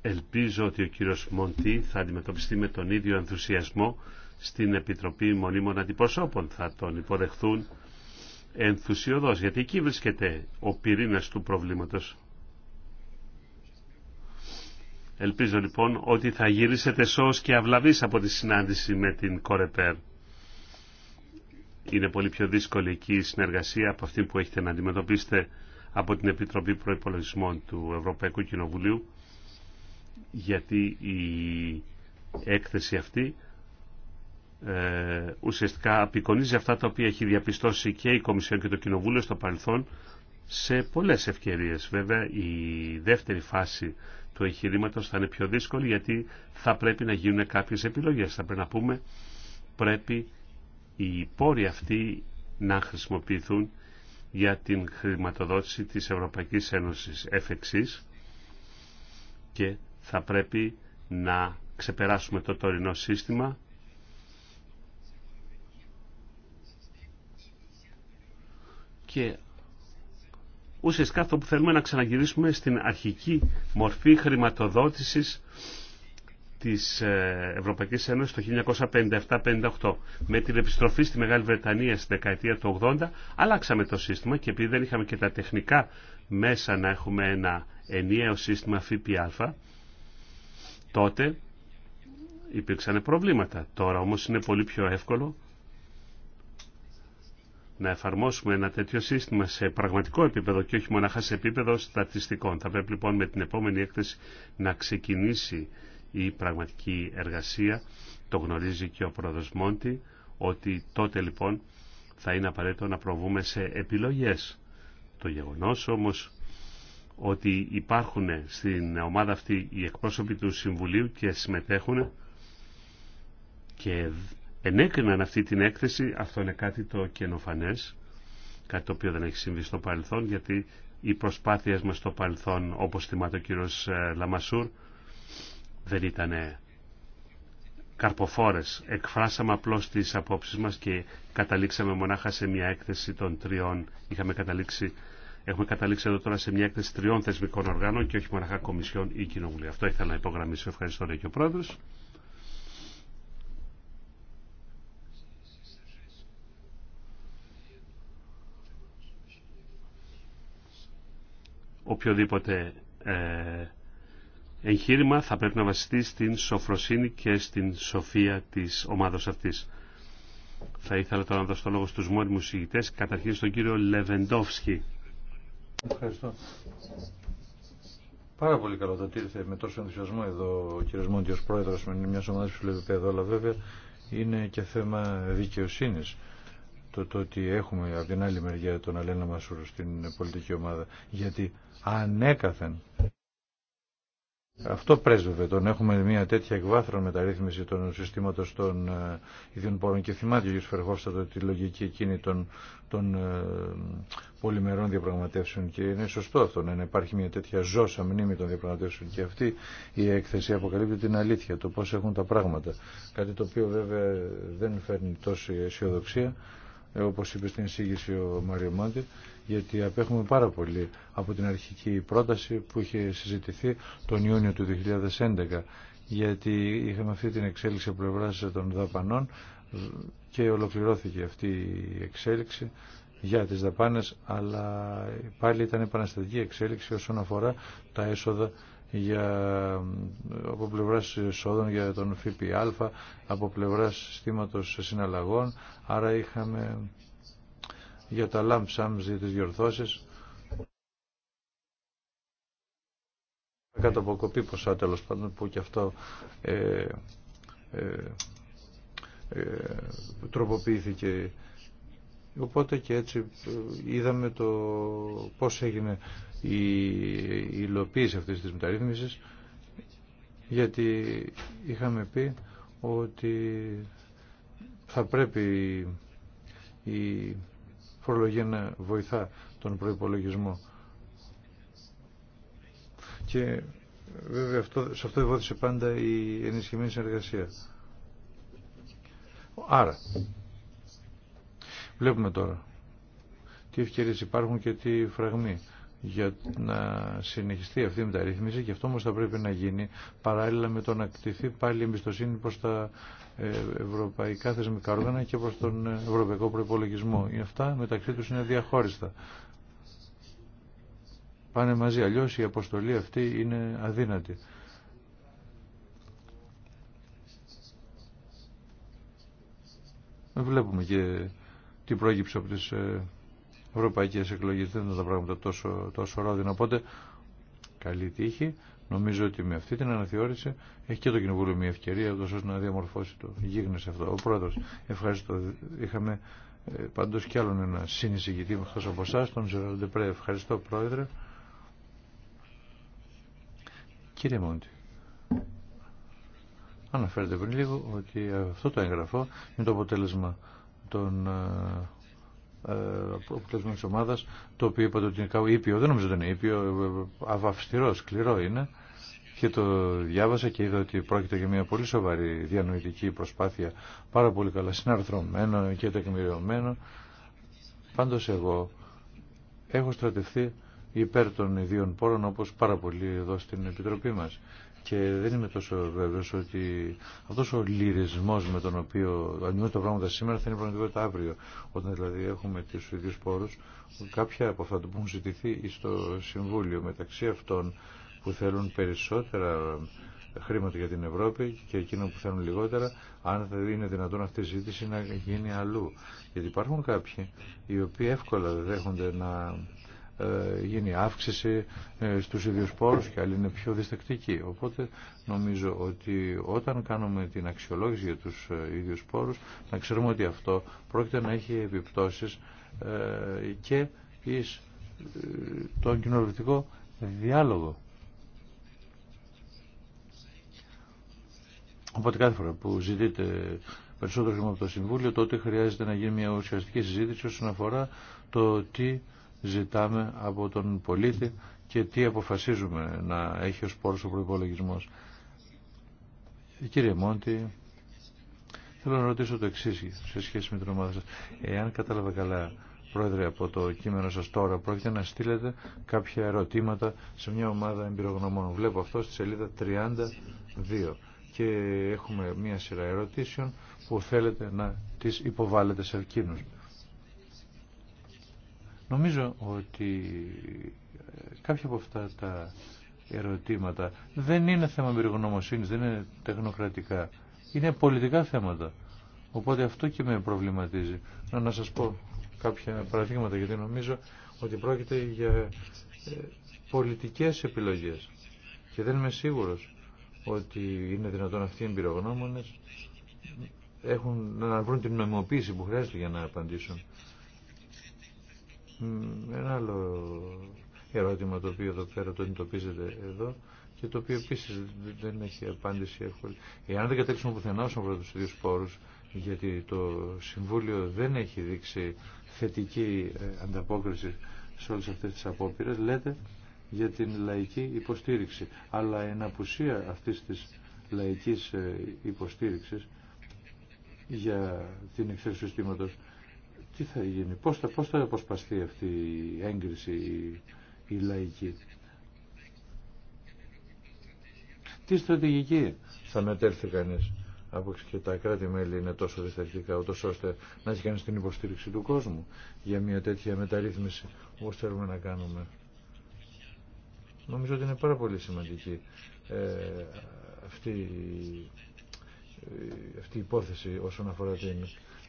Ελπίζω ότι ο κύριος Μοντή θα αντιμετωπιστεί με τον ίδιο ενθουσιασμό στην Επιτροπή Μονίμων Αντιπροσώπων. Θα τον υποδεχθούν ενθουσιοδός, γιατί εκεί βρίσκεται ο πυρήνας του προβλήματος. Ελπίζω λοιπόν ότι θα γυρίσετε σως και αυλαβείς από τη συνάντηση με την Κορεπέρ είναι πολύ πιο δύσκολη εκεί η συνεργασία από αυτή που έχετε να αντιμετωπίσετε από την Επιτροπή Προϋπολογισμών του Ευρωπαϊκού Κοινοβουλίου γιατί η έκθεση αυτή ε, ουσιαστικά απεικονίζει αυτά τα οποία έχει διαπιστώσει και η Κομισιόν και το Κοινοβούλιο στο παρελθόν σε πολλές ευκαιρίες. Βέβαια η δεύτερη φάση του εγχειρήματο θα είναι πιο δύσκολη γιατί θα πρέπει να γίνουν κάποιες επιλογές. Θα πρέπει να πούμε πρέπει οι πόροι αυτοί να χρησιμοποιηθούν για την χρηματοδότηση της Ευρωπαϊκής Ένωσης εφεξής και θα πρέπει να ξεπεράσουμε το τωρινό σύστημα και ουσιαστικά αυτό που θέλουμε να ξαναγυρίσουμε στην αρχική μορφή χρηματοδότησης της ε, Ευρωπαϊκής Ένωσης το 1957-58. Με την επιστροφή στη Μεγάλη Βρετανία στη δεκαετία του 80 αλλάξαμε το σύστημα και επειδή δεν είχαμε και τα τεχνικά μέσα να έχουμε ένα ενιαίο σύστημα ΦΠΑ, τότε υπήρξαν προβλήματα. Τώρα όμως είναι πολύ πιο εύκολο να εφαρμόσουμε ένα τέτοιο σύστημα σε πραγματικό επίπεδο και όχι μονάχα σε επίπεδο στατιστικών. Θα πρέπει λοιπόν με την επόμενη έκθεση να ξεκινήσει η πραγματική εργασία. Το γνωρίζει και ο πρόεδρος Μόντι ότι τότε λοιπόν θα είναι απαραίτητο να προβούμε σε επιλογές. Το γεγονός όμως ότι υπάρχουν στην ομάδα αυτή οι εκπρόσωποι του Συμβουλίου και συμμετέχουν και ενέκριναν αυτή την έκθεση, αυτό είναι κάτι το καινοφανές, κάτι το οποίο δεν έχει συμβεί στο παρελθόν, γιατί οι προσπάθειες μας στο παρελθόν, όπως θυμάται ο κύριος ε, Λαμασούρ, δεν ήταν καρποφόρες. Εκφράσαμε απλώς τις απόψεις μας και καταλήξαμε μονάχα σε μια έκθεση των τριών. Είχαμε καταλήξει, έχουμε καταλήξει εδώ τώρα σε μια έκθεση τριών θεσμικών οργάνων και όχι μονάχα κομισιών ή κοινοβουλία. Αυτό ήθελα να υπογραμμίσω. Ευχαριστώ και ο πρόεδρος. Οποιοδήποτε ε, εγχείρημα θα πρέπει να βασιστεί στην σοφροσύνη και στην σοφία της ομάδος αυτής. Θα ήθελα τώρα να δώσω το λόγο στους μόνιμους ηγητές, καταρχήν στον κύριο Λεβεντόφσκι. Ευχαριστώ. Πάρα πολύ καλό το ότι ήρθε με τόσο ενθουσιασμό εδώ ο κύριος Μόντιος πρόεδρος με μια ομάδα που εδώ, αλλά βέβαια είναι και θέμα δικαιοσύνης το, το ότι έχουμε από την άλλη μεριά τον Αλένα Μασούρο στην πολιτική ομάδα, γιατί ανέκαθεν αυτό πρέσβευε τον. Έχουμε μια τέτοια εκβάθρον μεταρρύθμιση των συστήματος των ε, ίδιων πόρων και θυμάται ο Φερχόφστατο τη λογική εκείνη των, των ε, πολυμερών διαπραγματεύσεων και είναι σωστό αυτό να υπάρχει μια τέτοια ζώσα μνήμη των διαπραγματεύσεων και αυτή η έκθεση αποκαλύπτει την αλήθεια, το πώς έχουν τα πράγματα. Κάτι το οποίο βέβαια δεν φέρνει τόση αισιοδοξία ε, όπως είπε στην εισήγηση ο Μάριο Μάντη γιατί απέχουμε πάρα πολύ από την αρχική πρόταση που είχε συζητηθεί τον Ιούνιο του 2011 γιατί είχαμε αυτή την εξέλιξη από πλευρά των δαπανών και ολοκληρώθηκε αυτή η εξέλιξη για τις δαπάνες αλλά πάλι ήταν επαναστατική εξέλιξη όσον αφορά τα έσοδα για, από πλευράς εισόδων για τον ΦΠΑ, από πλευρά συστήματος συναλλαγών, άρα είχαμε για τα λάμψαμς, για τις διορθώσεις. Κάτω από ποσά τέλο πάντων που και αυτό ε, ε, ε τροποποιήθηκε. Οπότε και έτσι ε, είδαμε το πώς έγινε η υλοποίηση αυτής της μεταρρύθμισης γιατί είχαμε πει ότι θα πρέπει η φορολογία να βοηθά τον προϋπολογισμό. Και βέβαια αυτό, σε αυτό ευώθησε πάντα η ενισχυμένη συνεργασία. Άρα, βλέπουμε τώρα τι ευκαιρίες υπάρχουν και τι φραγμοί για να συνεχιστεί αυτή η μεταρρύθμιση και αυτό όμως θα πρέπει να γίνει παράλληλα με το να κτηθεί πάλι η εμπιστοσύνη προς τα ε, ευρωπαϊκά θεσμικά όργανα και προς τον ευρωπαϊκό προϋπολογισμό. αυτά μεταξύ τους είναι διαχώριστα. Πάνε μαζί, αλλιώς η αποστολή αυτή είναι αδύνατη. Βλέπουμε και τι πρόκειψε από τις ε, ευρωπαϊκέ εκλογέ Δεν ήταν τα πράγματα τόσο, τόσο ρόδινα. Οπότε, καλή τύχη. Νομίζω ότι με αυτή την αναθεώρηση έχει και το Κοινοβούλιο μια ευκαιρία ώστε να διαμορφώσει το γίγνεσαι αυτό. Ο πρόεδρο, ευχαριστώ. Είχαμε ε, πάντω κι άλλον ένα συνεισηγητή εκτό από εσά, τον Ζεραλντεπρέ. Ευχαριστώ Πρόεδρε. Κύριε Μόντι, αναφέρετε πριν λίγο ότι αυτό το έγγραφο είναι το αποτέλεσμα των ε, αποτέλεσμα ε, της ομάδας το οποίο είπατε ότι είναι κάπου ήπιο δεν νομίζω ότι είναι ήπιο ε, ε, αυστηρό, σκληρό είναι και το διάβασα και είδα ότι πρόκειται για μια πολύ σοβαρή διανοητική προσπάθεια πάρα πολύ καλά συναρθρωμένο και τεκμηριωμένο πάντως εγώ έχω στρατευτεί υπέρ των ιδίων πόρων όπως πάρα πολύ εδώ στην Επιτροπή μας και δεν είμαι τόσο βέβαιος ότι αυτός ο λυρισμός με τον οποίο αντιμετωπίζουμε τα πράγματα σήμερα θα είναι πραγματικότητα αύριο. Όταν δηλαδή έχουμε του ίδιους πόρους, κάποια από αυτά που έχουν ζητηθεί στο Συμβούλιο μεταξύ αυτών που θέλουν περισσότερα χρήματα για την Ευρώπη και εκείνων που θέλουν λιγότερα, αν θα είναι δυνατόν αυτή η ζήτηση να γίνει αλλού. Γιατί υπάρχουν κάποιοι οι οποίοι εύκολα δέχονται να ε, γίνει αύξηση ε, στους ίδιους πόρους και άλλοι είναι πιο διστακτικοί. Οπότε νομίζω ότι όταν κάνουμε την αξιολόγηση για τους ε, ίδιους πόρους να ξέρουμε ότι αυτό πρόκειται να έχει επιπτώσεις και εις τον κοινοβουλευτικό διάλογο. Οπότε κάθε φορά που ζητείτε περισσότερο χρήμα από το Συμβούλιο τότε χρειάζεται να γίνει μια ουσιαστική συζήτηση όσον αφορά το τι ζητάμε από τον πολίτη και τι αποφασίζουμε να έχει ως πόρος ο προπολογισμό. Κύριε Μόντι, θέλω να ρωτήσω το εξή σε σχέση με την ομάδα σας. Εάν κατάλαβα καλά, Πρόεδρε, από το κείμενο σας τώρα πρόκειται να στείλετε κάποια ερωτήματα σε μια ομάδα εμπειρογνωμών. Βλέπω αυτό στη σελίδα 32 και έχουμε μια σειρά ερωτήσεων που θέλετε να τις υποβάλλετε σε εκείνους. Νομίζω ότι ε, κάποια από αυτά τα ερωτήματα δεν είναι θέμα περιγνωμοσύνης, δεν είναι τεχνοκρατικά. Είναι πολιτικά θέματα. Οπότε αυτό και με προβληματίζει. Να, να σας πω κάποια παραδείγματα γιατί νομίζω ότι πρόκειται για ε, πολιτικές επιλογές. Και δεν είμαι σίγουρος ότι είναι δυνατόν αυτοί οι εμπειρογνώμονες έχουν, να βρουν την νομιμοποίηση που χρειάζεται για να απαντήσουν. Ένα άλλο ερώτημα το οποίο εδώ πέρα το εντοπίζεται εδώ και το οποίο επίση δεν έχει απάντηση εύκολη. Εάν δεν καταλήξουμε πουθενά όσον αφορά του ίδιου πόρου, γιατί το Συμβούλιο δεν έχει δείξει θετική ε, ανταπόκριση σε όλε αυτέ τι απόπειρε, λέτε για την λαϊκή υποστήριξη. Αλλά εν απουσία αυτή τη λαϊκή ε, υποστήριξη για την εξαίρεση του τι θα γίνει, πώς θα, πώς θα αποσπαστεί αυτή η έγκριση η, η λαϊκή. Τι στρατηγική θα μετέλθει κανείς από και τα κράτη-μέλη είναι τόσο δυσταρχικά, ούτως ώστε να έχει κανείς την υποστήριξη του κόσμου για μια τέτοια μεταρρύθμιση όπως θέλουμε να κάνουμε. Νομίζω ότι είναι πάρα πολύ σημαντική ε, αυτή, ε, αυτή η υπόθεση όσον αφορά την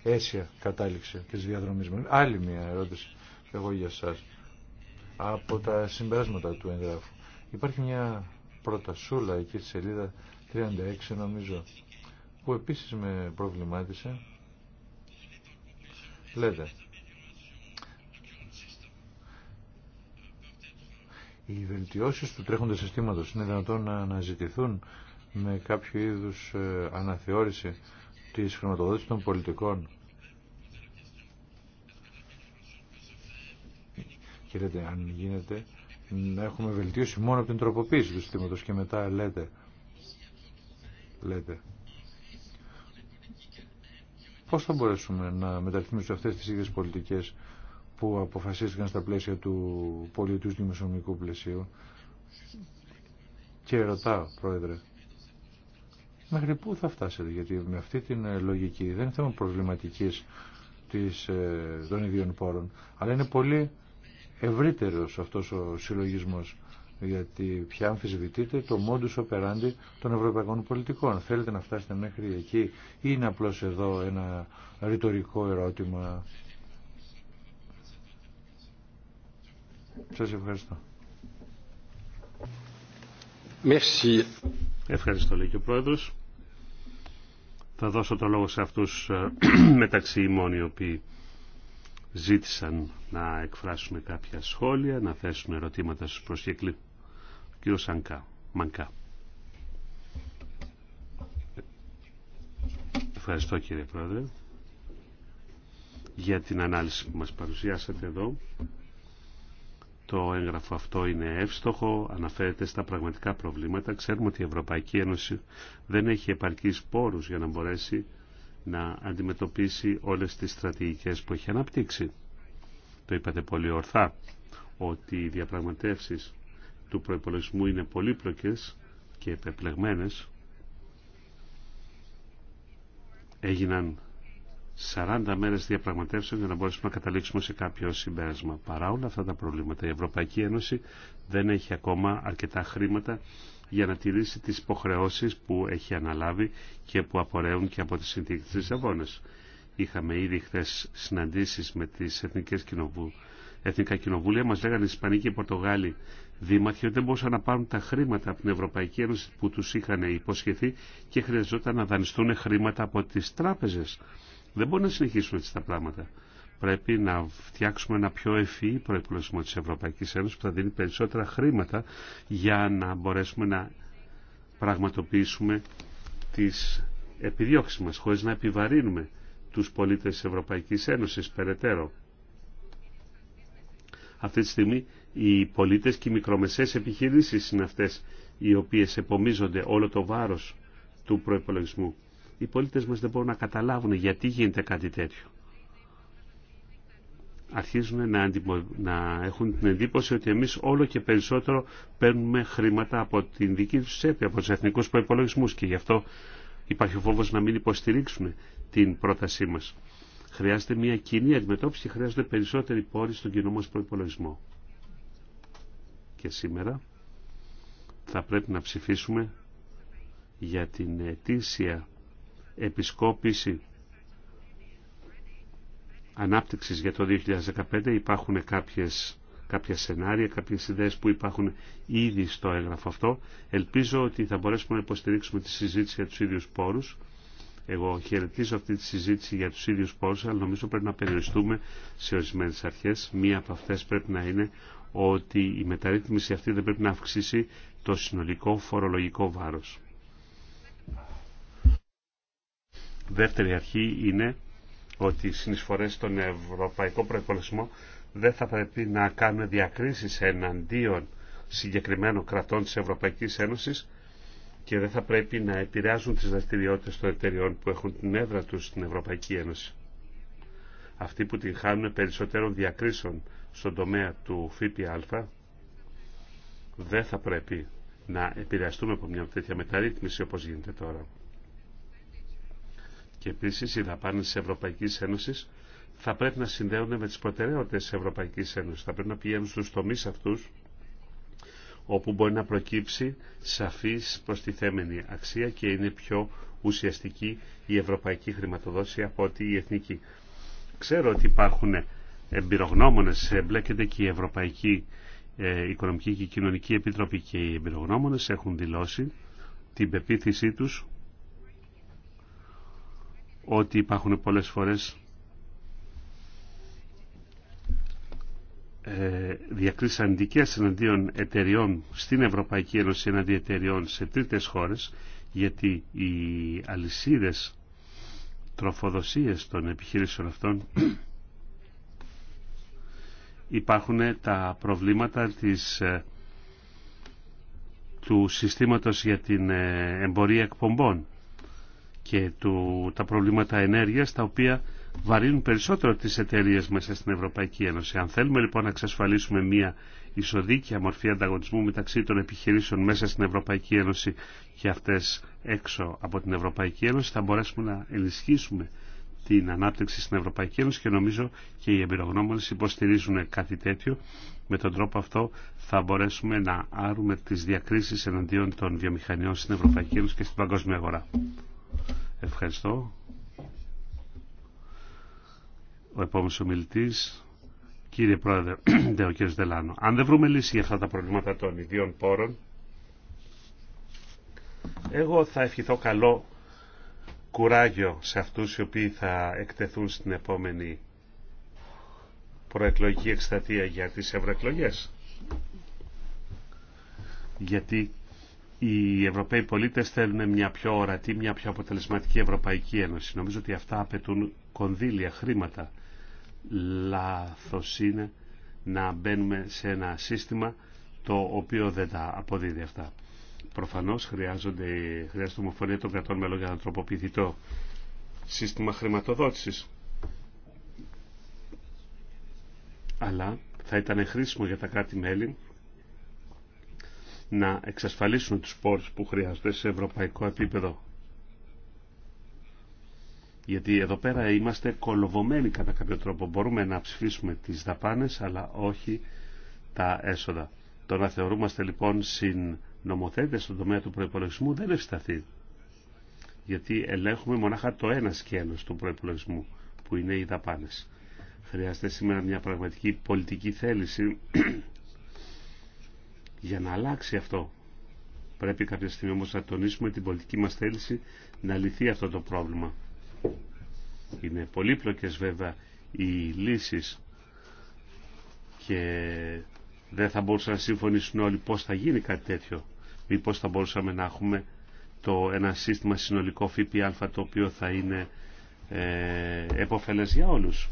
αίσια κατάληξη και τη διαδρομή μου. Άλλη μια ερώτηση εγώ για εσά. Από τα συμπεράσματα του εγγράφου. Υπάρχει μια πρωτασούλα εκεί στη σελίδα 36 νομίζω που επίσης με προβλημάτισε. Λέτε. Οι βελτιώσεις του τρέχοντα συστήματος είναι δυνατόν να αναζητηθούν με κάποιο είδους ε, αναθεώρηση της χρηματοδότησης των πολιτικών. Και αν γίνεται, να έχουμε βελτίωση μόνο από την τροποποίηση του συστήματος και μετά λέτε, λέτε, πώς θα μπορέσουμε να μεταρρυθμίσουμε αυτές τις ίδιες πολιτικές που αποφασίστηκαν στα πλαίσια του πολιτικού δημοσιονομικού πλαισίου. Και ρωτάω, Πρόεδρε, Μέχρι πού θα φτάσετε, γιατί με αυτή την ε, λογική δεν είναι θέμα προβληματικής ε, των ίδιων πόρων, αλλά είναι πολύ ευρύτερος αυτός ο συλλογισμός, γιατί πια αμφισβητείτε το modus operandi των ευρωπαϊκών πολιτικών. Θέλετε να φτάσετε μέχρι εκεί ή είναι απλώς εδώ ένα ρητορικό ερώτημα. Σας ευχαριστώ. Merci. Ευχαριστώ, λέει και ο Πρόεδρος. Θα δώσω το λόγο σε αυτούς ε, μεταξύ ημών οι οποίοι ζήτησαν να εκφράσουν κάποια σχόλια, να θέσουν ερωτήματα στους προσκεκλείς. Ο Σανκά, Μανκά. Ευχαριστώ κύριε Πρόεδρε για την ανάλυση που μας παρουσιάσατε εδώ. Το έγγραφο αυτό είναι εύστοχο, αναφέρεται στα πραγματικά προβλήματα. Ξέρουμε ότι η Ευρωπαϊκή Ένωση δεν έχει επαρκείς πόρους για να μπορέσει να αντιμετωπίσει όλες τις στρατηγικές που έχει αναπτύξει. Το είπατε πολύ ορθά ότι οι διαπραγματεύσεις του προϋπολογισμού είναι πολύπλοκες και επεπλεγμένες έγιναν 40 μέρε διαπραγματεύσεων για να μπορέσουμε να καταλήξουμε σε κάποιο συμπέρασμα. Παρά όλα αυτά τα προβλήματα, η Ευρωπαϊκή Ένωση δεν έχει ακόμα αρκετά χρήματα για να τηρήσει τι υποχρεώσει που έχει αναλάβει και που απορρέουν και από τι συνθήκε τη Λισαβόνα. Είχαμε ήδη χθε συναντήσει με τις Εθνικές εθνικά κοινοβούλια, μα λέγανε οι Ισπανοί και οι Πορτογάλοι δήμαρχοι ότι δεν μπορούσαν να πάρουν τα χρήματα από την Ευρωπαϊκή Ένωση που του είχαν υποσχεθεί και χρειαζόταν να δανειστούν χρήματα από τι τράπεζε δεν μπορούμε να συνεχίσουμε έτσι τα πράγματα. Πρέπει να φτιάξουμε ένα πιο ευφυή προϋπολογισμό της Ευρωπαϊκής Ένωσης που θα δίνει περισσότερα χρήματα για να μπορέσουμε να πραγματοποιήσουμε τις επιδιώξεις μας χωρίς να επιβαρύνουμε τους πολίτες της Ευρωπαϊκής Ένωσης περαιτέρω. Αυτή τη στιγμή οι πολίτες και οι μικρομεσαίες επιχειρήσεις είναι αυτές οι οποίες επομίζονται όλο το βάρος του προϋπολογισμού οι πολίτες μας δεν μπορούν να καταλάβουν γιατί γίνεται κάτι τέτοιο. Αρχίζουν να, να έχουν την εντύπωση ότι εμείς όλο και περισσότερο παίρνουμε χρήματα από την δική τους τσέπη, από τους εθνικούς προϋπολογισμούς και γι' αυτό υπάρχει φόβος να μην υποστηρίξουν την πρότασή μας. Χρειάζεται μια κοινή αντιμετώπιση και χρειάζονται περισσότεροι πόροι στον κοινό μας προϋπολογισμό. Και σήμερα θα πρέπει να ψηφίσουμε για την αιτήσια επισκόπηση ανάπτυξης για το 2015 υπάρχουν κάποιες, κάποια σενάρια, κάποιες ιδέες που υπάρχουν ήδη στο έγγραφο αυτό. Ελπίζω ότι θα μπορέσουμε να υποστηρίξουμε τη συζήτηση για τους ίδιους πόρους. Εγώ χαιρετίζω αυτή τη συζήτηση για τους ίδιους πόρους, αλλά νομίζω πρέπει να περιοριστούμε σε ορισμένες αρχές. Μία από αυτές πρέπει να είναι ότι η μεταρρύθμιση αυτή δεν πρέπει να αυξήσει το συνολικό φορολογικό βάρος. Δεύτερη αρχή είναι ότι οι συνεισφορές στον ευρωπαϊκό προϋπολογισμό δεν θα πρέπει να κάνουν διακρίσεις εναντίον συγκεκριμένων κρατών της Ευρωπαϊκής Ένωσης και δεν θα πρέπει να επηρεάζουν τις δραστηριότητες των εταιριών που έχουν την έδρα τους στην Ευρωπαϊκή Ένωση. Αυτοί που την χάνουν περισσότερων διακρίσεων στον τομέα του ΦΠΑ δεν θα πρέπει να επηρεαστούμε από μια τέτοια μεταρρύθμιση όπως γίνεται τώρα. Και επίση οι δαπάνε τη Ευρωπαϊκή Ένωση θα πρέπει να συνδέονται με τι προτεραιότητε τη Ευρωπαϊκή Ένωση. Θα πρέπει να πηγαίνουν στου τομεί αυτού, όπου μπορεί να προκύψει σαφής προστιθέμενη αξία και είναι πιο ουσιαστική η ευρωπαϊκή χρηματοδότηση από ότι η εθνική. Ξέρω ότι υπάρχουν εμπειρογνώμονες, εμπλέκεται και η Ευρωπαϊκή ε, Οικονομική και Κοινωνική Επιτροπή και οι εμπειρογνώμονες έχουν δηλώσει την πεποίθησή τους ότι υπάρχουν πολλές φορές ε, διακρίσεις αντικές εναντίον εταιριών στην Ευρωπαϊκή Ένωση εναντίον εταιριών σε τρίτες χώρες γιατί οι αλυσίδες τροφοδοσίες των επιχειρήσεων αυτών υπάρχουν τα προβλήματα της, ε, του συστήματος για την ε, εμπορία εκπομπών και του, τα προβλήματα ενέργειας τα οποία βαρύνουν περισσότερο τις εταιρείε μέσα στην Ευρωπαϊκή Ένωση. Αν θέλουμε λοιπόν να εξασφαλίσουμε μια ισοδίκια μορφή ανταγωνισμού μεταξύ των επιχειρήσεων μέσα στην Ευρωπαϊκή Ένωση και αυτές έξω από την Ευρωπαϊκή Ένωση θα μπορέσουμε να ενισχύσουμε την ανάπτυξη στην Ευρωπαϊκή Ένωση και νομίζω και οι εμπειρογνώμονες υποστηρίζουν κάτι τέτοιο. Με τον τρόπο αυτό θα μπορέσουμε να άρουμε τις διακρίσεις εναντίον των βιομηχανιών στην Ευρωπαϊκή Ένωση και στην παγκόσμια αγορά. Ευχαριστώ. Ο επόμενος ομιλητής, κύριε Πρόεδρε, ο κύριος Δελάνο. Αν δεν βρούμε λύση για αυτά τα προβλήματα των ιδίων πόρων, εγώ θα ευχηθώ καλό κουράγιο σε αυτούς οι οποίοι θα εκτεθούν στην επόμενη προεκλογική εκστατεία για τις ευρωεκλογές. Γιατί οι Ευρωπαίοι πολίτες θέλουν μια πιο ορατή, μια πιο αποτελεσματική Ευρωπαϊκή Ένωση. Νομίζω ότι αυτά απαιτούν κονδύλια, χρήματα. Λάθος είναι να μπαίνουμε σε ένα σύστημα το οποίο δεν τα αποδίδει αυτά. Προφανώς χρειάζονται, χρειάζεται ομοφωνία των κρατών μελών για να τροποποιηθεί το σύστημα χρηματοδότησης. Αλλά θα ήταν χρήσιμο για τα κράτη-μέλη να εξασφαλίσουν τους πόρους που χρειάζονται σε ευρωπαϊκό επίπεδο. Γιατί εδώ πέρα είμαστε κολοβωμένοι κατά κάποιο τρόπο. Μπορούμε να ψηφίσουμε τις δαπάνες αλλά όχι τα έσοδα. Το να θεωρούμαστε λοιπόν συνομοθέτες στον τομέα του προϋπολογισμού δεν ευσταθεί. Γιατί ελέγχουμε μονάχα το ένα σκέλος του προϋπολογισμού που είναι οι δαπάνες. Χρειάζεται σήμερα μια πραγματική πολιτική θέληση για να αλλάξει αυτό. Πρέπει κάποια στιγμή όμως να τονίσουμε την πολιτική μας θέληση να λυθεί αυτό το πρόβλημα. Είναι πολύπλοκες βέβαια οι λύσεις και δεν θα μπορούσαν να συμφωνήσουν όλοι πώς θα γίνει κάτι τέτοιο. Μήπως θα μπορούσαμε να έχουμε το, ένα σύστημα συνολικό ΦΠΑ το οποίο θα είναι ε, για όλους.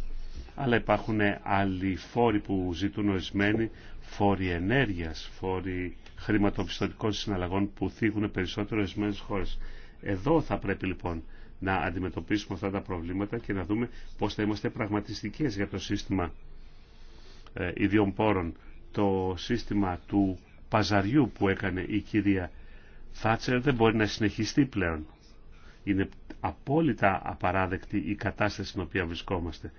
Αλλά υπάρχουν άλλοι φόροι που ζητούν ορισμένοι φόροι ενέργειας, φόροι χρηματοπιστωτικών συναλλαγών που θίγουν περισσότερο ορισμένε χώρες. Εδώ θα πρέπει λοιπόν να αντιμετωπίσουμε αυτά τα προβλήματα και να δούμε πώς θα είμαστε πραγματιστικές για το σύστημα ε, ιδιών πόρων, το σύστημα του παζαριού που έκανε η κυρία Θάτσερ δεν μπορεί να συνεχιστεί πλέον. Είναι απόλυτα απαράδεκτη η κατάσταση στην οποία βρισκόμαστε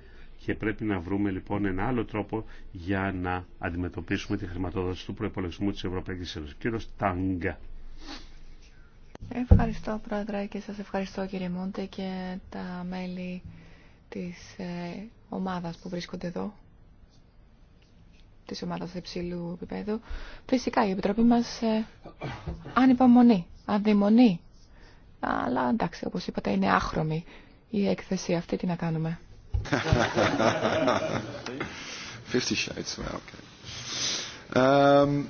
και πρέπει να βρούμε λοιπόν ένα άλλο τρόπο για να αντιμετωπίσουμε τη χρηματοδότηση του προπολογισμού της Ευρωπαϊκής Ένωσης. Κύριος Τάγκα. Ευχαριστώ Πρόεδρε και σας ευχαριστώ κύριε Μόντε και τα μέλη της ε, ομάδας που βρίσκονται εδώ της ομάδας υψηλού επίπεδου. Φυσικά η Επιτροπή μας ε, ανυπομονεί, αδειμονεί. Αλλά εντάξει, όπως είπατε, είναι άχρωμη η έκθεση αυτή, τι να κάνουμε. Um,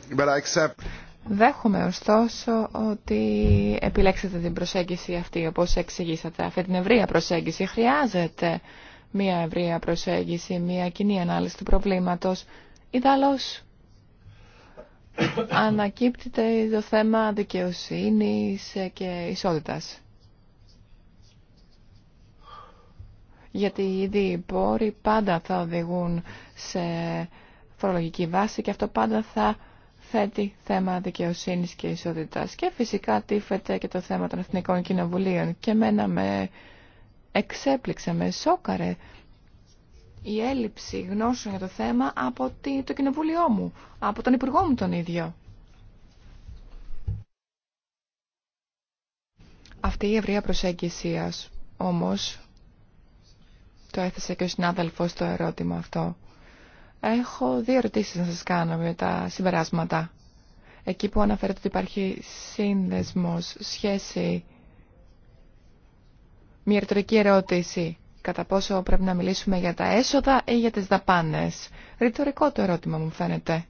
Δέχομαι ωστόσο ότι επιλέξετε την προσέγγιση αυτή όπως εξηγήσατε. Αυτή την ευρεία προσέγγιση χρειάζεται μια ευρεία προσέγγιση, μια κοινή ανάλυση του προβλήματος. Ιδάλως ανακύπτεται το θέμα δικαιοσύνης και ισότητας. γιατί οι ίδιοι πόροι πάντα θα οδηγούν σε φορολογική βάση και αυτό πάντα θα θέτει θέμα δικαιοσύνη και ισότητας. Και φυσικά τύφεται και το θέμα των Εθνικών Κοινοβουλίων. Και μένα με εξέπληξε, με σόκαρε η έλλειψη γνώσεων για το θέμα από το κοινοβούλιο μου, από τον υπουργό μου τον ίδιο. Αυτή η ευρεία προσέγγιση όμως το έθεσε και ο συνάδελφο το ερώτημα αυτό. Έχω δύο ερωτήσει να σα κάνω με τα συμπεράσματα. Εκεί που αναφέρεται ότι υπάρχει σύνδεσμος, σχέση, μια ρητορική ερώτηση κατά πόσο πρέπει να μιλήσουμε για τα έσοδα ή για τις δαπάνες. Ρητορικό το ερώτημα μου φαίνεται.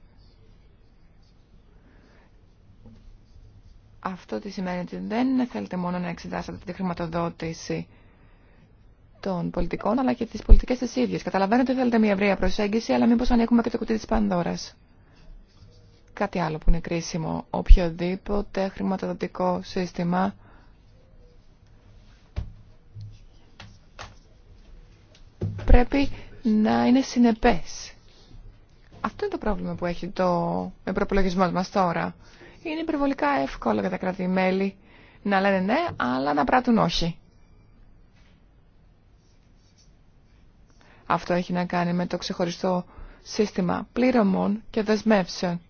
Αυτό τι σημαίνει ότι δεν θέλετε μόνο να εξετάσετε τη χρηματοδότηση των πολιτικών αλλά και τις πολιτικές της ίδια. καταλαβαίνετε ότι θέλετε μια ευρεία προσέγγιση αλλά μήπω ανοίγουμε και το κουτί τη Πανδώρας. Κάτι άλλο που είναι κρίσιμο. Οποιοδήποτε χρηματοδοτικό σύστημα πρέπει να είναι συνεπές. Αυτό είναι το πρόβλημα που έχει το προπολογισμό μας τώρα. Είναι υπερβολικά εύκολο για τα κράτη-μέλη να λένε ναι, αλλά να πράττουν όχι. Αυτό έχει να κάνει με το ξεχωριστό σύστημα πληρωμών και δεσμεύσεων.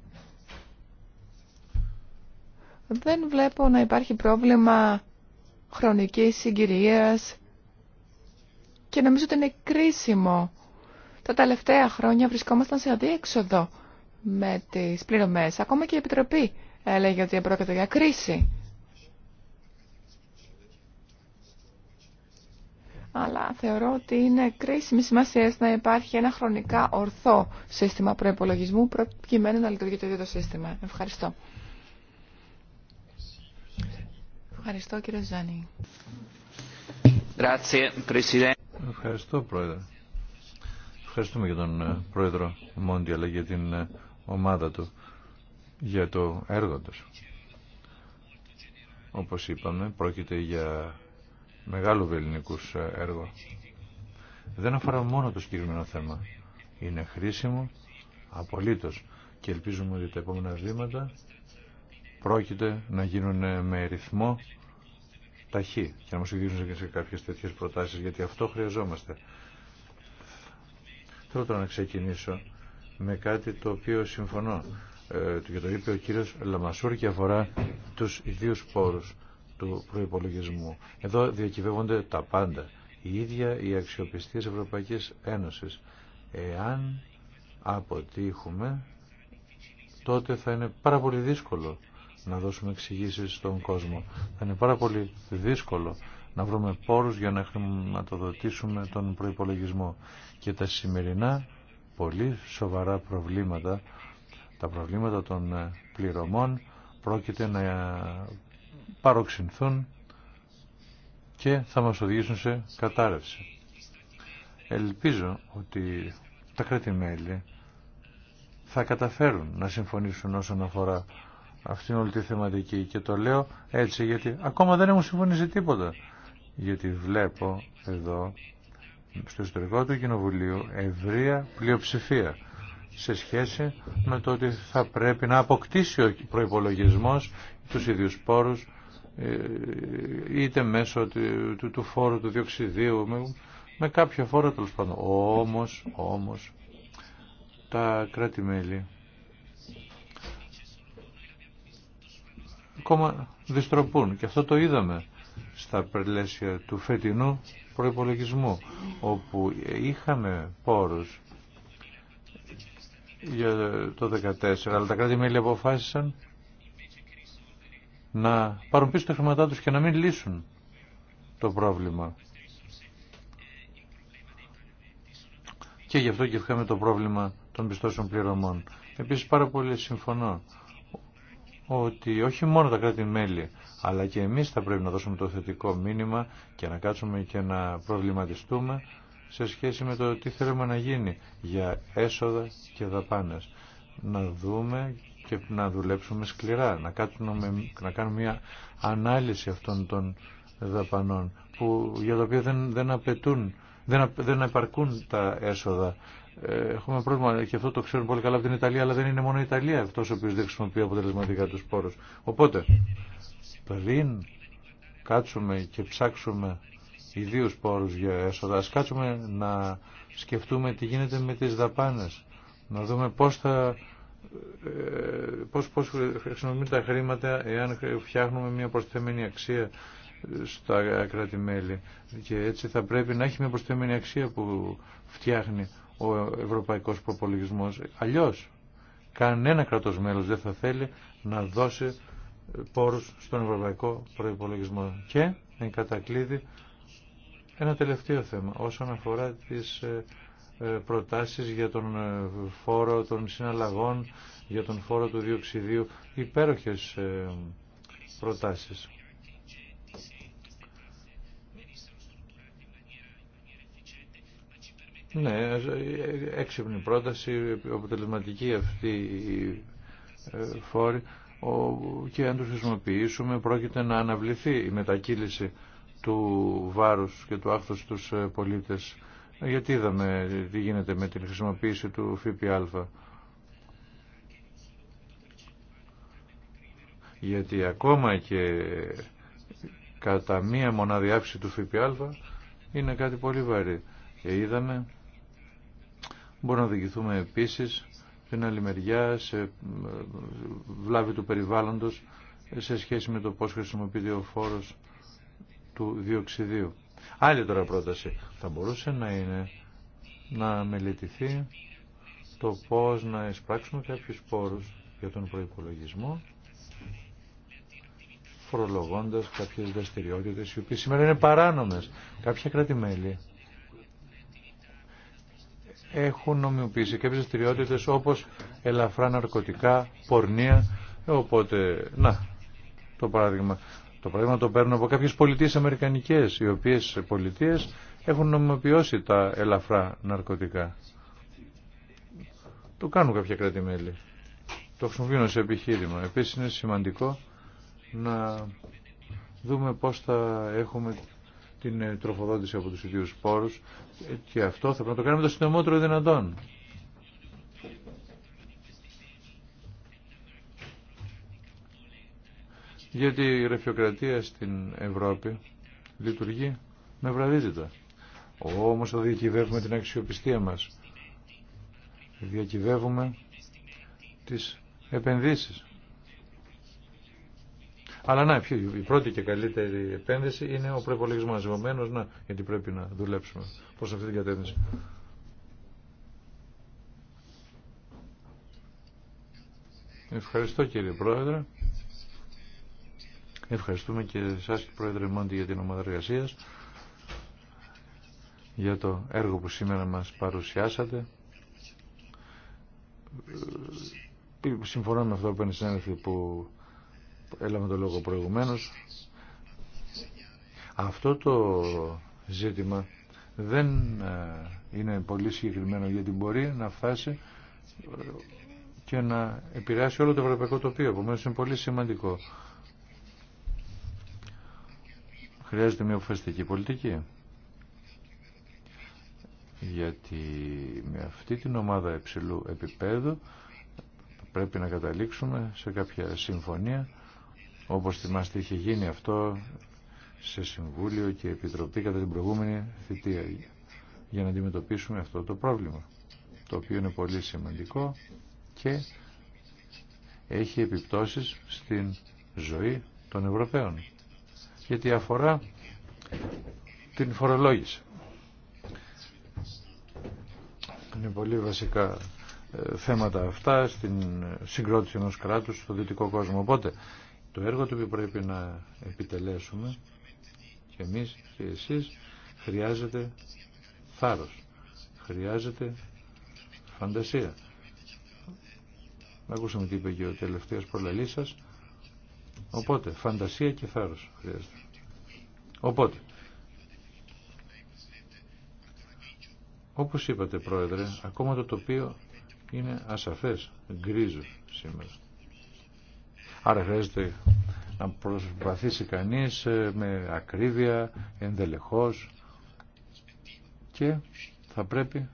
Δεν βλέπω να υπάρχει πρόβλημα χρονικής συγκυρίας και νομίζω ότι είναι κρίσιμο. Τα τελευταία χρόνια βρισκόμασταν σε αδίέξοδο με τις πληρωμές. Ακόμα και η Επιτροπή έλεγε ότι πρόκειται για κρίση αλλά θεωρώ ότι είναι κρίσιμη σημασία να υπάρχει ένα χρονικά ορθό σύστημα προπολογισμού προκειμένου να λειτουργεί το ίδιο το σύστημα. Ευχαριστώ. Ευχαριστώ κύριε Ζάνη. Ευχαριστώ πρόεδρε. Ευχαριστούμε για τον ε, πρόεδρο Μόντι αλλά για την ε, ομάδα του για το έργο του. Όπως είπαμε πρόκειται για μεγάλου ελληνικού ε, έργο. Δεν αφορά μόνο το συγκεκριμένο θέμα. Είναι χρήσιμο απολύτως και ελπίζουμε ότι τα επόμενα βήματα πρόκειται να γίνουν ε, με ρυθμό ταχύ και να μας οδηγήσουν σε κάποιες τέτοιες προτάσεις γιατί αυτό χρειαζόμαστε. Θέλω τώρα να ξεκινήσω με κάτι το οποίο συμφωνώ ε, και το είπε ο κύριος Λαμασούρ και αφορά τους ιδίους πόρους του προϋπολογισμού. Εδώ διακυβεύονται τα πάντα. Η ίδια η αξιοπιστία της Ευρωπαϊκής Ένωσης. Εάν αποτύχουμε, τότε θα είναι πάρα πολύ δύσκολο να δώσουμε εξηγήσει στον κόσμο. Θα είναι πάρα πολύ δύσκολο να βρούμε πόρους για να χρηματοδοτήσουμε τον προϋπολογισμό. Και τα σημερινά πολύ σοβαρά προβλήματα, τα προβλήματα των πληρωμών, πρόκειται να παροξυνθούν και θα μας οδηγήσουν σε κατάρρευση. Ελπίζω ότι τα κρατη θα καταφέρουν να συμφωνήσουν όσον αφορά αυτήν όλη τη θεματική και το λέω έτσι γιατί ακόμα δεν έχουν συμφωνήσει τίποτα γιατί βλέπω εδώ στο ιστορικό του Κοινοβουλίου ευρεία πλειοψηφία σε σχέση με το ότι θα πρέπει να αποκτήσει ο προϋπολογισμός τους ίδιους πόρους ε, είτε μέσω του, του, φόρου του διοξιδίου, με, με κάποιο φόρο τέλο πάντων. Όμως, όμως, τα κράτη-μέλη ακόμα διστροπούν και αυτό το είδαμε στα πλαίσια του φετινού προϋπολογισμού όπου είχαμε πόρους για το 2014 αλλά τα κράτη-μέλη αποφάσισαν να πάρουν πίσω τα χρήματά τους και να μην λύσουν το πρόβλημα. Και γι' αυτό και είχαμε το πρόβλημα των πιστώσεων πληρωμών. Επίσης πάρα πολύ συμφωνώ ότι όχι μόνο τα κράτη-μέλη, αλλά και εμείς θα πρέπει να δώσουμε το θετικό μήνυμα και να κάτσουμε και να προβληματιστούμε σε σχέση με το τι θέλουμε να γίνει για έσοδα και δαπάνες. Να δούμε και να δουλέψουμε σκληρά, να, κάνουμε, να κάνουμε μια ανάλυση αυτών των δαπανών που, για τα οποία δεν, δεν απαιτούν, δεν, δεν επαρκούν τα έσοδα. Ε, έχουμε πρόβλημα και αυτό το ξέρουν πολύ καλά από την Ιταλία, αλλά δεν είναι μόνο η Ιταλία αυτό ο οποίο δεν χρησιμοποιεί αποτελεσματικά του πόρου. Οπότε, πριν κάτσουμε και ψάξουμε ιδίου πόρου για έσοδα, α κάτσουμε να σκεφτούμε τι γίνεται με τι δαπάνε. Να δούμε πώ θα ε, πώς, πώς τα χρήματα εάν φτιάχνουμε μια προσθεμένη αξία ε, στα κράτη-μέλη και έτσι θα πρέπει να έχει μια προσθεμένη αξία που φτιάχνει ο ευρωπαϊκός προπολογισμό. Αλλιώς κανένα κρατός μέλος δεν θα θέλει να δώσει ε, πόρους στον ευρωπαϊκό προϋπολογισμό. Και, εν κατακλείδη, ένα τελευταίο θέμα όσον αφορά τις ε, προτάσεις για τον ε, φόρο των συναλλαγών, για τον φόρο του διοξιδίου, υπέροχες ε, προτάσεις. Ναι, έξυπνη πρόταση, αποτελεσματική αυτή η φόρη και αν το χρησιμοποιήσουμε πρόκειται να αναβληθεί η μετακύληση του βάρους και του άχθους στους πολίτες. Γιατί είδαμε τι γίνεται με την χρησιμοποίηση του ΦΠΑ. Γιατί ακόμα και κατά μία μονάδη αύξηση του ΦΠΑ είναι κάτι πολύ βαρύ. Και είδαμε, μπορούμε να οδηγηθούμε επίσης την άλλη μεριά σε ε, βλάβη του περιβάλλοντος σε σχέση με το πώς χρησιμοποιείται ο φόρος του διοξιδίου. Άλλη τώρα πρόταση θα μπορούσε να είναι να μελετηθεί το πώς να εισπράξουμε κάποιους πόρους για τον προϋπολογισμό φορολογώντας κάποιες δραστηριότητες οι οποίες σήμερα είναι παράνομες. Κάποια έχουν νομιμοποιήσει κάποιες δραστηριότητες όπως ελαφρά ναρκωτικά, πορνεία, οπότε να το παράδειγμα το πράγμα το παίρνω από κάποιες πολιτείες αμερικανικές, οι οποίες πολιτείες έχουν νομιμοποιώσει τα ελαφρά ναρκωτικά. Το κάνουν κάποια κράτη-μέλη. Το χρησιμοποιούν σε επιχείρημα. Επίσης είναι σημαντικό να δούμε πώς θα έχουμε την τροφοδότηση από τους ιδίους πόρους και αυτό θα πρέπει να το κάνουμε το συντομότερο δυνατόν. γιατί η ρεφιοκρατία στην Ευρώπη λειτουργεί με βραδίτητα. Όμως θα διακυβεύουμε την αξιοπιστία μας. Διακυβεύουμε τις επενδύσεις. Αλλά να, η πρώτη και καλύτερη επένδυση είναι ο προπολογισμό. Επομένω, να, γιατί πρέπει να δουλέψουμε προ αυτή την κατεύθυνση. Ευχαριστώ κύριε Πρόεδρε. Ευχαριστούμε και εσά Πρόεδρε Μόντι για την ομάδα εργασία για το έργο που σήμερα μας παρουσιάσατε. Ε, συμφωνώ με αυτό που είναι που έλαβε το λόγο προηγουμένως. Αυτό το ζήτημα δεν ε, είναι πολύ συγκεκριμένο γιατί μπορεί να φτάσει ε, και να επηρεάσει όλο το ευρωπαϊκό τοπίο. Επομένως είναι πολύ σημαντικό χρειάζεται μια αποφασιστική πολιτική. Γιατί με αυτή την ομάδα υψηλού επίπεδου πρέπει να καταλήξουμε σε κάποια συμφωνία όπως θυμάστε είχε γίνει αυτό σε Συμβούλιο και Επιτροπή κατά την προηγούμενη θητεία για να αντιμετωπίσουμε αυτό το πρόβλημα το οποίο είναι πολύ σημαντικό και έχει επιπτώσεις στην ζωή των Ευρωπαίων γιατί αφορά την φορολόγηση. Είναι πολύ βασικά ε, θέματα αυτά στην ε, συγκρότηση ενός κράτους στο δυτικό κόσμο. Οπότε το έργο το οποίο πρέπει να επιτελέσουμε και εμείς και εσείς χρειάζεται θάρρος, χρειάζεται φαντασία. Ακούσαμε τι είπε και ο τελευταίος προλαλής σας. Οπότε φαντασία και θάρρος χρειάζεται. Οπότε, όπως είπατε πρόεδρε, ακόμα το τοπίο είναι ασαφές, γκρίζο σήμερα. Άρα χρειάζεται να προσπαθήσει κανείς ε, με ακρίβεια, ενδελεχώς και θα πρέπει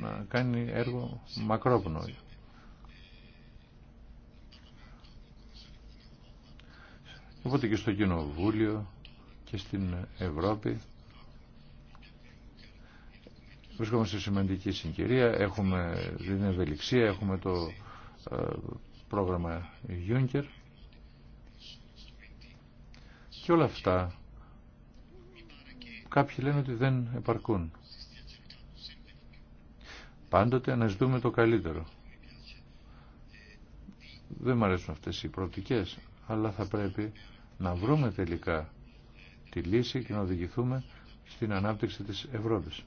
να κάνει έργο μακρόπνοη. Οπότε και στο Κοινοβούλιο και στην Ευρώπη. Βρισκόμαστε σε σημαντική συγκυρία, έχουμε την ευελιξία, έχουμε το ε, πρόγραμμα Juncker και όλα αυτά κάποιοι λένε ότι δεν επαρκούν. Πάντοτε αναζητούμε το καλύτερο. Δεν μου αρέσουν αυτές οι προοπτικές, αλλά θα πρέπει να βρούμε τελικά τη λύση και να οδηγηθούμε στην ανάπτυξη της Ευρώπης.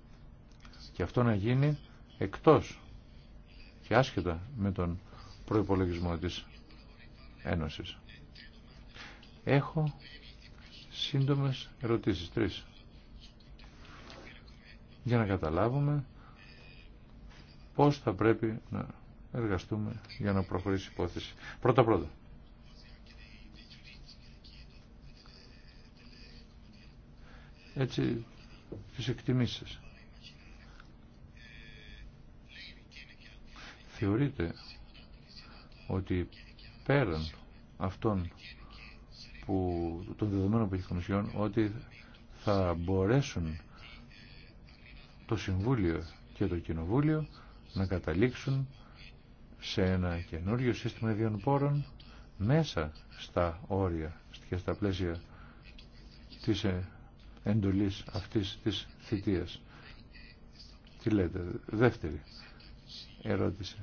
Και αυτό να γίνει εκτός και άσχετα με τον προϋπολογισμό της Ένωσης. Έχω σύντομες ερωτήσεις, τρεις. Για να καταλάβουμε πώς θα πρέπει να εργαστούμε για να προχωρήσει η υπόθεση. Πρώτα-πρώτα. έτσι τις εκτιμήσεις Θεωρείται ότι πέραν αυτών που, των δεδομένων που έχει ότι θα μπορέσουν το Συμβούλιο και το Κοινοβούλιο να καταλήξουν σε ένα καινούριο σύστημα ιδιών πόρων μέσα στα όρια και στα πλαίσια της ε, εντολής αυτής της θητείας. Τι λέτε, δεύτερη ερώτηση.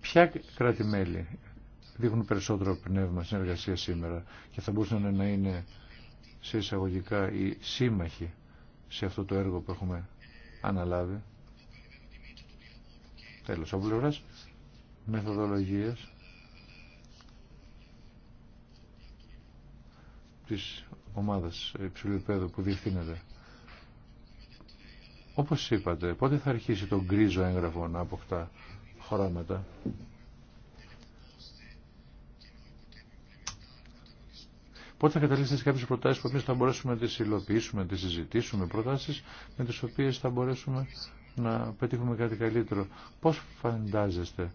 Ποια κράτη-μέλη δείχνουν περισσότερο πνεύμα συνεργασία σήμερα και θα μπορούσαν να είναι σε εισαγωγικά οι σύμμαχοι σε αυτό το έργο που έχουμε αναλάβει. Τέλος, από πλευράς μεθοδολογίας της ομάδας υψηλού επίπεδου που διευθύνεται. Όπως είπατε, πότε θα αρχίσει το γκρίζο έγγραφο να αποκτά χρώματα. Πότε θα καταλήξετε σε κάποιες προτάσεις που εμείς θα μπορέσουμε να τις υλοποιήσουμε, να τις συζητήσουμε, προτάσεις με τις οποίες θα μπορέσουμε να πετύχουμε κάτι καλύτερο. Πώς φαντάζεστε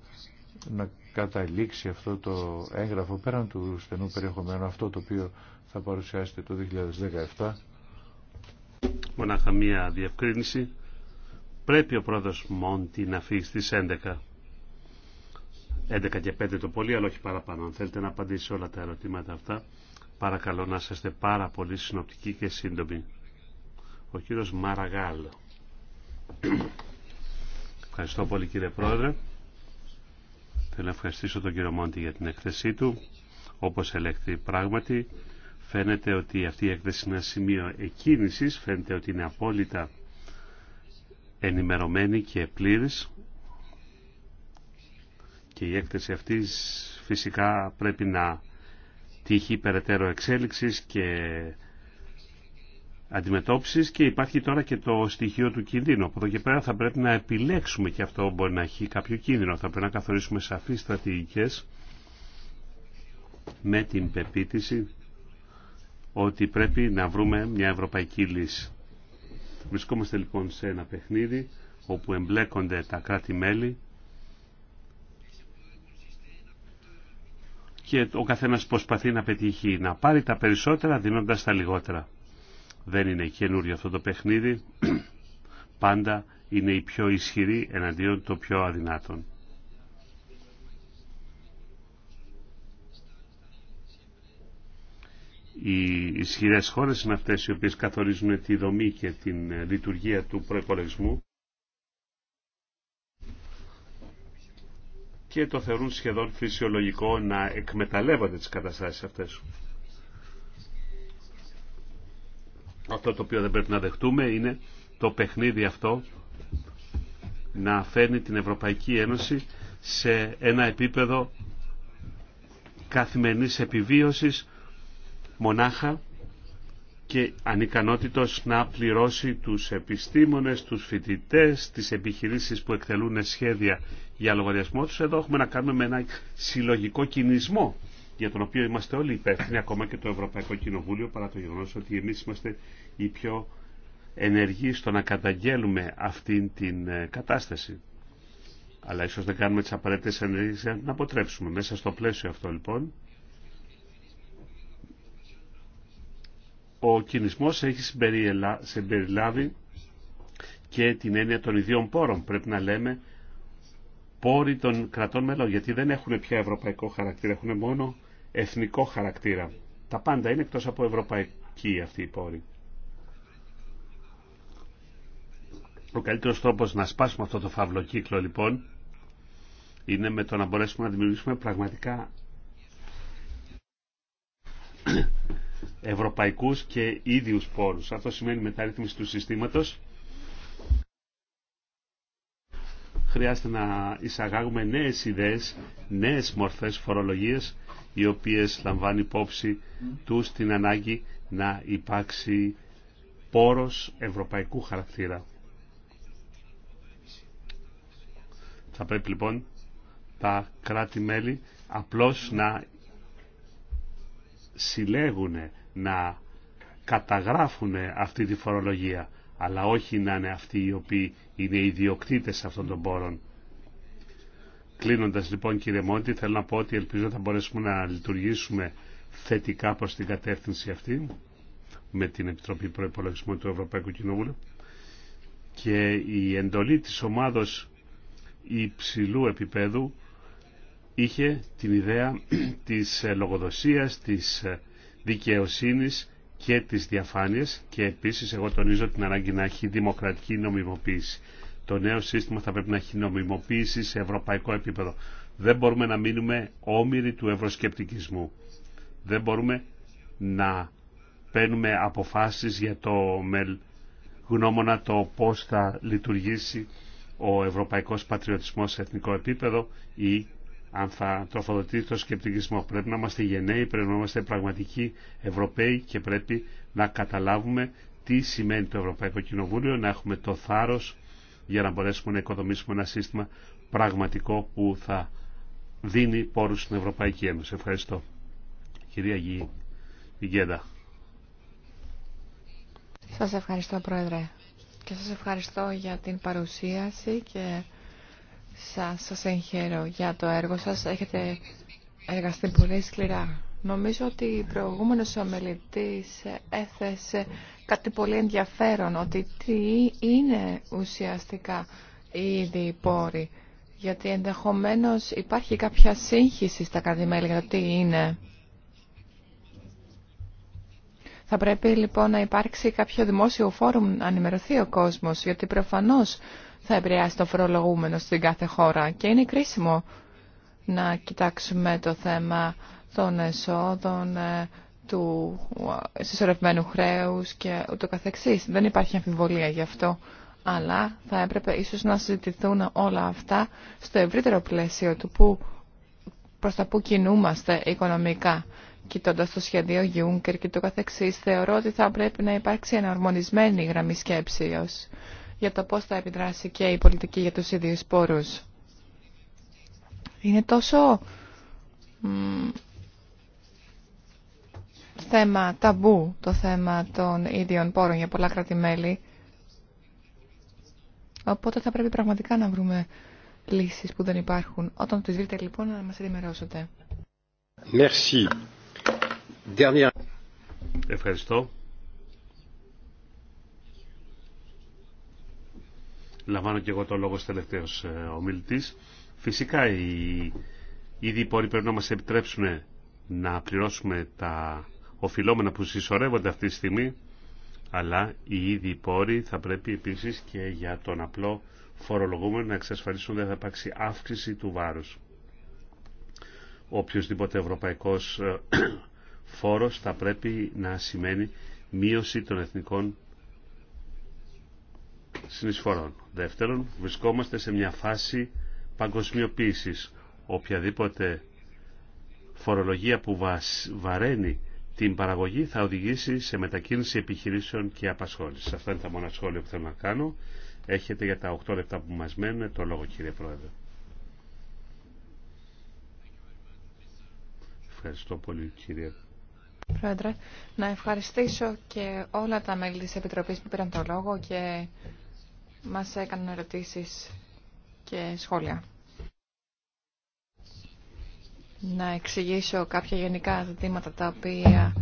να καταλήξει αυτό το έγγραφο πέραν του στενού περιεχομένου, αυτό το οποίο θα παρουσιάσετε το 2017. Μονάχα μία διευκρίνηση. Πρέπει ο πρόεδρος Μόντι να φύγει στις 11. 11 και 5 το πολύ, αλλά όχι παραπάνω. Αν θέλετε να απαντήσει όλα τα ερωτήματα αυτά, παρακαλώ να είστε πάρα πολύ συνοπτικοί και σύντομοι. Ο κύριος Μαραγάλο. Ευχαριστώ πολύ κύριε Πρόεδρε. Θέλω να ευχαριστήσω τον κύριο Μόντι για την έκθεσή του. Όπως ελέγχθη πράγματι, φαίνεται ότι αυτή η έκθεση είναι ένα σημείο εκκίνησης, φαίνεται ότι είναι απόλυτα ενημερωμένη και πλήρης και η έκθεση αυτή φυσικά πρέπει να τύχει περαιτέρω εξέλιξης και αντιμετώπισης και υπάρχει τώρα και το στοιχείο του κινδύνου. Από εδώ και πέρα θα πρέπει να επιλέξουμε και αυτό μπορεί να έχει κάποιο κίνδυνο. Θα πρέπει να καθορίσουμε σαφείς στρατηγικέ με την πεποίθηση ότι πρέπει να βρούμε μια ευρωπαϊκή λύση. Βρισκόμαστε λοιπόν σε ένα παιχνίδι όπου εμπλέκονται τα κράτη-μέλη και ο καθένας προσπαθεί να πετύχει να πάρει τα περισσότερα δίνοντας τα λιγότερα. Δεν είναι καινούριο αυτό το παιχνίδι. Πάντα είναι οι πιο ισχυροί εναντίον των πιο αδυνάτων. Οι ισχυρές χώρες είναι αυτές οι οποίες καθορίζουν τη δομή και την ε, λειτουργία του προϋπολογισμού και το θεωρούν σχεδόν φυσιολογικό να εκμεταλλεύονται τις καταστάσεις αυτές. Αυτό το οποίο δεν πρέπει να δεχτούμε είναι το παιχνίδι αυτό να φέρνει την Ευρωπαϊκή Ένωση σε ένα επίπεδο καθημερινής επιβίωσης μονάχα και ανικανότητος να πληρώσει τους επιστήμονες, τους φοιτητές, τις επιχειρήσεις που εκτελούν σχέδια για λογαριασμό τους. Εδώ έχουμε να κάνουμε με ένα συλλογικό κινησμό για τον οποίο είμαστε όλοι υπεύθυνοι, ακόμα και το Ευρωπαϊκό Κοινοβούλιο, παρά το γεγονό ότι εμεί είμαστε οι πιο ενεργοί στο να καταγγέλουμε αυτή την ε, κατάσταση. Αλλά ίσω δεν κάνουμε τι απαραίτητε ενέργειε για να αποτρέψουμε. Μέσα στο πλαίσιο αυτό λοιπόν, ο κινησμό έχει συμπεριλάβει και την έννοια των ιδίων πόρων. Πρέπει να λέμε πόροι των κρατών μελών, γιατί δεν έχουν πια ευρωπαϊκό χαρακτήρα, έχουν μόνο εθνικό χαρακτήρα. Τα πάντα είναι εκτός από ευρωπαϊκή αυτή η πόρη. Ο καλύτερος τρόπος να σπάσουμε αυτό το φαύλο κύκλο λοιπόν είναι με το να μπορέσουμε να δημιουργήσουμε πραγματικά ευρωπαϊκούς και ίδιους πόρους. Αυτό σημαίνει μεταρρύθμιση του συστήματος. Χρειάζεται να εισαγάγουμε νέες ιδέες, νέες μορφές φορολογίες οι οποίες λαμβάνουν υπόψη τους την ανάγκη να υπάρξει πόρος ευρωπαϊκού χαρακτήρα. Θα πρέπει λοιπόν τα κράτη-μέλη απλώς να συλλέγουν, να καταγράφουν αυτή τη φορολογία, αλλά όχι να είναι αυτοί οι οποίοι είναι ιδιοκτήτες αυτών των πόρων. Κλείνοντας λοιπόν κύριε Μόντι, θέλω να πω ότι ελπίζω θα μπορέσουμε να λειτουργήσουμε θετικά προς την κατεύθυνση αυτή με την Επιτροπή Προϋπολογισμού του Ευρωπαϊκού Κοινοβούλου και η εντολή της ομάδος υψηλού επίπεδου είχε την ιδέα της λογοδοσίας, της δικαιοσύνης και της διαφάνειας και επίσης εγώ τονίζω την ανάγκη να έχει δημοκρατική νομιμοποίηση. Το νέο σύστημα θα πρέπει να έχει νομιμοποίηση σε ευρωπαϊκό επίπεδο. Δεν μπορούμε να μείνουμε όμοιροι του ευρωσκεπτικισμού. Δεν μπορούμε να παίρνουμε αποφάσεις για το μελ γνώμονα το πώς θα λειτουργήσει ο ευρωπαϊκός πατριωτισμός σε εθνικό επίπεδο ή αν θα τροφοδοτεί το σκεπτικισμό. Πρέπει να είμαστε γενναίοι, πρέπει να είμαστε πραγματικοί Ευρωπαίοι και πρέπει να καταλάβουμε τι σημαίνει το Ευρωπαϊκό Κοινοβούλιο, να έχουμε το θάρρος για να μπορέσουμε να οικοδομήσουμε ένα σύστημα πραγματικό που θα δίνει πόρους στην Ευρωπαϊκή Ένωση. Ευχαριστώ. Κυρία Γη, Γέντα. Σας ευχαριστώ Πρόεδρε και σας ευχαριστώ για την παρουσίαση και σας, σας εγχαίρω για το έργο σας. Έχετε εργαστεί πολύ σκληρά Νομίζω ότι ο προηγούμενη ομιλητής έθεσε κάτι πολύ ενδιαφέρον, ότι τι είναι ουσιαστικά οι ίδιοι πόροι. Γιατί ενδεχομένως υπάρχει κάποια σύγχυση στα καρδιμέλια, τι είναι. Θα πρέπει λοιπόν να υπάρξει κάποιο δημόσιο φόρουμ να ενημερωθεί ο κόσμος, γιατί προφανώς θα επηρεάσει το φορολογούμενο στην κάθε χώρα και είναι κρίσιμο να κοιτάξουμε το θέμα των εσόδων, ε, του ε, συσσωρευμένου χρέους και ούτω καθεξής. Δεν υπάρχει αμφιβολία γι' αυτό. Αλλά θα έπρεπε ίσως να συζητηθούν όλα αυτά στο ευρύτερο πλαίσιο του που, προς τα που κινούμαστε οικονομικά. Κοιτώντα το σχέδιο Γιούγκερ και το καθεξής, θεωρώ ότι θα πρέπει να υπάρξει εναρμονισμένη γραμμή σκέψη για το πώς θα επιδράσει και η πολιτική για τους ίδιους πόρους. Είναι τόσο θέμα ταμπού το θέμα των ίδιων πόρων για πολλά κράτη-μέλη. Οπότε θα πρέπει πραγματικά να βρούμε λύσεις που δεν υπάρχουν. Όταν τις βρείτε λοιπόν να μας ενημερώσετε. Ευχαριστώ. Λαμβάνω και εγώ το λόγο τελευταίο ε, ομιλητής. Φυσικά οι ήδη πόροι πρέπει να μας επιτρέψουν να πληρώσουμε τα οφειλόμενα που συσσωρεύονται αυτή τη στιγμή, αλλά οι ίδιοι πόροι θα πρέπει επίσης και για τον απλό φορολογούμενο να εξασφαλίσουν ότι θα υπάρξει αύξηση του βάρους. Οποιοςδήποτε ευρωπαϊκός ε, φόρος θα πρέπει να σημαίνει μείωση των εθνικών συνεισφορών. Δεύτερον, βρισκόμαστε σε μια φάση παγκοσμιοποίησης. Οποιαδήποτε φορολογία που βαραίνει την παραγωγή θα οδηγήσει σε μετακίνηση επιχειρήσεων και απασχόληση. Αυτά είναι τα μόνα σχόλια που θέλω να κάνω. Έχετε για τα 8 λεπτά που μας μένουν το λόγο κύριε Πρόεδρε. Ευχαριστώ πολύ κύριε Πρόεδρε. Να ευχαριστήσω και όλα τα μέλη της Επιτροπής που πήραν το λόγο και μας έκαναν ερωτήσεις και σχόλια να εξηγήσω κάποια γενικά ζητήματα τα οποία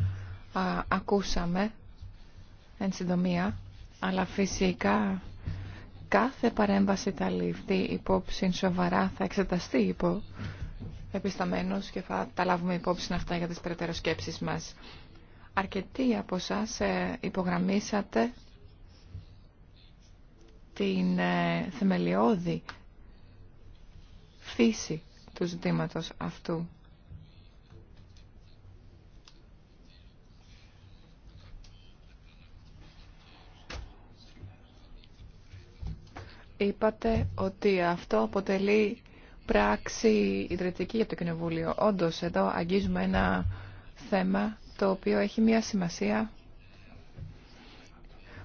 ακούσαμε εν συντομία, αλλά φυσικά κάθε παρέμβαση τα ληφθεί υπόψη σοβαρά, θα εξεταστεί υπό επισταμένος και θα τα λάβουμε υπόψη αυτά για τις περαιτέρω σκέψεις μας. Αρκετοί από εσά ε, υπογραμμίσατε την ε, θεμελιώδη φύση του ζητήματο αυτού. Είπατε ότι αυτό αποτελεί πράξη ιδρυτική για το Κοινοβούλιο. Όντως, εδώ αγγίζουμε ένα θέμα το οποίο έχει μία σημασία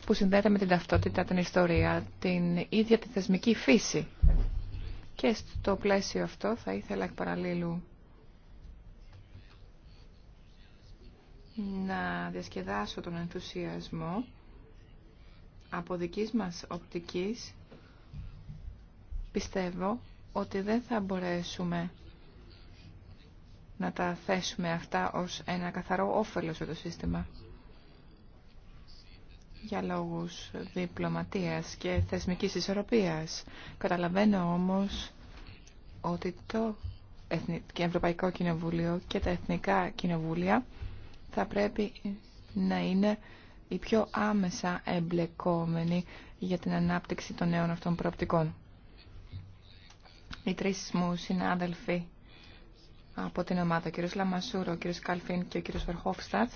που συνδέεται με την ταυτότητα, την ιστορία, την ίδια τη θεσμική φύση και στο πλαίσιο αυτό θα ήθελα εκ παραλλήλου να διασκεδάσω τον ενθουσιασμό από δικής μας οπτικής πιστεύω ότι δεν θα μπορέσουμε να τα θέσουμε αυτά ως ένα καθαρό όφελος στο το σύστημα για λόγους διπλωματίας και θεσμικής ισορροπίας. Καταλαβαίνω όμως ότι το Ευρωπαϊκό Κοινοβούλιο και τα Εθνικά Κοινοβούλια θα πρέπει να είναι οι πιο άμεσα εμπλεκόμενοι για την ανάπτυξη των νέων αυτών προοπτικών. Οι τρεις μου συνάδελφοι από την ομάδα, ο κ. Λαμασούρο, ο κ. Καλφίν και ο κ. Βερχόφστατ,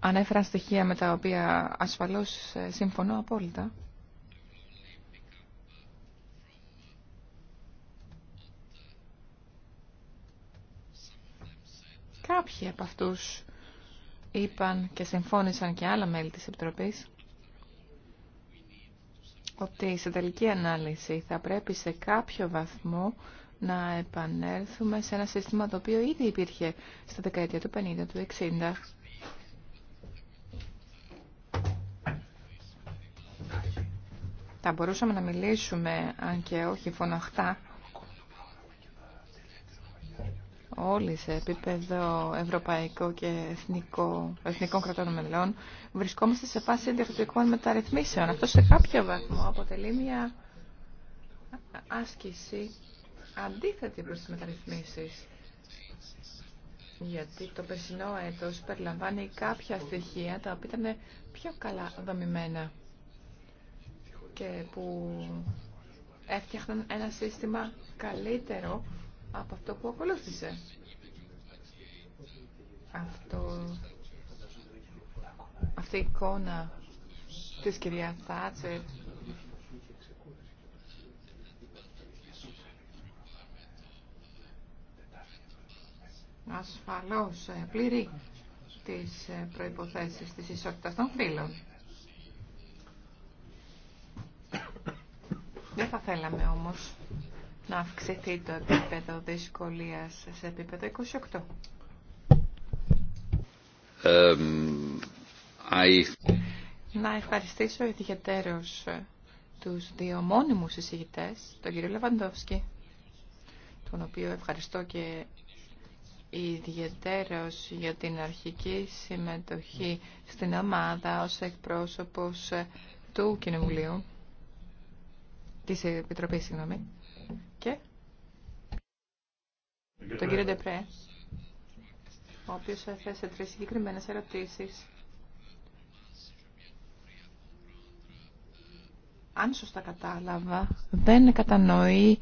ανέφεραν στοιχεία με τα οποία ασφαλώς ε, συμφωνώ απόλυτα. Κάποιοι από αυτούς είπαν και συμφώνησαν και άλλα μέλη της Επιτροπής ότι σε τελική ανάλυση θα πρέπει σε κάποιο βαθμό να επανέλθουμε σε ένα σύστημα το οποίο ήδη υπήρχε στα δεκαετία του 50, του 60 Θα μπορούσαμε να μιλήσουμε, αν και όχι φωναχτά, όλοι σε επίπεδο ευρωπαϊκό και εθνικό, εθνικών κρατών μελών, βρισκόμαστε σε φάση διαφορετικών μεταρρυθμίσεων. Αυτό σε κάποιο βαθμό αποτελεί μια άσκηση αντίθετη προς τις μεταρρυθμίσεις. Γιατί το περσινό έτος περιλαμβάνει κάποια στοιχεία τα οποία ήταν πιο καλά δομημένα και που έφτιαχναν ένα σύστημα καλύτερο από αυτό που ακολούθησε. Αυτό, αυτή η εικόνα της κυρία Θάτσερ ασφαλώς πληρεί τις προϋποθέσεις της ισότητας των φύλων. Δεν θα θέλαμε όμως να αυξηθεί το επίπεδο δυσκολίας σε επίπεδο 28. Um, Να ευχαριστήσω ιδιαίτερως τους δύο μόνιμους εισηγητές, τον κύριο Λεβαντόφσκι, τον οποίο ευχαριστώ και ιδιαιτέρως για την αρχική συμμετοχή στην ομάδα ως εκπρόσωπος του Κοινοβουλίου της Επιτροπής, συγγνώμη. Και τον κύριο Ντεπρέ, ο οποίος έθεσε τρεις συγκεκριμένες ερωτήσεις. Αν σωστά κατάλαβα, δεν κατανοεί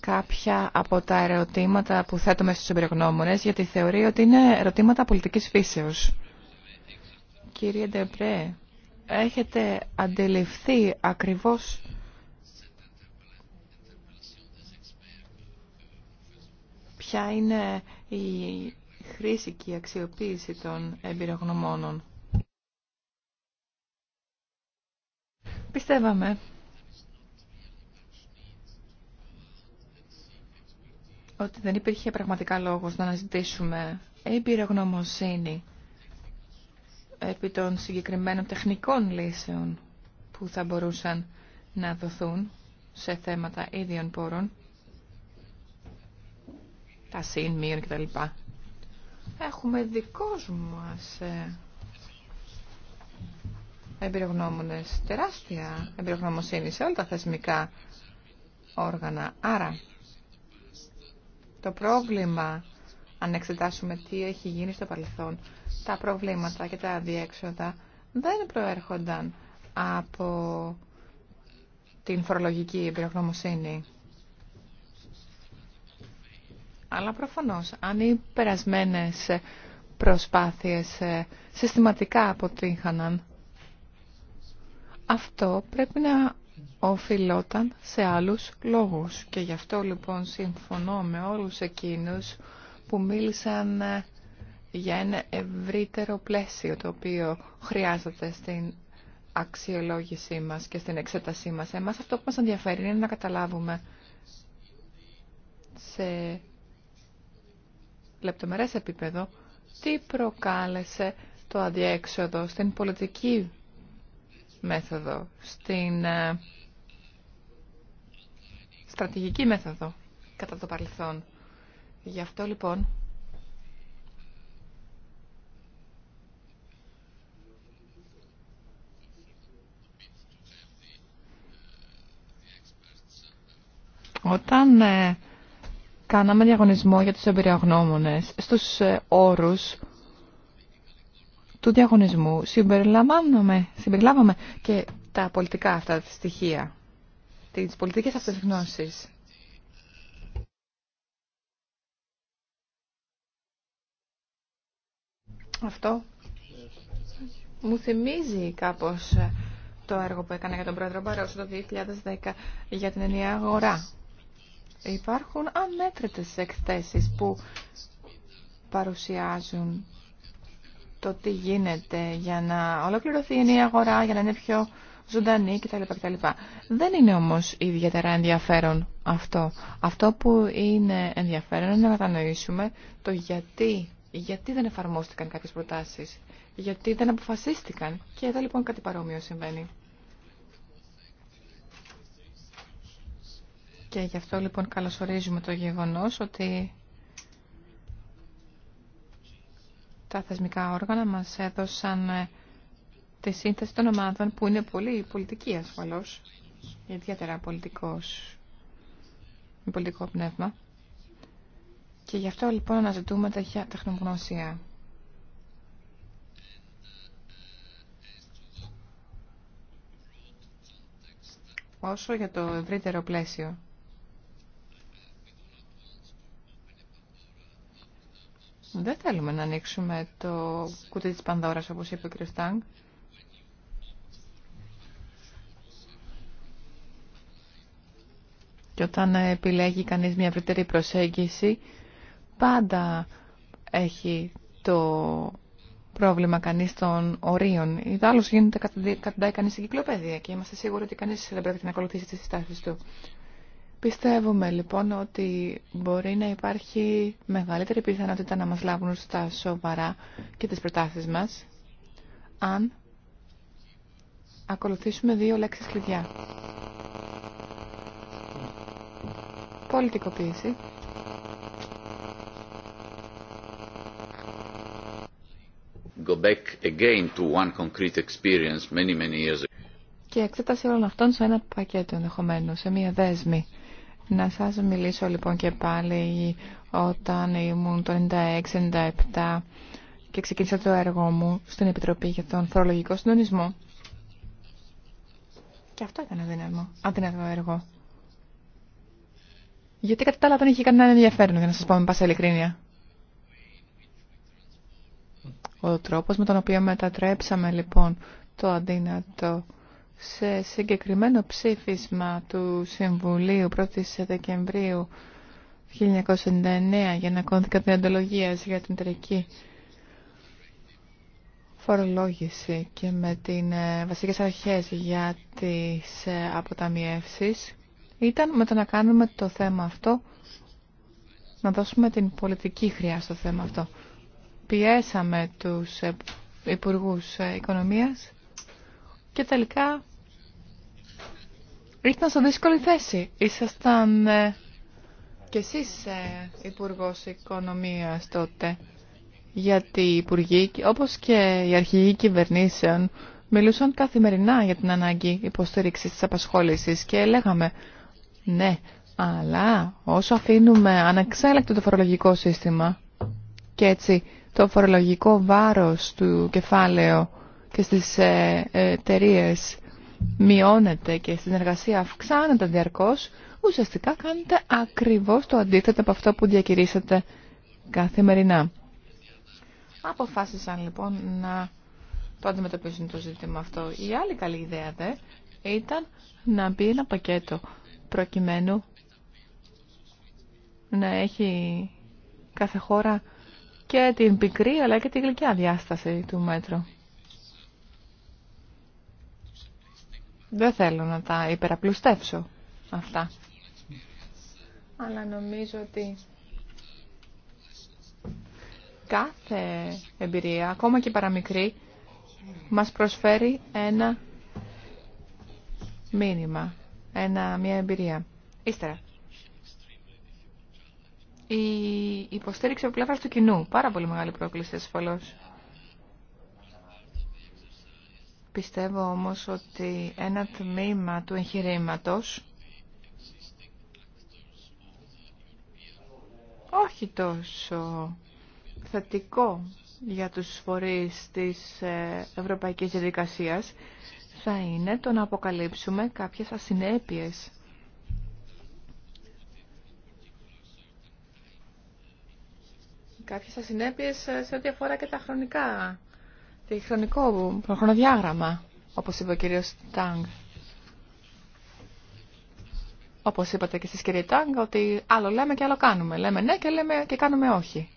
κάποια από τα ερωτήματα που θέτουμε στους εμπειρογνώμονες, γιατί θεωρεί ότι είναι ερωτήματα πολιτικής φύσεως. Κύριε Ντεπρέ, έχετε αντιληφθεί ακριβώς ποια είναι η χρήση και η αξιοποίηση των εμπειρογνωμόνων. Πιστεύαμε ότι δεν υπήρχε πραγματικά λόγος να αναζητήσουμε εμπειρογνωμοσύνη επί των συγκεκριμένων τεχνικών λύσεων που θα μπορούσαν να δοθούν σε θέματα ίδιων πόρων τα συν, μείον κτλ. Έχουμε δικός μας ε, εμπειρογνώμονες, τεράστια εμπειρογνωμοσύνη σε όλα τα θεσμικά όργανα. Άρα, το πρόβλημα, αν εξετάσουμε τι έχει γίνει στο παρελθόν, τα προβλήματα και τα αδιέξοδα δεν προέρχονταν από την φορολογική εμπειρογνωμοσύνη. Αλλά προφανώς, αν οι περασμένες προσπάθειες ε, συστηματικά αποτύχαναν, αυτό πρέπει να οφειλόταν σε άλλους λόγους. Και γι' αυτό λοιπόν συμφωνώ με όλους εκείνους που μίλησαν ε, για ένα ευρύτερο πλαίσιο το οποίο χρειάζεται στην αξιολόγησή μας και στην εξέτασή μας. Εμάς αυτό που μας ενδιαφέρει είναι να καταλάβουμε σε λεπτομερές επίπεδο τι προκάλεσε το αδιέξοδο στην πολιτική μέθοδο, στην ε, στρατηγική μέθοδο κατά το παρελθόν. Γι' αυτό λοιπόν όταν ε, κάναμε διαγωνισμό για τους εμπειριαγνώμονες στους ε, όρους του διαγωνισμού συμπεριλάβαμε και τα πολιτικά αυτά τα στοιχεία, τις πολιτικές αυτές γνώσεις. Αυτό μου θυμίζει κάπως το έργο που έκανα για τον πρόεδρο Μπαρόσο το 2010 για την ενιαία αγορά. Υπάρχουν αμέτρητες εκθέσεις που παρουσιάζουν το τι γίνεται για να ολοκληρωθεί η νέα αγορά, για να είναι πιο ζωντανή κτλ. κτλ. Δεν είναι όμως ιδιαίτερα ενδιαφέρον αυτό. Αυτό που είναι ενδιαφέρον είναι να κατανοήσουμε το γιατί, γιατί δεν εφαρμόστηκαν κάποιες προτάσεις, γιατί δεν αποφασίστηκαν. Και εδώ λοιπόν κάτι παρόμοιο συμβαίνει. Και γι' αυτό λοιπόν καλωσορίζουμε το γεγονός ότι τα θεσμικά όργανα μας έδωσαν ε, τη σύνθεση των ομάδων που είναι πολύ πολιτική ασφαλώς, ιδιαίτερα πολιτικός, πολιτικό πνεύμα. Και γι' αυτό λοιπόν αναζητούμε τεχνογνωσία. Όσο για το ευρύτερο πλαίσιο. Δεν θέλουμε να ανοίξουμε το κουτί της Πανδώρας, όπως είπε ο κ. Και όταν επιλέγει κανείς μια ευρύτερη προσέγγιση, πάντα έχει το πρόβλημα κανείς των ορίων. Ιδάλλως γίνεται καταντάει κανείς στην κυκλοπαίδεια και είμαστε σίγουροι ότι κανείς δεν πρέπει να ακολουθήσει τις συστάσεις του. Πιστεύουμε λοιπόν ότι μπορεί να υπάρχει μεγαλύτερη πιθανότητα να μας λάβουν στα σοβαρά και τις προτάσεις μας αν ακολουθήσουμε δύο λέξεις κλειδιά. Πολιτικοποίηση Go back again to one concrete experience many, many years ago. Και εξέταση όλων αυτών σε ένα πακέτο ενδεχομένω, σε μία δέσμη. Να σας μιλήσω λοιπόν και πάλι όταν ήμουν το 96-97 και ξεκίνησα το έργο μου στην Επιτροπή για τον Φορολογικό Συντονισμό. Και αυτό ήταν αδύναμο, αδύνατο έργο. Γιατί κατά τα άλλα δεν είχε κανένα ενδιαφέρον, για να σας πω με πάσα ειλικρίνεια. Ο τρόπος με τον οποίο μετατρέψαμε λοιπόν το αδύνατο σε συγκεκριμένο ψήφισμα του Συμβουλίου 1η Δεκεμβρίου 1999 για να την αντολογία για την εταιρική φορολόγηση και με την ε, βασικές αρχές για τις ε, αποταμιεύσεις ήταν με το να κάνουμε το θέμα αυτό να δώσουμε την πολιτική χρειά στο θέμα αυτό. Πιέσαμε τους ε, Υπουργούς Οικονομίας και τελικά ήρθαν σε δύσκολη θέση. Ήσασταν ε, κι εσείς ε, Υπουργός Οικονομίας τότε. Γιατί οι Υπουργοί, όπως και οι αρχηγοί κυβερνήσεων, μιλούσαν καθημερινά για την ανάγκη υποστήριξης της απασχόλησης και λέγαμε «Ναι, αλλά όσο αφήνουμε αναξέλεκτο το φορολογικό σύστημα και έτσι το φορολογικό βάρος του κεφάλαιο και στις ε, ε, εταιρείε μειώνεται και η συνεργασία αυξάνεται διαρκώς, ουσιαστικά κάνετε ακριβώς το αντίθετο από αυτό που διακηρύσσετε καθημερινά. Αποφάσισαν λοιπόν να το αντιμετωπίσουν το ζήτημα αυτό. Η άλλη καλή ιδέα ήταν να μπει ένα πακέτο προκειμένου να έχει κάθε χώρα και την πικρή αλλά και τη γλυκιά διάσταση του μέτρου. Δεν θέλω να τα υπεραπλουστεύσω αυτά. Αλλά νομίζω ότι κάθε εμπειρία, ακόμα και παραμικρή, μας προσφέρει ένα μήνυμα, ένα, μια εμπειρία. Ύστερα, η υποστήριξη από πλευρά του κοινού, πάρα πολύ μεγάλη πρόκληση ασφαλώς. Πιστεύω όμως ότι ένα τμήμα του εγχειρήματο. όχι τόσο θετικό για τους φορείς της ε, Ευρωπαϊκής Διαδικασίας θα είναι το να αποκαλύψουμε κάποιες ασυνέπειες. Κάποιες ασυνέπειες ε, σε ό,τι αφορά και τα χρονικά το χρονικό χρονοδιάγραμμα, όπως είπε ο κύριος Τάγκ. Όπως είπατε και εσείς κύριε Τάγκ, ότι άλλο λέμε και άλλο κάνουμε. Λέμε ναι και λέμε και κάνουμε όχι.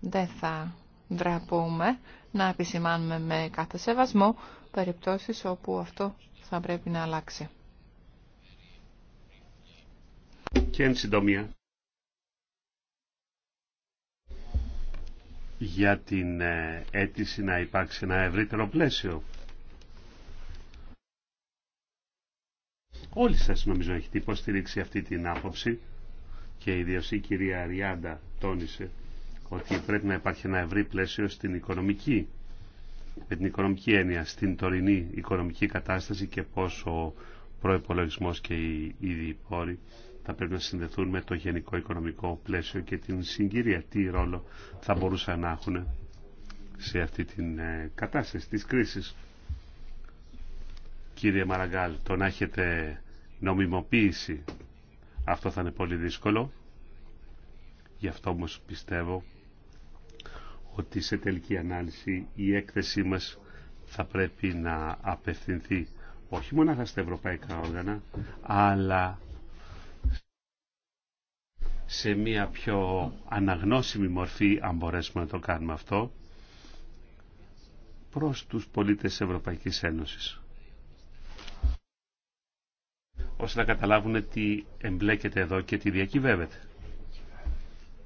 Δεν θα δραπούμε να επισημάνουμε με κάθε σεβασμό περιπτώσεις όπου αυτό θα πρέπει να αλλάξει. Και εν συντομία. για την ε, αίτηση να υπάρξει ένα ευρύτερο πλαίσιο. Όλοι σας νομίζω έχετε υποστηρίξει αυτή την άποψη και η η κυρία Ριάντα τόνισε ότι πρέπει να υπάρχει ένα ευρύ πλαίσιο στην οικονομική με την οικονομική έννοια στην τωρινή οικονομική κατάσταση και πόσο ο προϋπολογισμός και οι ήδη πόροι θα πρέπει να συνδεθούν με το γενικό οικονομικό πλαίσιο και την συγκυρία τι ρόλο θα μπορούσαν να έχουν σε αυτή την ε, κατάσταση της κρίσης. Κύριε Μαραγκάλ, το να έχετε νομιμοποίηση αυτό θα είναι πολύ δύσκολο. Γι' αυτό όμως πιστεύω ότι σε τελική ανάλυση η έκθεσή μας θα πρέπει να απευθυνθεί όχι μόνο στα ευρωπαϊκά όργανα, αλλά σε μια πιο αναγνώσιμη μορφή, αν μπορέσουμε να το κάνουμε αυτό, προς τους πολίτες της Ευρωπαϊκής Ένωσης. Ώστε να καταλάβουν τι εμπλέκεται εδώ και τι διακυβεύεται.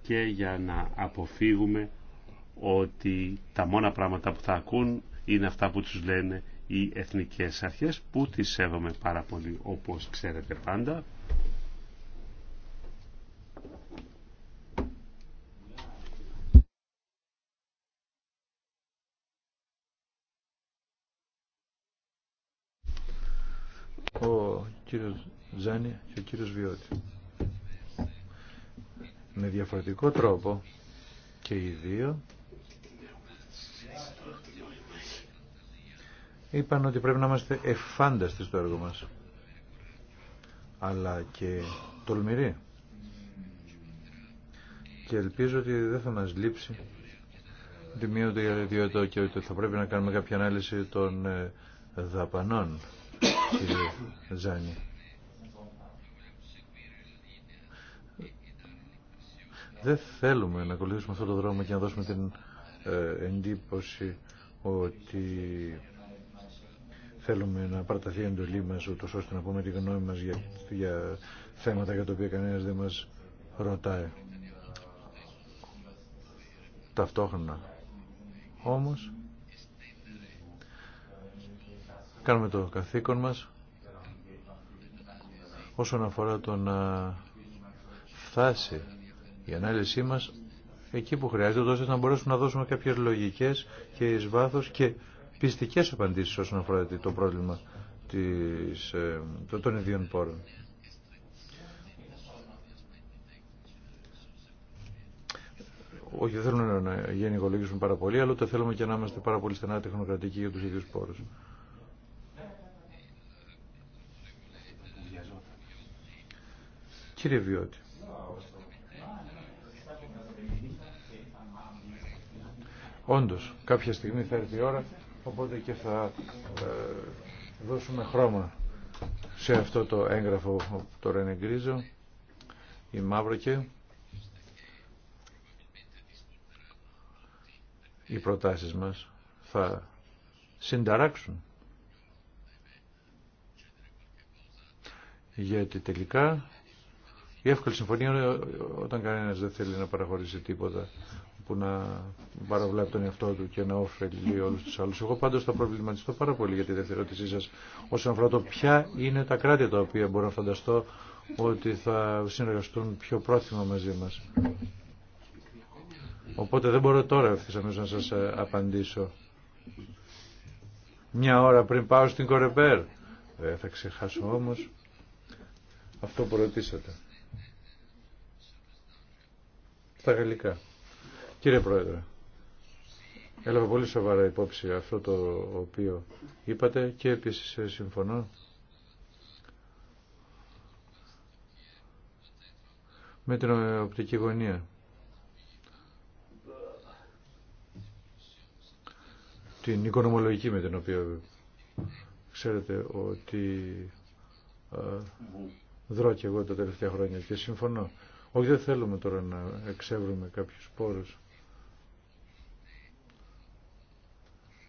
Και για να αποφύγουμε ότι τα μόνα πράγματα που θα ακούν είναι αυτά που τους λένε οι εθνικές αρχές που τις σέβομαι πάρα πολύ όπως ξέρετε πάντα ο κύριος Ζάνη και ο κύριος Βιώτη. Με διαφορετικό τρόπο και οι δύο είπαν ότι πρέπει να είμαστε εφάνταστοι στο έργο μας αλλά και τολμηροί και ελπίζω ότι δεν θα μας λείψει τη μία ούτε θα πρέπει να κάνουμε κάποια ανάλυση των ε, δαπανών κύριε Ζάνη. Δεν θέλουμε να ακολουθήσουμε αυτό το δρόμο και να δώσουμε την ε, εντύπωση ότι θέλουμε να παραταθεί η εντολή μας ούτως ώστε να πούμε τη γνώμη μας για, για θέματα για τα οποία κανένας δεν μας ρωτάει. Ταυτόχρονα όμως κάνουμε το καθήκον μας όσον αφορά το να φτάσει η ανάλυση μας εκεί που χρειάζεται ώστε να μπορέσουμε να δώσουμε κάποιες λογικές και εις βάθος και πιστικές απαντήσεις όσον αφορά το πρόβλημα της, ε, των ιδίων πόρων. Όχι, δεν θέλουμε να γενικολογήσουμε πάρα πολύ, αλλά το θέλουμε και να είμαστε πάρα πολύ στενά τεχνοκρατικοί για τους ίδιους πόρους. Κύριε Βιώτη. Όντως, κάποια στιγμή θα έρθει η ώρα, οπότε και θα ε, δώσουμε χρώμα σε αυτό το έγγραφο που τώρα είναι ή μαύρο και οι προτάσεις μας θα συνταράξουν. Γιατί τελικά η εύκολη συμφωνία όταν κανένα δεν θέλει να παραχωρήσει τίποτα που να παραβλέπει τον εαυτό του και να ωφελεί όλου του άλλου. Εγώ πάντω θα προβληματιστώ πάρα πολύ για τη δεύτερη ερώτησή σα όσον αφορά το ποια είναι τα κράτη τα οποία μπορώ να φανταστώ ότι θα συνεργαστούν πιο πρόθυμα μαζί μα. Οπότε δεν μπορώ τώρα ευθύ αμέσω να σα ε, απαντήσω. Μια ώρα πριν πάω στην Κορεπέρ. Δεν θα ξεχάσω όμω αυτό που ρωτήσατε στα Κύριε Πρόεδρε, έλαβα πολύ σοβαρά υπόψη αυτό το οποίο είπατε και επίσης ε, συμφωνώ με την ε, οπτική γωνία. Την οικονομολογική με την οποία ξέρετε ότι ε, δρώ και εγώ τα τελευταία χρόνια και συμφωνώ. Όχι δεν θέλουμε τώρα να εξεύρουμε κάποιους πόρους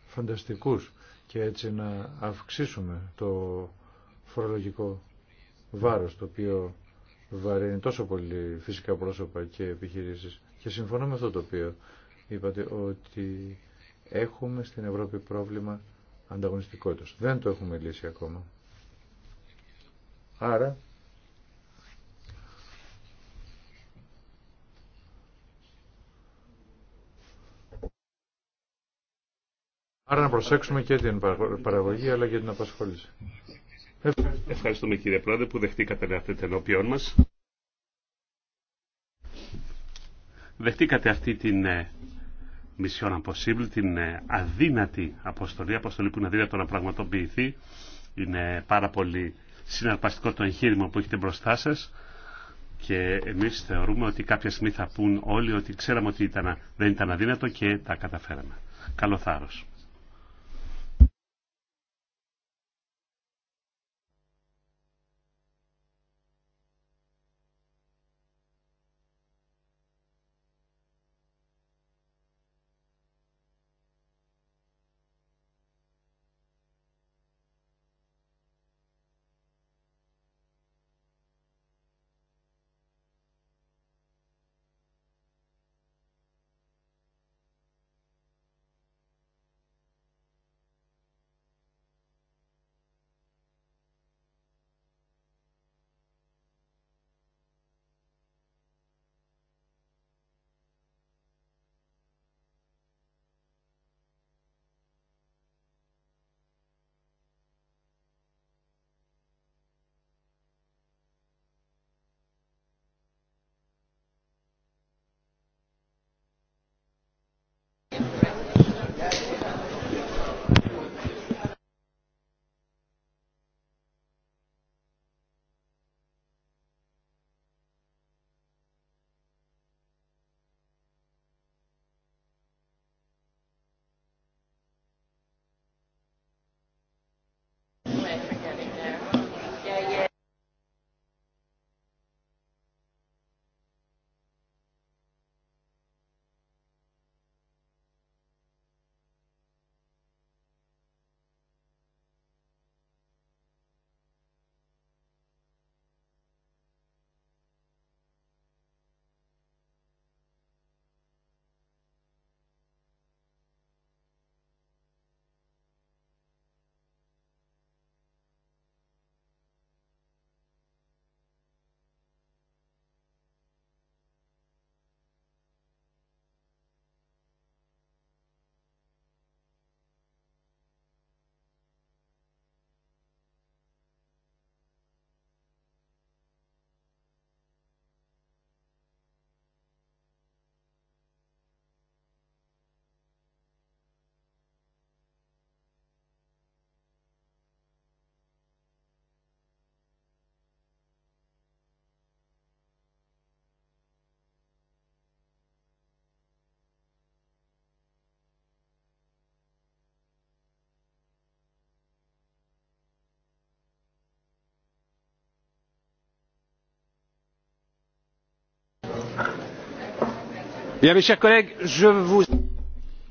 φανταστικούς και έτσι να αυξήσουμε το φορολογικό βάρος το οποίο βαρύνει τόσο πολύ φυσικά πρόσωπα και επιχειρήσεις. Και συμφωνώ με αυτό το οποίο είπατε ότι έχουμε στην Ευρώπη πρόβλημα ανταγωνιστικότητας. Δεν το έχουμε λύσει ακόμα. Άρα Άρα να προσέξουμε και την παραγωγή αλλά και την απασχόληση. Ευχαριστούμε κύριε Πρόεδρε που δεχτήκατε να έρθετε ενώπιόν μας. Δεχτήκατε αυτή την Mission ε, Impossible, την ε, αδύνατη αποστολή, αποστολή που είναι αδύνατο να πραγματοποιηθεί. Είναι πάρα πολύ συναρπαστικό το εγχείρημα που έχετε μπροστά σας και εμείς θεωρούμε ότι κάποια στιγμή θα πούν όλοι ότι ξέραμε ότι ήταν, δεν ήταν αδύνατο και τα καταφέραμε. Καλό θάρρος.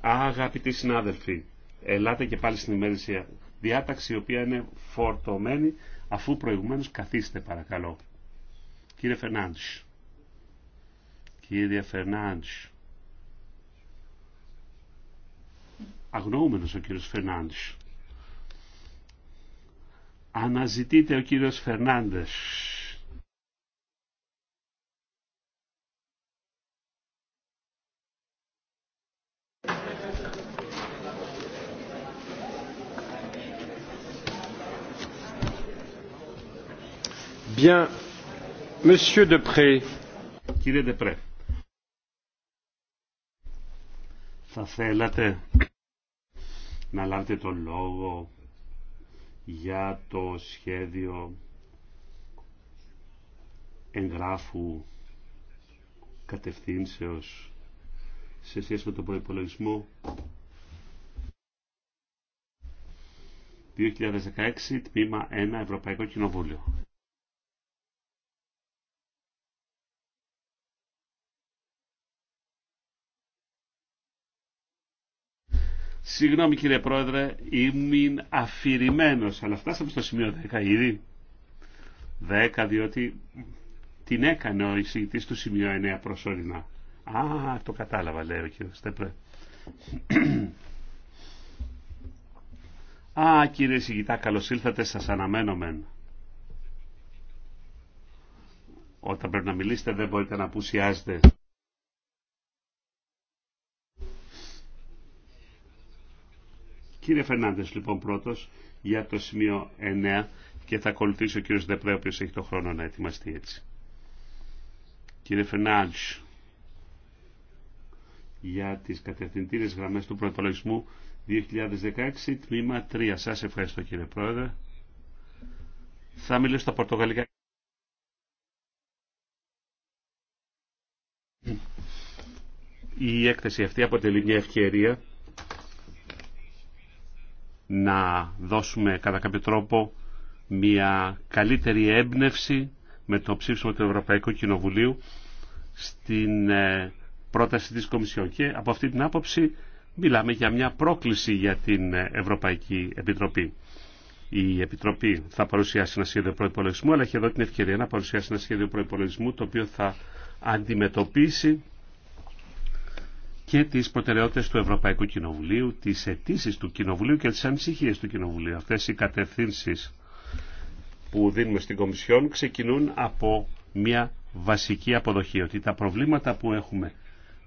Αγαπητοί συνάδελφοι, ελάτε και πάλι στην ημέρηση διάταξη η οποία είναι φορτωμένη αφού προηγουμένως καθίστε παρακαλώ. Κύριε Φερνάντς. Κύριε Φερνάντς. Αγνοούμενος ο κύριος Φερνάντς. αναζητείτε ο κύριος Φερνάντες. Κύριε Δεπρέ, θα θέλατε να λάβετε τον λόγο για το σχέδιο εγγράφου κατευθύνσεως σε σχέση με τον προϋπολογισμό 2016, τμήμα 1, Ευρωπαϊκό Κοινοβούλιο. Συγγνώμη κύριε Πρόεδρε, ήμουν αφηρημένος, αλλά φτάσαμε στο σημείο 10 ήδη. 10 διότι την έκανε ο εισηγητής του σημείο 9 προσωρινά. Α, το κατάλαβα λέει ο κύριος Στέπρε. Α, κύριε εισηγητά, καλώς ήλθατε, σας αναμένω μεν. Όταν πρέπει να μιλήσετε δεν μπορείτε να απουσιάζετε. Κύριε Φερνάντε, λοιπόν, πρώτο για το σημείο 9 και θα ακολουθήσει ο κύριο Δεπρέ, ο έχει το χρόνο να ετοιμαστεί έτσι. Κύριε Φερνάντε, για τι κατευθυντήρε γραμμέ του προπολογισμού 2016, τμήμα 3. Σα ευχαριστώ, κύριε Πρόεδρε. Θα μιλήσω στα πορτογαλικά. Η έκθεση αυτή αποτελεί μια ευκαιρία να δώσουμε κατά κάποιο τρόπο μια καλύτερη έμπνευση με το ψήφισμα του Ευρωπαϊκού Κοινοβουλίου στην ε, πρόταση της Κομισιόν. Και από αυτή την άποψη μιλάμε για μια πρόκληση για την Ευρωπαϊκή Επιτροπή. Η Επιτροπή θα παρουσιάσει ένα σχέδιο προπολογισμού, αλλά έχει εδώ την ευκαιρία να παρουσιάσει ένα σχέδιο προπολογισμού το οποίο θα αντιμετωπίσει και τις προτεραιότητε του Ευρωπαϊκού Κοινοβουλίου, τις αιτήσει του Κοινοβουλίου και τι ανησυχίε του Κοινοβουλίου. Αυτές οι κατευθύνσει που δίνουμε στην Κομισιόν ξεκινούν από μια βασική αποδοχή ότι τα προβλήματα που έχουμε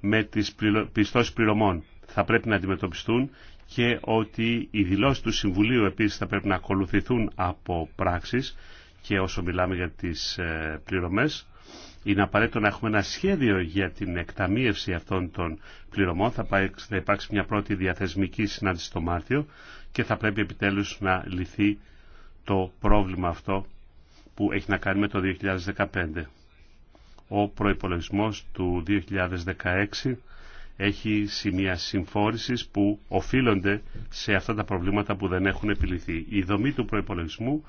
με τις πιστώσεις πληρωμών θα πρέπει να αντιμετωπιστούν και ότι οι δηλώσει του Συμβουλίου επίση θα πρέπει να ακολουθηθούν από πράξεις και όσο μιλάμε για τις ε, πληρωμές είναι απαραίτητο να έχουμε ένα σχέδιο για την εκταμείευση αυτών των πληρωμών. Θα, πάει, θα υπάρξει μια πρώτη διαθεσμική συνάντηση το Μάρτιο και θα πρέπει επιτέλους να λυθεί το πρόβλημα αυτό που έχει να κάνει με το 2015. Ο προϋπολογισμός του 2016 έχει σημεία συμφόρησης που οφείλονται σε αυτά τα προβλήματα που δεν έχουν επιληθεί. Η δομή του προϋπολογισμού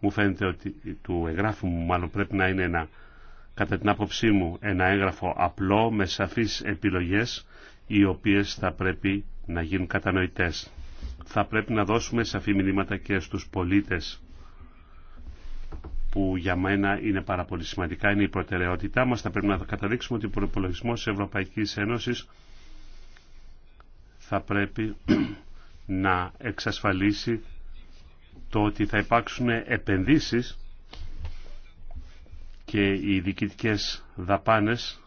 μου φαίνεται ότι του εγγράφου μου μάλλον πρέπει να είναι ένα κατά την άποψή μου, ένα έγγραφο απλό με σαφείς επιλογές οι οποίες θα πρέπει να γίνουν κατανοητές. Θα πρέπει να δώσουμε σαφή μηνύματα και στους πολίτες που για μένα είναι πάρα πολύ σημαντικά, είναι η προτεραιότητά μας. Θα πρέπει να καταδείξουμε ότι ο προπολογισμό της Ευρωπαϊκής Ένωσης θα πρέπει να εξασφαλίσει το ότι θα υπάρξουν επενδύσεις και οι διοικητικές δαπάνες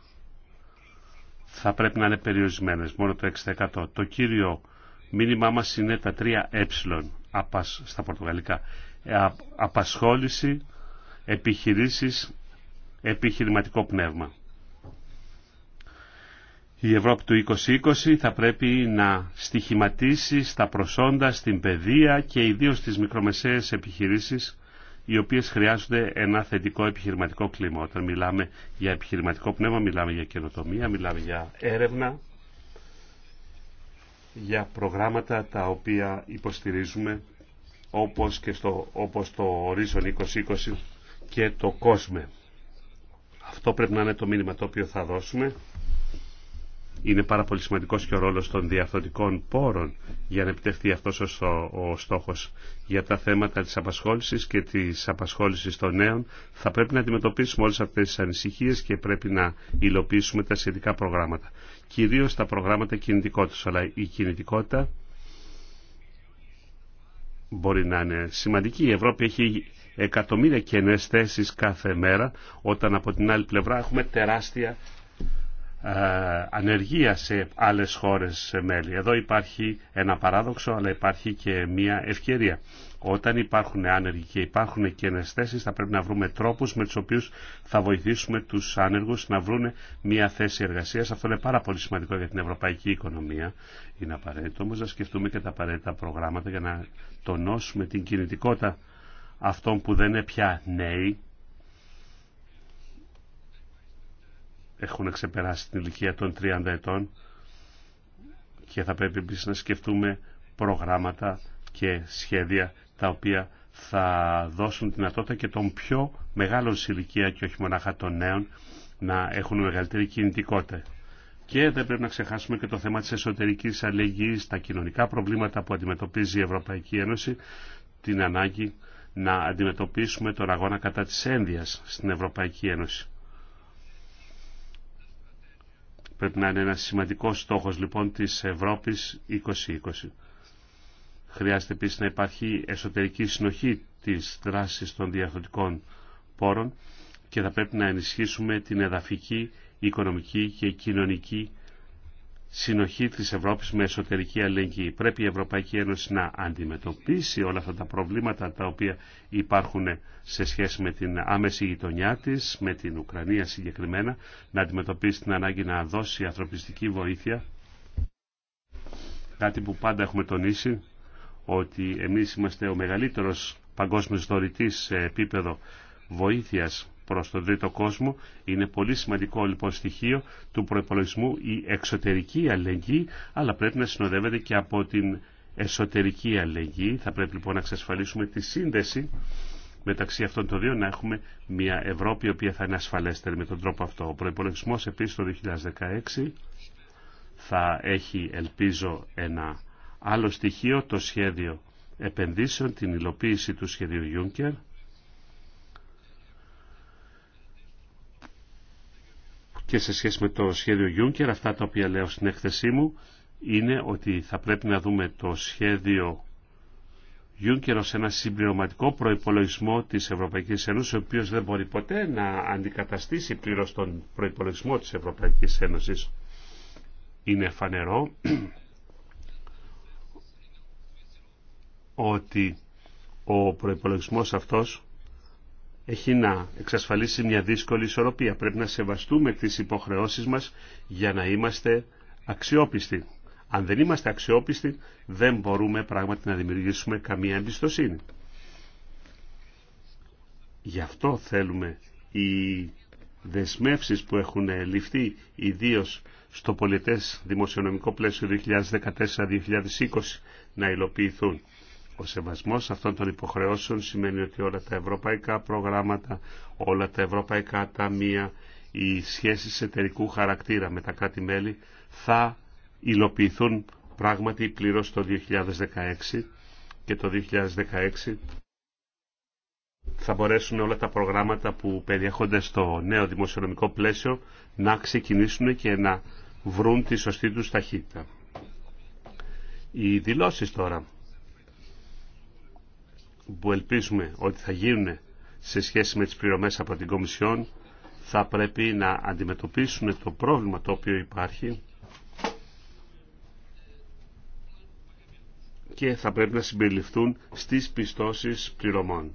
θα πρέπει να είναι περιορισμένες, μόνο το 6%. Το κύριο μήνυμά μας είναι τα 3 ε στα πορτογαλικά. Ε, απασχόληση, επιχειρήσεις, επιχειρηματικό πνεύμα. Η Ευρώπη του 2020 θα πρέπει να στοιχηματίσει στα προσόντα, στην παιδεία και ιδίως στις μικρομεσαίες επιχειρήσεις οι οποίες χρειάζονται ένα θετικό επιχειρηματικό κλίμα. Όταν μιλάμε για επιχειρηματικό πνεύμα, μιλάμε για καινοτομία, μιλάμε για έρευνα, για προγράμματα τα οποία υποστηρίζουμε όπως, και στο, όπως το Horizon 2020 και το COSME. Αυτό πρέπει να είναι το μήνυμα το οποίο θα δώσουμε είναι πάρα πολύ σημαντικός και ο ρόλος των διαρθρωτικών πόρων για να επιτευχθεί αυτός ο στόχος. Για τα θέματα της απασχόλησης και της απασχόλησης των νέων θα πρέπει να αντιμετωπίσουμε όλες αυτές τις ανησυχίες και πρέπει να υλοποιήσουμε τα σχετικά προγράμματα. Κυρίως τα προγράμματα κινητικότητας, αλλά η κινητικότητα μπορεί να είναι σημαντική. Η Ευρώπη έχει εκατομμύρια κενές θέσεις κάθε μέρα, όταν από την άλλη πλευρά έχουμε τεράστια ε, ανεργία σε άλλες χώρες μέλη. Εδώ υπάρχει ένα παράδοξο αλλά υπάρχει και μια ευκαιρία. Όταν υπάρχουν άνεργοι και υπάρχουν και θέσεις θα πρέπει να βρούμε τρόπους με τους οποίους θα βοηθήσουμε τους άνεργους να βρουν μια θέση εργασίας. Αυτό είναι πάρα πολύ σημαντικό για την ευρωπαϊκή οικονομία. Είναι απαραίτητο όμως να σκεφτούμε και τα απαραίτητα προγράμματα για να τονώσουμε την κινητικότητα αυτών που δεν είναι πια νέοι έχουν ξεπεράσει την ηλικία των 30 ετών και θα πρέπει επίσης να σκεφτούμε προγράμματα και σχέδια τα οποία θα δώσουν δυνατότητα και των πιο μεγάλων σε ηλικία και όχι μονάχα των νέων να έχουν μεγαλύτερη κινητικότητα. Και δεν πρέπει να ξεχάσουμε και το θέμα της εσωτερικής αλληλεγγύης, τα κοινωνικά προβλήματα που αντιμετωπίζει η Ευρωπαϊκή Ένωση, την ανάγκη να αντιμετωπίσουμε τον αγώνα κατά της ένδυας στην Ευρωπαϊκή Ένωση. Πρέπει να είναι ένα σημαντικό στόχος λοιπόν της Ευρώπης 2020. Χρειάζεται επίσης να υπάρχει εσωτερική συνοχή της δράσης των διαχρονικών πόρων και θα πρέπει να ενισχύσουμε την εδαφική, οικονομική και κοινωνική συνοχή της Ευρώπης με εσωτερική αλληλεγγύη. Πρέπει η Ευρωπαϊκή Ένωση να αντιμετωπίσει όλα αυτά τα προβλήματα τα οποία υπάρχουν σε σχέση με την άμεση γειτονιά της, με την Ουκρανία συγκεκριμένα, να αντιμετωπίσει την ανάγκη να δώσει ανθρωπιστική βοήθεια. Κάτι που πάντα έχουμε τονίσει, ότι εμείς είμαστε ο μεγαλύτερος παγκόσμιος δωρητής σε επίπεδο βοήθειας προς τον τρίτο κόσμο. Είναι πολύ σημαντικό λοιπόν στοιχείο του προπολογισμού η εξωτερική αλληλεγγύη, αλλά πρέπει να συνοδεύεται και από την εσωτερική αλληλεγγύη. Θα πρέπει λοιπόν να εξασφαλίσουμε τη σύνδεση μεταξύ αυτών των δύο να έχουμε μια Ευρώπη η οποία θα είναι ασφαλέστερη με τον τρόπο αυτό. Ο προπολογισμό επίσης το 2016 θα έχει ελπίζω ένα άλλο στοιχείο, το σχέδιο επενδύσεων, την υλοποίηση του σχεδίου Juncker και σε σχέση με το σχέδιο Juncker, αυτά τα οποία λέω στην έκθεσή μου, είναι ότι θα πρέπει να δούμε το σχέδιο Juncker ως ένα συμπληρωματικό προϋπολογισμό της Ευρωπαϊκής Ένωσης, ο οποίος δεν μπορεί ποτέ να αντικαταστήσει πλήρως τον προϋπολογισμό της Ευρωπαϊκής Ένωσης. Είναι φανερό ότι ο προϋπολογισμός αυτός έχει να εξασφαλίσει μια δύσκολη ισορροπία. Πρέπει να σεβαστούμε τις υποχρεώσεις μας για να είμαστε αξιόπιστοι. Αν δεν είμαστε αξιόπιστοι δεν μπορούμε πράγματι να δημιουργήσουμε καμία εμπιστοσύνη. Γι' αυτό θέλουμε οι δεσμεύσεις που έχουν ληφθεί ιδίω στο πολιτές δημοσιονομικό πλαίσιο 2014-2020 να υλοποιηθούν. Ο σεβασμός αυτών των υποχρεώσεων σημαίνει ότι όλα τα ευρωπαϊκά προγράμματα, όλα τα ευρωπαϊκά ταμεία, οι σχέσεις εταιρικού χαρακτήρα με τα κράτη-μέλη θα υλοποιηθούν πράγματι πλήρως το 2016 και το 2016 θα μπορέσουν όλα τα προγράμματα που περιέχονται στο νέο δημοσιονομικό πλαίσιο να ξεκινήσουν και να βρουν τη σωστή τους ταχύτητα. Οι δηλώσεις τώρα που ελπίζουμε ότι θα γίνουν σε σχέση με τις πληρωμές από την Κομισιόν θα πρέπει να αντιμετωπίσουν το πρόβλημα το οποίο υπάρχει και θα πρέπει να συμπεριληφθούν στις πιστώσεις πληρωμών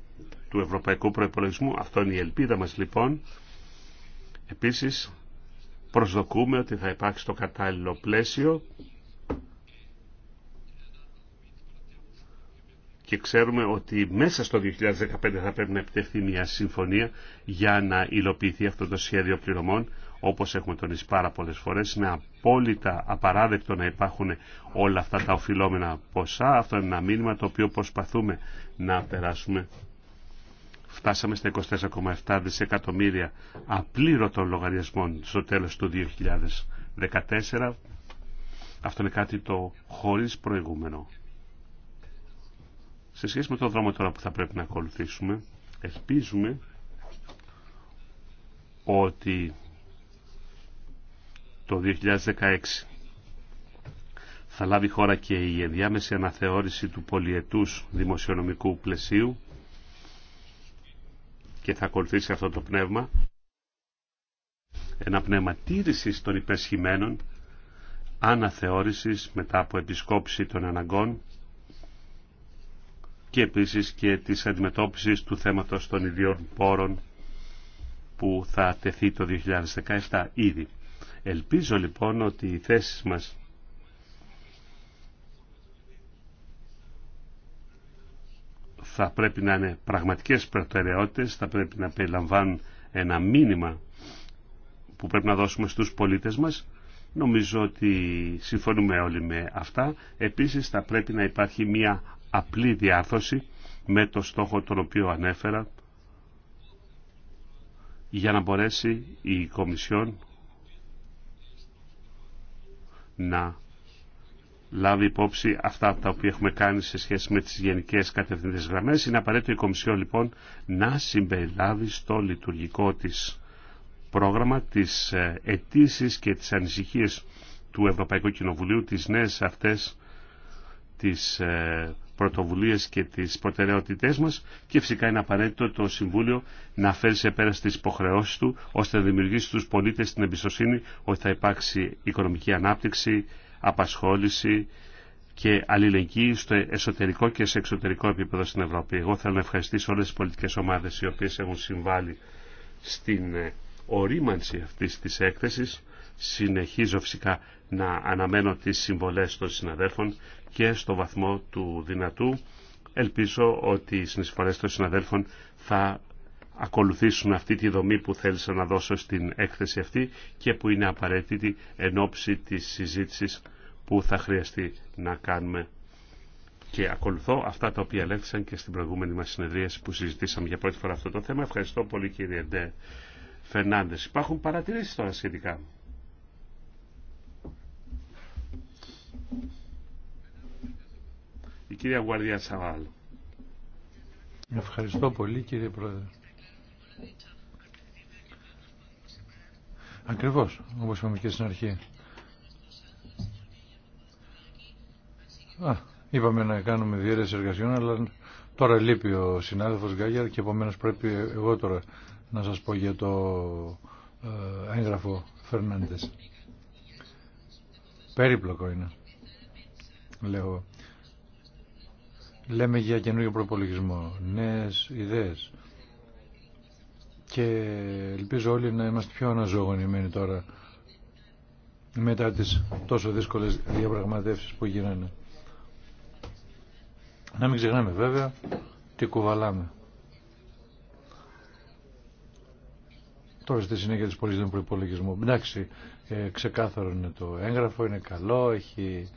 του Ευρωπαϊκού Προϋπολογισμού. Αυτό είναι η ελπίδα μας λοιπόν. Επίσης προσδοκούμε ότι θα υπάρξει το κατάλληλο πλαίσιο και ξέρουμε ότι μέσα στο 2015 θα πρέπει να επιτευχθεί μια συμφωνία για να υλοποιηθεί αυτό το σχέδιο πληρωμών. Όπως έχουμε τονίσει πάρα πολλές φορές, είναι απόλυτα απαράδεκτο να υπάρχουν όλα αυτά τα οφειλόμενα ποσά. Αυτό είναι ένα μήνυμα το οποίο προσπαθούμε να περάσουμε. Φτάσαμε στα 24,7 δισεκατομμύρια απλήρωτων λογαριασμών στο τέλος του 2014. Αυτό είναι κάτι το χωρίς προηγούμενο. Σε σχέση με το δρόμο τώρα που θα πρέπει να ακολουθήσουμε, ελπίζουμε ότι το 2016 θα λάβει χώρα και η ενδιάμεση αναθεώρηση του πολιετούς δημοσιονομικού πλαισίου και θα ακολουθήσει αυτό το πνεύμα ένα πνεύμα τήρησης των υπεσχημένων αναθεώρησης μετά από επισκόπηση των αναγκών και επίσης και της αντιμετώπισης του θέματος των ιδιών πόρων που θα τεθεί το 2017 ήδη. Ελπίζω λοιπόν ότι οι θέσεις μας θα πρέπει να είναι πραγματικές προτεραιότητες, θα πρέπει να περιλαμβάνουν ένα μήνυμα που πρέπει να δώσουμε στους πολίτες μας. Νομίζω ότι συμφωνούμε όλοι με αυτά. Επίσης θα πρέπει να υπάρχει μια απλή διάρθρωση με το στόχο τον οποίο ανέφερα για να μπορέσει η Κομισιόν να λάβει υπόψη αυτά τα οποία έχουμε κάνει σε σχέση με τις γενικές κατευθυντές γραμμές. Είναι απαραίτητο η Κομισιόν λοιπόν να συμπεριλάβει στο λειτουργικό της πρόγραμμα τις ε, αιτήσει και τις ανησυχίες του Ευρωπαϊκού Κοινοβουλίου, τις νέες αυτές τις ε, πρωτοβουλίες και τις προτεραιότητές μας και φυσικά είναι απαραίτητο το Συμβούλιο να φέρει σε πέρα στις υποχρεώσεις του ώστε να δημιουργήσει στους πολίτες την εμπιστοσύνη ότι θα υπάρξει οικονομική ανάπτυξη, απασχόληση και αλληλεγγύη στο εσωτερικό και σε εξωτερικό επίπεδο στην Ευρώπη. Εγώ θέλω να ευχαριστήσω όλες τις πολιτικές ομάδες οι οποίες έχουν συμβάλει στην ε, ορίμανση αυτής της έκθεσης Συνεχίζω φυσικά να αναμένω τις συμβολές των συναδέλφων και στο βαθμό του δυνατού. Ελπίζω ότι οι συνεισφορές των συναδέλφων θα ακολουθήσουν αυτή τη δομή που θέλησα να δώσω στην έκθεση αυτή και που είναι απαραίτητη εν ώψη της συζήτησης που θα χρειαστεί να κάνουμε. Και ακολουθώ αυτά τα οποία λέξαν και στην προηγούμενη μας συνεδρίαση που συζητήσαμε για πρώτη φορά αυτό το θέμα. Ευχαριστώ πολύ κύριε Ντε Υπάρχουν παρατηρήσεις τώρα σχετικά. Η κυρία Γουαρδιά Σαβάλου. Ευχαριστώ πολύ κύριε Πρόεδρε. Ακριβώς, όπως είπαμε και στην αρχή. είπαμε να κάνουμε διέρεση εργασιών, αλλά τώρα λείπει ο συνάδελφος Γκάγερ και επομένως πρέπει εγώ τώρα να σας πω για το ε, έγγραφο Φερνάντες. Περίπλοκο είναι λέω. Λέμε για καινούριο προπολογισμό, νέες ιδέες και ελπίζω όλοι να είμαστε πιο αναζωογονημένοι τώρα μετά τις τόσο δύσκολες διαπραγματεύσεις που γίνανε. Να μην ξεχνάμε βέβαια τι κουβαλάμε. Τώρα στη συνέχεια της πολιτικής προπολογισμού. Εντάξει, ε, ξεκάθαρο είναι το έγγραφο, είναι καλό, έχει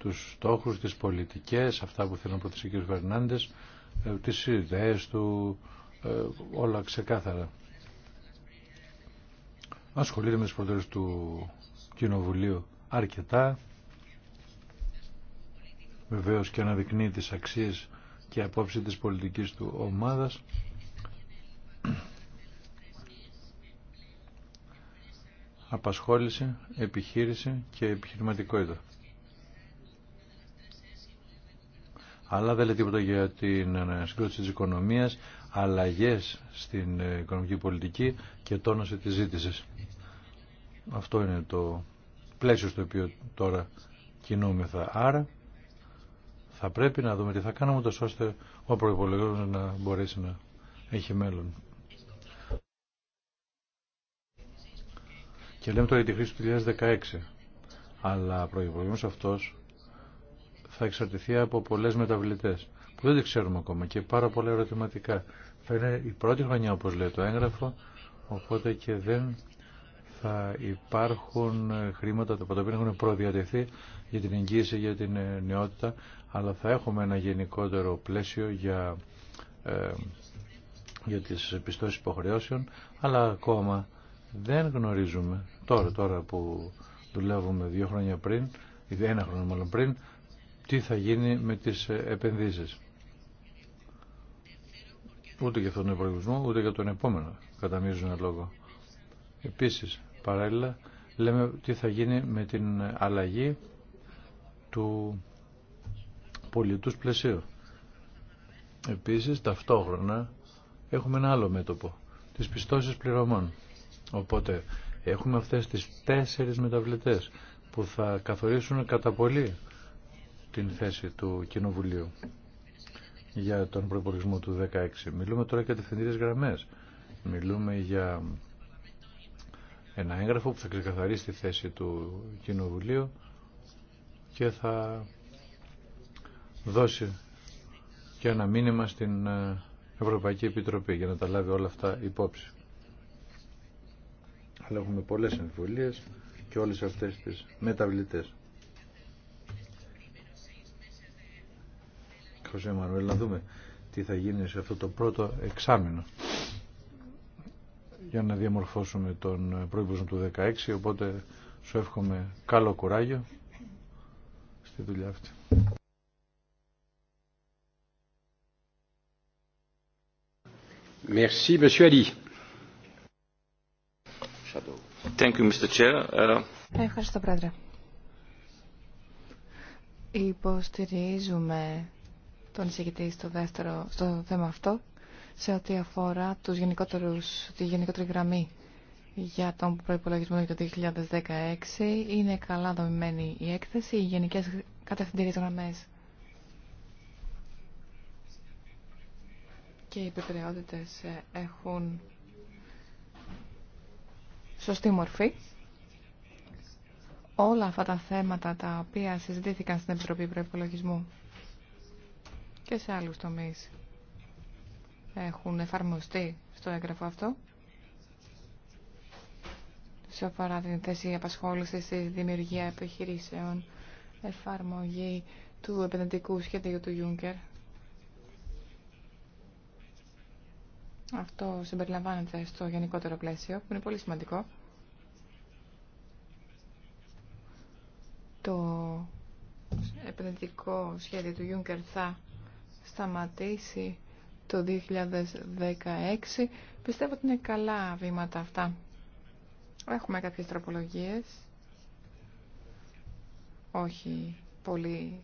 τους στόχους, τις πολιτικές, αυτά που θέλουν να ο κ. Βερνάντες, ε, τις ιδέες του, ε, όλα ξεκάθαρα. Ασχολείται με τις προτεραιότητες του Κοινοβουλίου αρκετά. Βεβαίως και αναδεικνύει τις αξίες και απόψη της πολιτικής του ομάδας. Απασχόληση, επιχείρηση και επιχειρηματικότητα. αλλά δεν λέει τίποτα για την συγκρότηση της οικονομίας, αλλαγές στην οικονομική πολιτική και τόνωση της ζήτησης. Αυτό είναι το πλαίσιο στο οποίο τώρα κινούμεθα. Άρα θα πρέπει να δούμε τι θα κάνουμε τόσο ώστε ο προϋπολογός να μπορέσει να έχει μέλλον. Και λέμε τώρα για τη χρήση του 2016. Αλλά προϋπολογισμός αυτός θα εξαρτηθεί από πολλές μεταβλητές που δεν ξέρουμε ακόμα και πάρα πολλά ερωτηματικά. Θα είναι η πρώτη χρονιά όπως λέει το έγγραφο οπότε και δεν θα υπάρχουν χρήματα τα οποία έχουν προδιατεθεί για την εγγύηση, για την ε, νεότητα αλλά θα έχουμε ένα γενικότερο πλαίσιο για, ε, για τις πιστώσεις υποχρεώσεων αλλά ακόμα δεν γνωρίζουμε τώρα, τώρα που δουλεύουμε δύο χρόνια πριν, ή ένα χρόνο μάλλον πριν, τι θα γίνει με τις ε, επενδύσεις. Ούτε για αυτόν τον υπολογισμό, ούτε για τον επόμενο, καταμίζουν λόγο. Επίσης, παράλληλα, λέμε τι θα γίνει με την αλλαγή του πολιτούς πλαισίου. Επίσης, ταυτόχρονα, έχουμε ένα άλλο μέτωπο, τις πιστώσεις πληρωμών. Οπότε, έχουμε αυτές τις τέσσερις μεταβλητές που θα καθορίσουν κατά πολύ την θέση του Κοινοβουλίου για τον προπολογισμό του 2016. Μιλούμε τώρα για κατευθυντήριες γραμμές. Μιλούμε για ένα έγγραφο που θα ξεκαθαρίσει τη θέση του Κοινοβουλίου και θα δώσει και ένα μήνυμα στην ε, Ευρωπαϊκή Επιτροπή για να τα λάβει όλα αυτά υπόψη. Αλλά έχουμε πολλές εμφυλίες και όλες αυτές τις μεταβλητές. Χωσέ να δούμε τι θα γίνει σε αυτό το πρώτο εξάμεινο για να διαμορφώσουμε τον πρόεδρο του 16 οπότε σου εύχομαι καλό κουράγιο στη δουλειά αυτή. Merci, Monsieur Ali. Thank you, Mr. Chair. Uh, Ευχαριστώ, Πρόεδρε. Υποστηρίζουμε τον εισηγητή στο, δεύτερο, στο θέμα αυτό σε ό,τι αφορά τους γενικότερους, τη γενικότερη γραμμή για τον προϋπολογισμό για το 2016. Είναι καλά δομημένη η έκθεση, οι γενικές κατευθυντήριες γραμμές και οι επιπρεότητες ε, έχουν σωστή μορφή. Όλα αυτά τα θέματα τα οποία συζητήθηκαν στην Επιτροπή Προϋπολογισμού και σε άλλους τομείς έχουν εφαρμοστεί στο έγγραφο αυτό σε αφορά την θέση απασχόληση στη δημιουργία επιχειρήσεων, εφαρμογή του επενδυτικού σχεδίου του Juncker. Αυτό συμπεριλαμβάνεται στο γενικότερο πλαίσιο, που είναι πολύ σημαντικό. Το επενδυτικό σχέδιο του Juncker θα σταματήσει το 2016. Πιστεύω ότι είναι καλά βήματα αυτά. Έχουμε κάποιες τροπολογίες. Όχι πολύ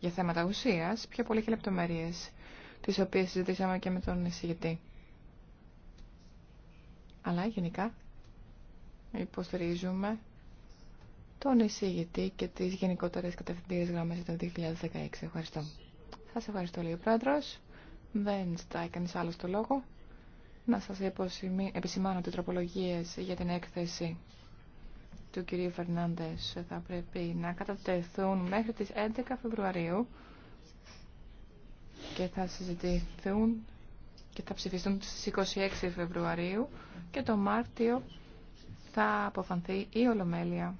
για θέματα ουσίας, πιο πολύ και λεπτομέρειες, τις οποίες συζητήσαμε και με τον εισηγητή. Αλλά γενικά υποστηρίζουμε τον εισηγητή και τις γενικότερες κατευθυντήρες γραμμές για το 2016. Ευχαριστώ. Σας ευχαριστώ, Λίγο ο Δεν ζητάει κανεί άλλο το λόγο. Να σας επισημάνω ότι οι τροπολογίες για την έκθεση του κυρίου Φερνάντε. θα πρέπει να κατατεθούν μέχρι τις 11 Φεβρουαρίου και θα συζητηθούν και θα ψηφιστούν στι 26 Φεβρουαρίου και το Μάρτιο θα αποφανθεί η Ολομέλεια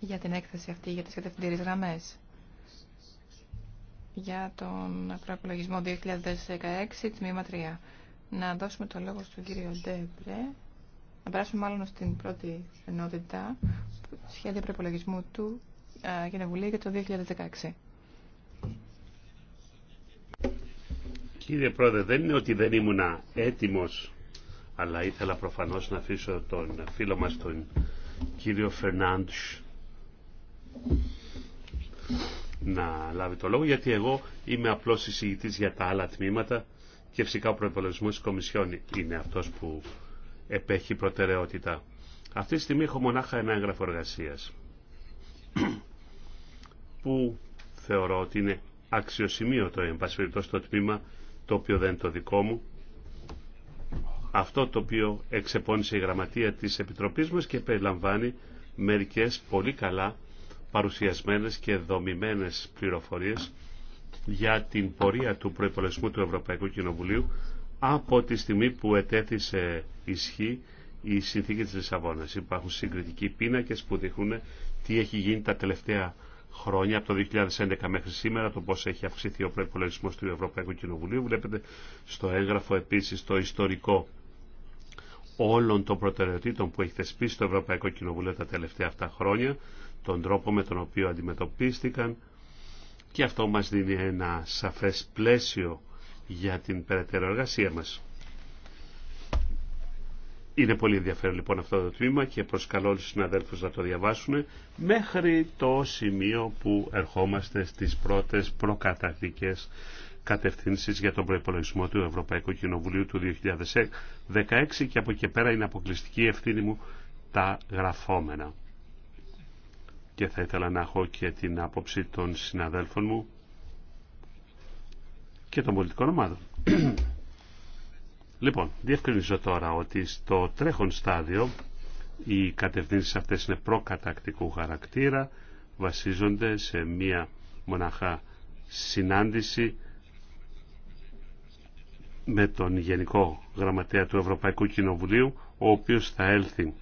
για την έκθεση αυτή για τις κατευθυντήριες γραμμές για τον προεπολογισμό 2016, τμήμα 3. Να δώσουμε το λόγο στον κύριο Ντέμπρε. Να περάσουμε μάλλον στην πρώτη ενότητα, σχέδιο προπολογισμού του ε, Κοινοβουλίου για το 2016. Κύριε Πρόεδρε, δεν είναι ότι δεν ήμουνα έτοιμος, αλλά ήθελα προφανώς να αφήσω τον φίλο μας, τον κύριο Φερνάντς, να λάβει το λόγο, γιατί εγώ είμαι απλό εισηγητής για τα άλλα τμήματα και φυσικά ο προπολογισμό της Κομισιόν είναι αυτός που επέχει προτεραιότητα. Αυτή τη στιγμή έχω μονάχα ένα έγγραφο εργασία που θεωρώ ότι είναι αξιοσημείωτο, εν πάση περιπτώσει, τμήμα το οποίο δεν είναι το δικό μου. Αυτό το οποίο εξεπώνησε η γραμματεία της Επιτροπής μας και περιλαμβάνει μερικές πολύ καλά παρουσιασμένες και δομημένες πληροφορίες για την πορεία του προϋπολογισμού του Ευρωπαϊκού Κοινοβουλίου από τη στιγμή που ετέθησε ισχύ η συνθήκη της Λισαβόνας. Υπάρχουν συγκριτικοί πίνακες που δείχνουν τι έχει γίνει τα τελευταία χρόνια, από το 2011 μέχρι σήμερα, το πώς έχει αυξηθεί ο προπολογισμό του Ευρωπαϊκού Κοινοβουλίου. Βλέπετε στο έγγραφο επίσης το ιστορικό όλων των προτεραιοτήτων που έχει θεσπίσει το Ευρωπαϊκό Κοινοβούλιο τα τελευταία αυτά χρόνια τον τρόπο με τον οποίο αντιμετωπίστηκαν και αυτό μας δίνει ένα σαφές πλαίσιο για την περαιτέρω εργασία μας. Είναι πολύ ενδιαφέρον λοιπόν αυτό το τμήμα και προσκαλώ όλους τους συναδέλφους να το διαβάσουν μέχρι το σημείο που ερχόμαστε στις πρώτες προκαταρτικές κατευθύνσεις για τον προϋπολογισμό του Ευρωπαϊκού Κοινοβουλίου του 2016 και από εκεί πέρα είναι αποκλειστική ευθύνη μου τα γραφόμενα και θα ήθελα να έχω και την άποψη των συναδέλφων μου και των πολιτικών ομάδων. λοιπόν, διευκρινίζω τώρα ότι στο τρέχον στάδιο οι κατευθύνσεις αυτές είναι προκατακτικού χαρακτήρα, βασίζονται σε μία μοναχά συνάντηση με τον Γενικό Γραμματέα του Ευρωπαϊκού Κοινοβουλίου, ο οποίος θα έλθει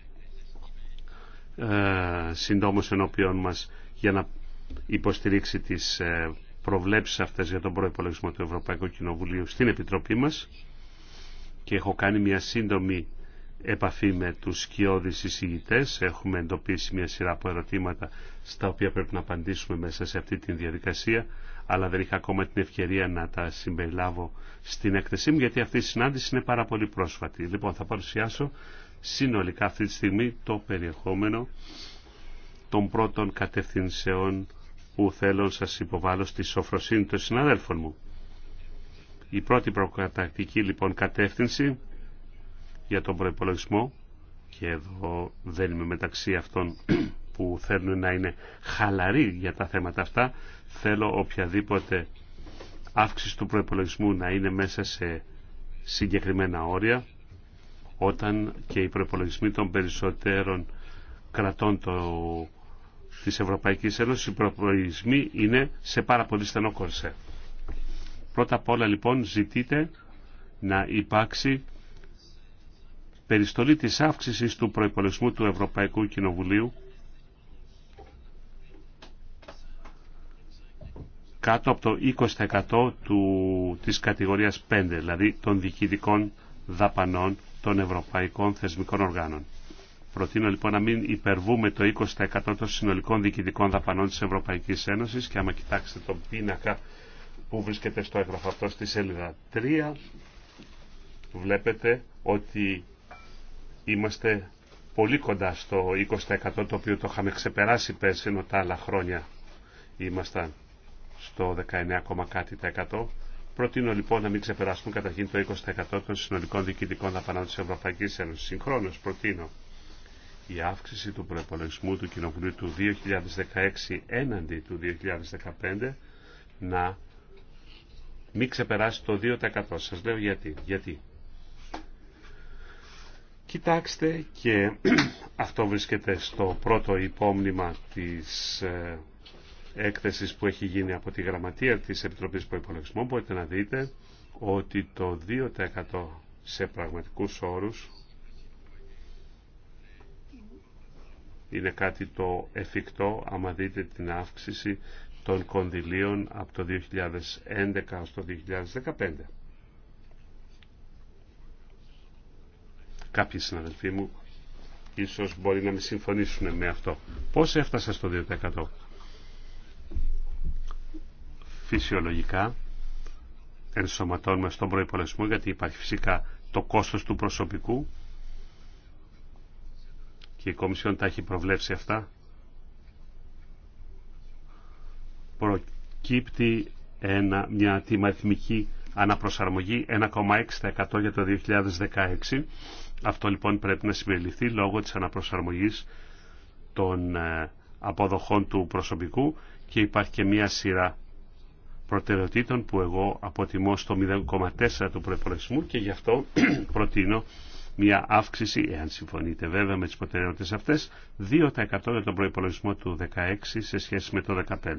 ε, συντόμως ενώπιον μας για να υποστηρίξει τις ε, προβλέψεις αυτές για τον προϋπολογισμό του Ευρωπαϊκού Κοινοβουλίου στην Επιτροπή μας και έχω κάνει μια σύντομη επαφή με τους σκιώδεις εισηγητές. Έχουμε εντοπίσει μια σειρά από ερωτήματα στα οποία πρέπει να απαντήσουμε μέσα σε αυτή τη διαδικασία αλλά δεν είχα ακόμα την ευκαιρία να τα συμπεριλάβω στην έκθεσή μου γιατί αυτή η συνάντηση είναι πάρα πολύ πρόσφατη. Λοιπόν, θα παρουσιάσω συνολικά αυτή τη στιγμή το περιεχόμενο των πρώτων κατευθυνσεών που θέλω να σας υποβάλω στη σοφροσύνη των συναδέλφων μου. Η πρώτη προκατακτική λοιπόν κατεύθυνση για τον προϋπολογισμό και εδώ δεν είμαι μεταξύ αυτών που θέλουν να είναι χαλαροί για τα θέματα αυτά. Θέλω οποιαδήποτε αύξηση του προϋπολογισμού να είναι μέσα σε συγκεκριμένα όρια όταν και οι προπολογισμοί των περισσότερων κρατών το, της Ευρωπαϊκής Ένωσης, οι προπολογισμοί είναι σε πάρα πολύ στενό κορσέ. Πρώτα απ' όλα λοιπόν ζητείτε να υπάρξει περιστολή της αύξησης του προϋπολογισμού του Ευρωπαϊκού Κοινοβουλίου κάτω από το 20% του, της κατηγορίας 5, δηλαδή των διοικητικών δαπανών των ευρωπαϊκών θεσμικών οργάνων. Προτείνω λοιπόν να μην υπερβούμε το 20% των συνολικών διοικητικών δαπανών της Ευρωπαϊκής Ένωσης και άμα κοιτάξετε τον πίνακα που βρίσκεται στο έγγραφο αυτό στη σελίδα 3 βλέπετε ότι είμαστε πολύ κοντά στο 20% το οποίο το είχαμε ξεπεράσει πέρσι ενώ τα άλλα χρόνια ήμασταν στο 19, κάτι τα Προτείνω λοιπόν να μην ξεπεράσουμε καταρχήν το 20% των συνολικών διοικητικών δαπανών τη Ευρωπαϊκή Ένωση. Συγχρόνω προτείνω η αύξηση του προπολογισμού του Κοινοβουλίου του 2016 έναντι του 2015 να μην ξεπεράσει το 2%. Σας λέω γιατί. γιατί. Κοιτάξτε και αυτό βρίσκεται στο πρώτο υπόμνημα της ε, έκθεσης που έχει γίνει από τη γραμματεία της Επιτροπής Προϋπολογισμών μπορείτε να δείτε ότι το 2% σε πραγματικούς όρους είναι κάτι το εφικτό άμα δείτε την αύξηση των κονδυλίων από το 2011 στο 2015. Κάποιοι συναδελφοί μου ίσως μπορεί να μην συμφωνήσουν με αυτό. Πώς έφτασα στο 2%? φυσιολογικά ενσωματώνουμε στον προϋπολογισμό γιατί υπάρχει φυσικά το κόστος του προσωπικού και η Κομισιόν τα έχει προβλέψει αυτά προκύπτει ένα, μια τιμαριθμική αναπροσαρμογή 1,6% για το 2016 αυτό λοιπόν πρέπει να συμπεριληφθεί λόγω της αναπροσαρμογής των ε, αποδοχών του προσωπικού και υπάρχει και μια σειρά προτεραιοτήτων που εγώ αποτιμώ στο 0,4 του προπολογισμού και γι' αυτό προτείνω μια αύξηση, εάν συμφωνείτε βέβαια με τις προτεραιότητες αυτές, 2% για τον προϋπολογισμό του 16 σε σχέση με το 2015.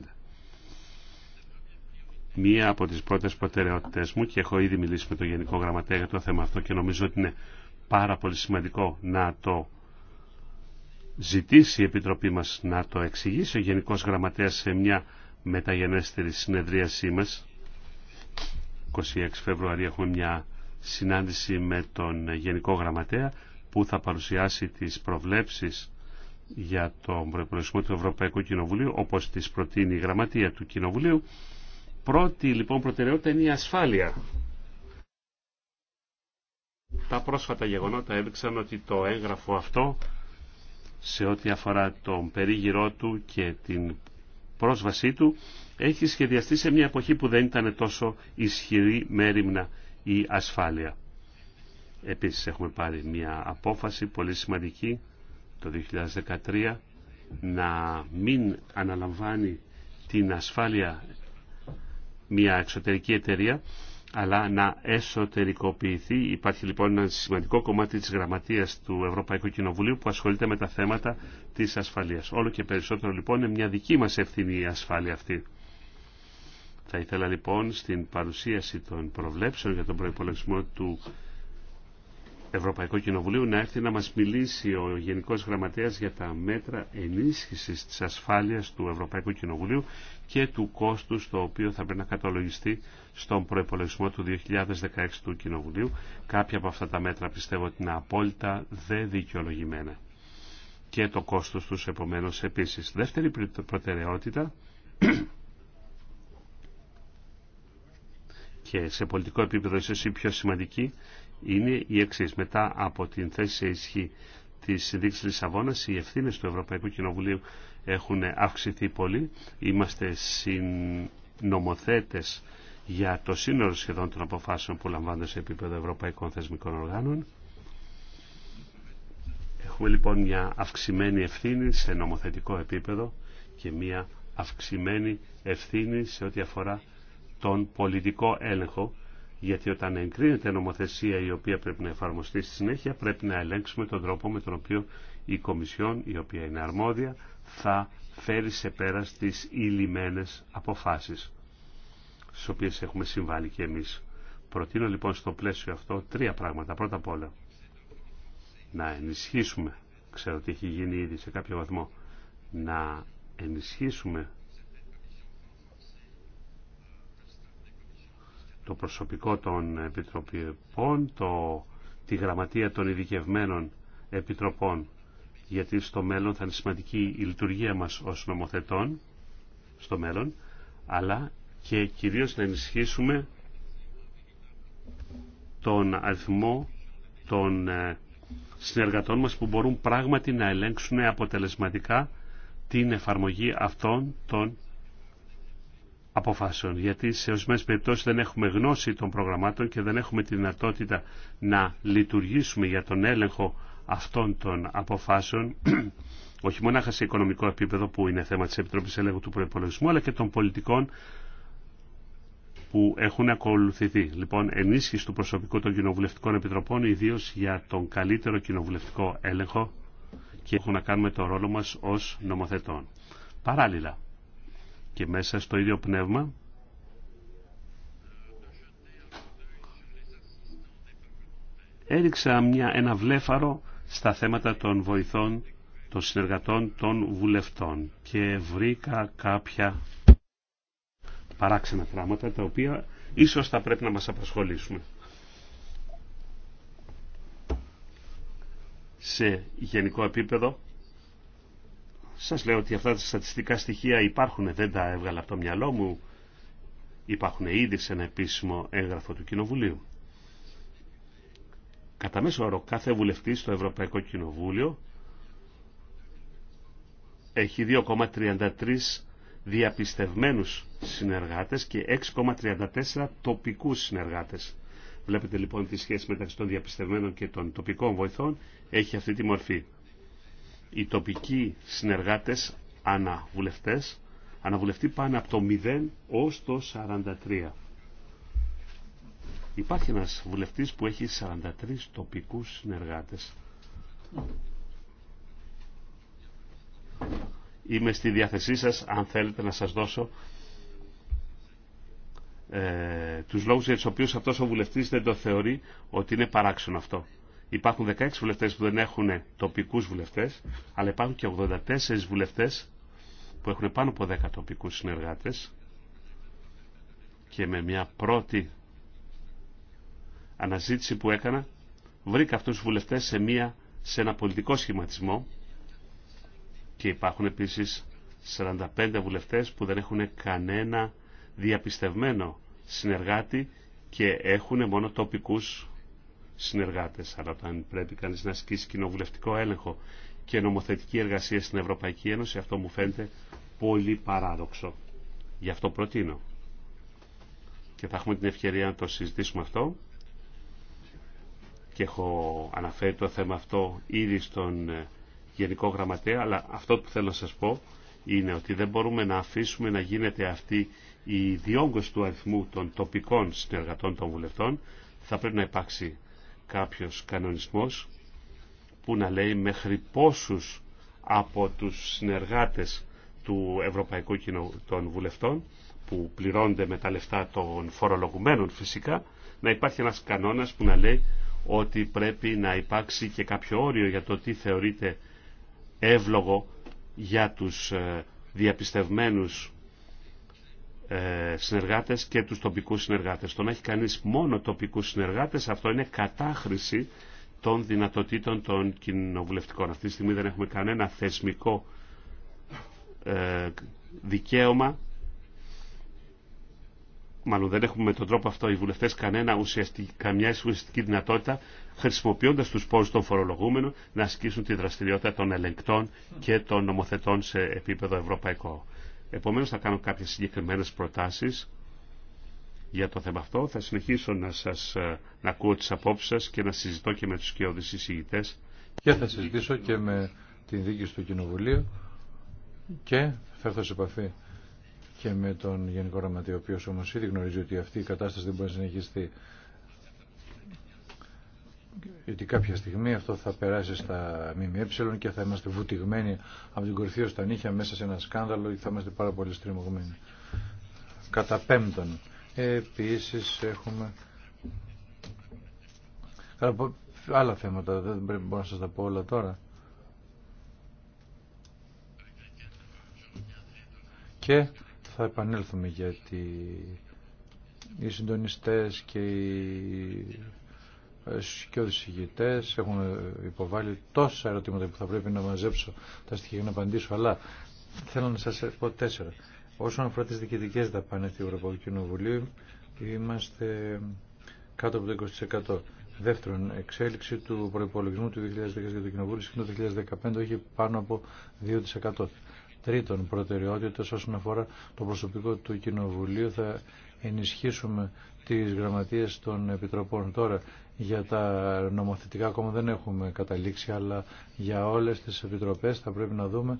Μία από τις πρώτες προτεραιότητες μου, και έχω ήδη μιλήσει με τον Γενικό Γραμματέα για το θέμα αυτό και νομίζω ότι είναι πάρα πολύ σημαντικό να το ζητήσει η Επιτροπή μας να το εξηγήσει ο Γενικός Γραμματέας σε μια μεταγενέστερη συνεδρίασή μας. 26 Φεβρουαρίου έχουμε μια συνάντηση με τον Γενικό Γραμματέα που θα παρουσιάσει τις προβλέψεις για τον προϋπολογισμό του Ευρωπαϊκού Κοινοβουλίου όπως τις προτείνει η Γραμματεία του Κοινοβουλίου. Πρώτη λοιπόν προτεραιότητα είναι η ασφάλεια. Τα πρόσφατα γεγονότα έδειξαν ότι το έγγραφο αυτό σε ό,τι αφορά τον περίγυρό του και την πρόσβασή του έχει σχεδιαστεί σε μια εποχή που δεν ήταν τόσο ισχυρή μέρημνα η ασφάλεια. Επίσης έχουμε πάρει μια απόφαση πολύ σημαντική το 2013 να μην αναλαμβάνει την ασφάλεια μια εξωτερική εταιρεία αλλά να εσωτερικοποιηθεί. Υπάρχει λοιπόν ένα σημαντικό κομμάτι της γραμματείας του Ευρωπαϊκού Κοινοβουλίου που ασχολείται με τα θέματα της ασφαλείας. Όλο και περισσότερο λοιπόν είναι μια δική μας ευθύνη η ασφάλεια αυτή. Θα ήθελα λοιπόν στην παρουσίαση των προβλέψεων για τον προϋπολογισμό του Ευρωπαϊκό Κοινοβουλίου να έρθει να μας μιλήσει ο Γενικός Γραμματέας για τα μέτρα ενίσχυσης της ασφάλειας του Ευρωπαϊκού Κοινοβουλίου και του κόστου το οποίο θα πρέπει να καταλογιστεί στον προπολογισμό του 2016 του Κοινοβουλίου. Κάποια από αυτά τα μέτρα πιστεύω ότι είναι απόλυτα δε δικαιολογημένα. Και το κόστος τους επομένως επίσης. Δεύτερη προτεραιότητα και σε πολιτικό επίπεδο ίσως η πιο σημαντική είναι η εξή. Μετά από την θέση σε ισχύ τη Συνδίκη Λισαβόνα, οι ευθύνε του Ευρωπαϊκού Κοινοβουλίου έχουν αυξηθεί πολύ. Είμαστε συνομοθέτε για το σύνολο σχεδόν των αποφάσεων που λαμβάνονται σε επίπεδο ευρωπαϊκών θεσμικών οργάνων. Έχουμε λοιπόν μια αυξημένη ευθύνη σε νομοθετικό επίπεδο και μια αυξημένη ευθύνη σε ό,τι αφορά τον πολιτικό έλεγχο γιατί όταν εγκρίνεται νομοθεσία η οποία πρέπει να εφαρμοστεί στη συνέχεια πρέπει να ελέγξουμε τον τρόπο με τον οποίο η Κομισιόν, η οποία είναι αρμόδια, θα φέρει σε πέρα τις ηλυμένες αποφάσεις στις οποίες έχουμε συμβάλει και εμείς. Προτείνω λοιπόν στο πλαίσιο αυτό τρία πράγματα. Πρώτα απ' όλα, να ενισχύσουμε, ξέρω ότι έχει γίνει ήδη σε κάποιο βαθμό, να ενισχύσουμε το προσωπικό των επιτροπών, το, τη γραμματεία των ειδικευμένων επιτροπών, γιατί στο μέλλον θα είναι σημαντική η λειτουργία μας ως νομοθετών, στο μέλλον, αλλά και κυρίως να ενισχύσουμε τον αριθμό των ε, συνεργατών μας που μπορούν πράγματι να ελέγξουν αποτελεσματικά την εφαρμογή αυτών των αποφάσεων. Γιατί σε ορισμένε περιπτώσει δεν έχουμε γνώση των προγραμμάτων και δεν έχουμε τη δυνατότητα να λειτουργήσουμε για τον έλεγχο αυτών των αποφάσεων, όχι μόνο σε οικονομικό επίπεδο που είναι θέμα τη Επιτροπή Ελέγχου του Προπολογισμού, αλλά και των πολιτικών που έχουν ακολουθηθεί. Λοιπόν, ενίσχυση του προσωπικού των κοινοβουλευτικών επιτροπών, ιδίω για τον καλύτερο κοινοβουλευτικό έλεγχο και έχουν να κάνουμε το ρόλο μας ως νομοθετών. Παράλληλα, και μέσα στο ίδιο πνεύμα έριξα μια, ένα βλέφαρο στα θέματα των βοηθών, των συνεργατών, των βουλευτών και βρήκα κάποια παράξενα πράγματα τα οποία ίσως θα πρέπει να μας απασχολήσουμε Σε γενικό επίπεδο σας λέω ότι αυτά τα στατιστικά στοιχεία υπάρχουν, δεν τα έβγαλα από το μυαλό μου. Υπάρχουν ήδη σε ένα επίσημο έγγραφο του Κοινοβουλίου. Κατά μέσο όρο κάθε βουλευτή στο Ευρωπαϊκό Κοινοβούλιο έχει 2,33 διαπιστευμένους συνεργάτες και 6,34 τοπικούς συνεργάτες. Βλέπετε λοιπόν τη σχέση μεταξύ των διαπιστευμένων και των τοπικών βοηθών έχει αυτή τη μορφή οι τοπικοί συνεργάτες αναβουλευτές αναβουλευτή πάνε από το 0 ως το 43. Υπάρχει ένας βουλευτής που έχει 43 τοπικούς συνεργάτες. Είμαι στη διάθεσή σας αν θέλετε να σας δώσω ε, τους λόγους για τους οποίους αυτός ο βουλευτής δεν το θεωρεί ότι είναι παράξενο αυτό. Υπάρχουν 16 βουλευτέ που δεν έχουν τοπικούς βουλευτέ, αλλά υπάρχουν και 84 βουλευτέ που έχουν πάνω από 10 τοπικούς συνεργάτες και με μια πρώτη αναζήτηση που έκανα βρήκα αυτούς τους βουλευτές σε, μια, σε ένα πολιτικό σχηματισμό και υπάρχουν επίσης 45 βουλευτές που δεν έχουν κανένα διαπιστευμένο συνεργάτη και έχουν μόνο τοπικούς συνεργάτες. Αλλά όταν πρέπει κανεί να ασκήσει κοινοβουλευτικό έλεγχο και νομοθετική εργασία στην Ευρωπαϊκή Ένωση, αυτό μου φαίνεται πολύ παράδοξο. Γι' αυτό προτείνω. Και θα έχουμε την ευκαιρία να το συζητήσουμε αυτό. Και έχω αναφέρει το θέμα αυτό ήδη στον ε, Γενικό Γραμματέα, αλλά αυτό που θέλω να σας πω είναι ότι δεν μπορούμε να αφήσουμε να γίνεται αυτή η διόγκωση του αριθμού των τοπικών συνεργατών των βουλευτών. Θα πρέπει να υπάρξει κάποιος κανονισμός που να λέει μέχρι πόσους από τους συνεργάτες του Ευρωπαϊκού Κοινο... των Βουλευτών που πληρώνονται με τα λεφτά των φορολογουμένων φυσικά να υπάρχει ένας κανόνας που να λέει ότι πρέπει να υπάρξει και κάποιο όριο για το τι θεωρείται εύλογο για τους ε, διαπιστευμένους ε, συνεργάτες και τους τοπικούς συνεργάτες. Το να έχει κανείς μόνο τοπικούς συνεργάτες, αυτό είναι κατάχρηση των δυνατοτήτων των κοινοβουλευτικών. Αυτή τη στιγμή δεν έχουμε κανένα θεσμικό ε, δικαίωμα μάλλον δεν έχουμε με τον τρόπο αυτό οι βουλευτές κανένα ουσιαστική, καμιά ουσιαστική δυνατότητα χρησιμοποιώντας τους πόρους των φορολογούμενων να ασκήσουν τη δραστηριότητα των ελεγκτών και των νομοθετών σε επίπεδο ευρωπαϊκό. Επομένως θα κάνω κάποιες συγκεκριμένες προτάσεις για το θέμα αυτό. Θα συνεχίσω να, σας, ε, να ακούω τις απόψεις σας και να συζητώ και με τους κοιόδης εισηγητές. Και θα συζητήσω και με την δίκη του Κοινοβουλίου και θα έρθω σε επαφή και με τον Γενικό Γραμματέα, ο οποίος όμως ήδη γνωρίζει ότι αυτή η κατάσταση δεν μπορεί να συνεχιστεί γιατί κάποια στιγμή αυτό θα περάσει στα ΜΜΕ και θα είμαστε βουτυγμένοι από την κορυφή ως τα νύχια μέσα σε ένα σκάνδαλο και θα είμαστε πάρα πολύ στριμωγμένοι. Κατά πέμπτον, επίσης έχουμε άλλα θέματα, δεν μπορώ να σας τα πω όλα τώρα. Και θα επανέλθουμε γιατί οι συντονιστές και οι οι ηγητές, έχουν υποβάλει τόσα ερωτήματα που θα πρέπει να μαζέψω τα στοιχεία για να απαντήσω, αλλά θέλω να σας πω τέσσερα. Όσον αφορά τις διοικητικές δαπάνες του Ευρωπαϊκού Κοινοβουλίου, είμαστε κάτω από το 20%. Δεύτερον, εξέλιξη του προϋπολογισμού του 2010 για το Κοινοβούλιο, συχνά το 2015 όχι πάνω από 2%. Τρίτον, προτεραιότητε όσον αφορά το προσωπικό του Κοινοβουλίου θα ενισχύσουμε τις γραμματείες των Επιτροπών. Τώρα, για τα νομοθετικά ακόμα δεν έχουμε καταλήξει, αλλά για όλες τις επιτροπές θα πρέπει να δούμε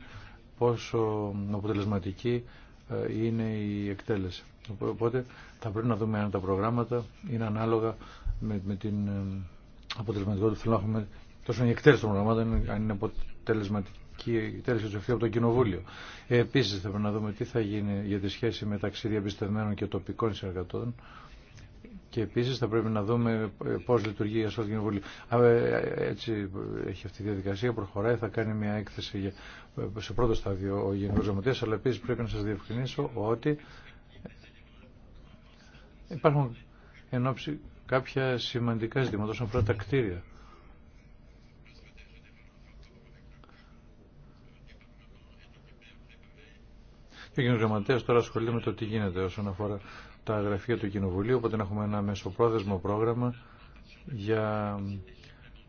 πόσο αποτελεσματική ε, είναι η εκτέλεση. Οπότε θα πρέπει να δούμε αν τα προγράμματα είναι ανάλογα με, με την ε, αποτελεσματικότητα που θέλουμε τόσο η εκτέλεση των προγραμμάτων, αν είναι αποτελεσματική η εκτέλεση του από το Κοινοβούλιο. Ε, Επίση θα πρέπει να δούμε τι θα γίνει για τη σχέση μεταξύ διαπιστευμένων και τοπικών συνεργατών και επίσης θα πρέπει να δούμε ε, πώς λειτουργεί η Ασφαλτική Βουλή. Ε, έτσι έχει αυτή η διαδικασία, προχωράει, θα κάνει μια έκθεση ε, σε πρώτο στάδιο ο Γενικός Γραμματέας, αλλά επίσης πρέπει να σας διευκρινίσω ότι υπάρχουν εν κάποια σημαντικά ζητήματα όσον αφορά τα κτίρια. Και ο Γενικός Γραμματέας τώρα ασχολείται με το τι γίνεται όσον αφορά τα γραφεία του Κοινοβουλίου, οπότε να έχουμε ένα μεσοπρόθεσμο πρόγραμμα για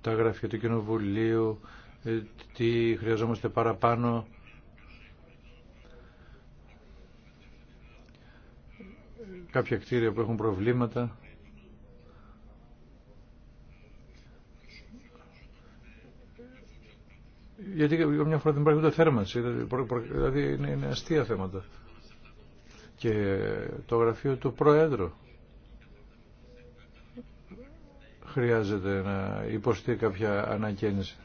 τα γραφεία του Κοινοβουλίου, ε, τι χρειαζόμαστε παραπάνω. Κάποια κτίρια που έχουν προβλήματα. Γιατί μια φορά δεν υπάρχει ούτε θέρμανση, δηλαδή, δηλαδή είναι αστεία θέματα και το γραφείο του Προέδρου χρειάζεται να υποστεί κάποια ανακαίνιση.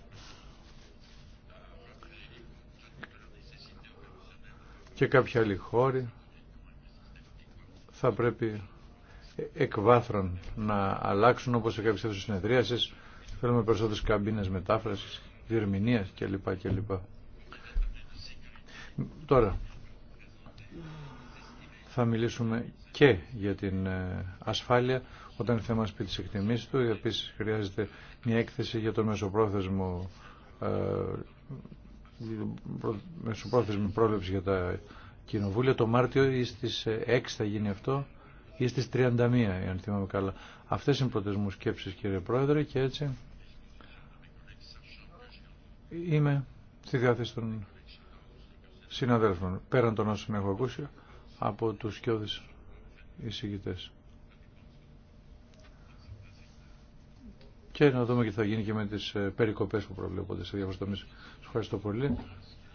Και κάποια άλλη χώρη θα πρέπει βάθρων να αλλάξουν όπως σε κάποιες θέσεις συνεδρίασεις. Θέλουμε περισσότερες καμπίνες μετάφρασης, διερμηνίας κλπ. κλπ. Τώρα, θα μιλήσουμε και για την ε, ασφάλεια όταν θέμα πει τη εκτιμήσεις του. Επίσης χρειάζεται μια έκθεση για το μεσοπρόθεσμο ε, μεσοπρόθεσμη πρόληψη για τα κοινοβούλια. Το Μάρτιο ή στις 6 ε, θα γίνει αυτό ή στις 31, αν θυμάμαι καλά. Αυτές είναι οι πρώτες μου σκέψεις, κύριε Πρόεδρε, και έτσι είμαι στη διάθεση των συναδέλφων, πέραν των όσων έχω ακούσει από τους σκιώδεις εισηγητές. Και να δούμε τι θα γίνει και με τις ε, περικοπές που προβλέπονται σε διάφορες τομείς. Σας ευχαριστώ πολύ.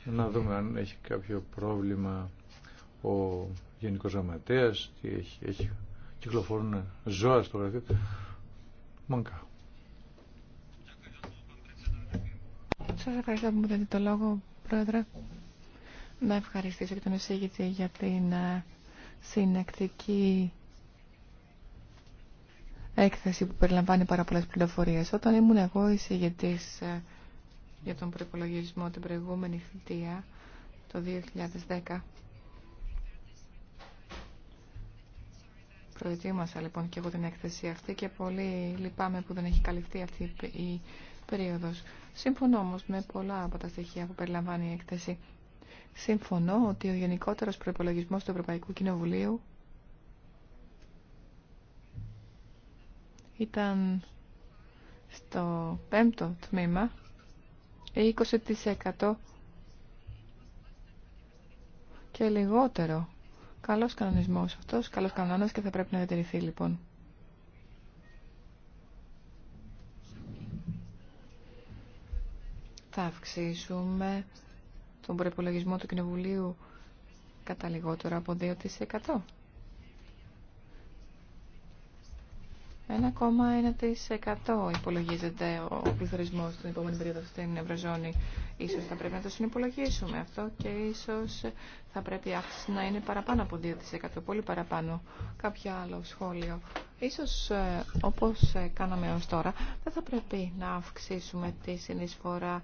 Να δούμε αν έχει κάποιο πρόβλημα ο Γενικός Γραμματέας, τι έχει, έχει κυκλοφορούν ζώα στο γραφείο. Μανκά. Σας ευχαριστώ που μου δίνετε το λόγο, Πρόεδρε. Να ευχαριστήσω και τον εισήγητη για την ε, συνεκτική έκθεση που περιλαμβάνει πάρα πολλές πληροφορίες. Όταν ήμουν εγώ εισηγητής ε, για τον προπολογισμό την προηγούμενη θητεία, το 2010, προετοίμασα λοιπόν και εγώ την έκθεση αυτή και πολύ λυπάμαι που δεν έχει καλυφθεί αυτή η περίοδος. Σύμφωνο όμως με πολλά από τα στοιχεία που περιλαμβάνει η έκθεση, Συμφωνώ ότι ο γενικότερος προϋπολογισμός του Ευρωπαϊκού Κοινοβουλίου ήταν στο πέμπτο τμήμα 20% και λιγότερο. Καλός κανονισμός αυτός, καλός κανόνας και θα πρέπει να διατηρηθεί λοιπόν. Θα αυξήσουμε στον προπολογισμό του Κοινοβουλίου κατά λιγότερο από 2%. 1,1% υπολογίζεται ο πληθωρισμό στην επόμενη περίοδο στην Ευρωζώνη. Ίσως θα πρέπει να το συνυπολογίσουμε αυτό και ίσως θα πρέπει η αύξηση να είναι παραπάνω από 2%, πολύ παραπάνω. Κάποιο άλλο σχόλιο. Ίσως ε, όπως ε, κάναμε ως τώρα, δεν θα πρέπει να αυξήσουμε τη συνεισφορά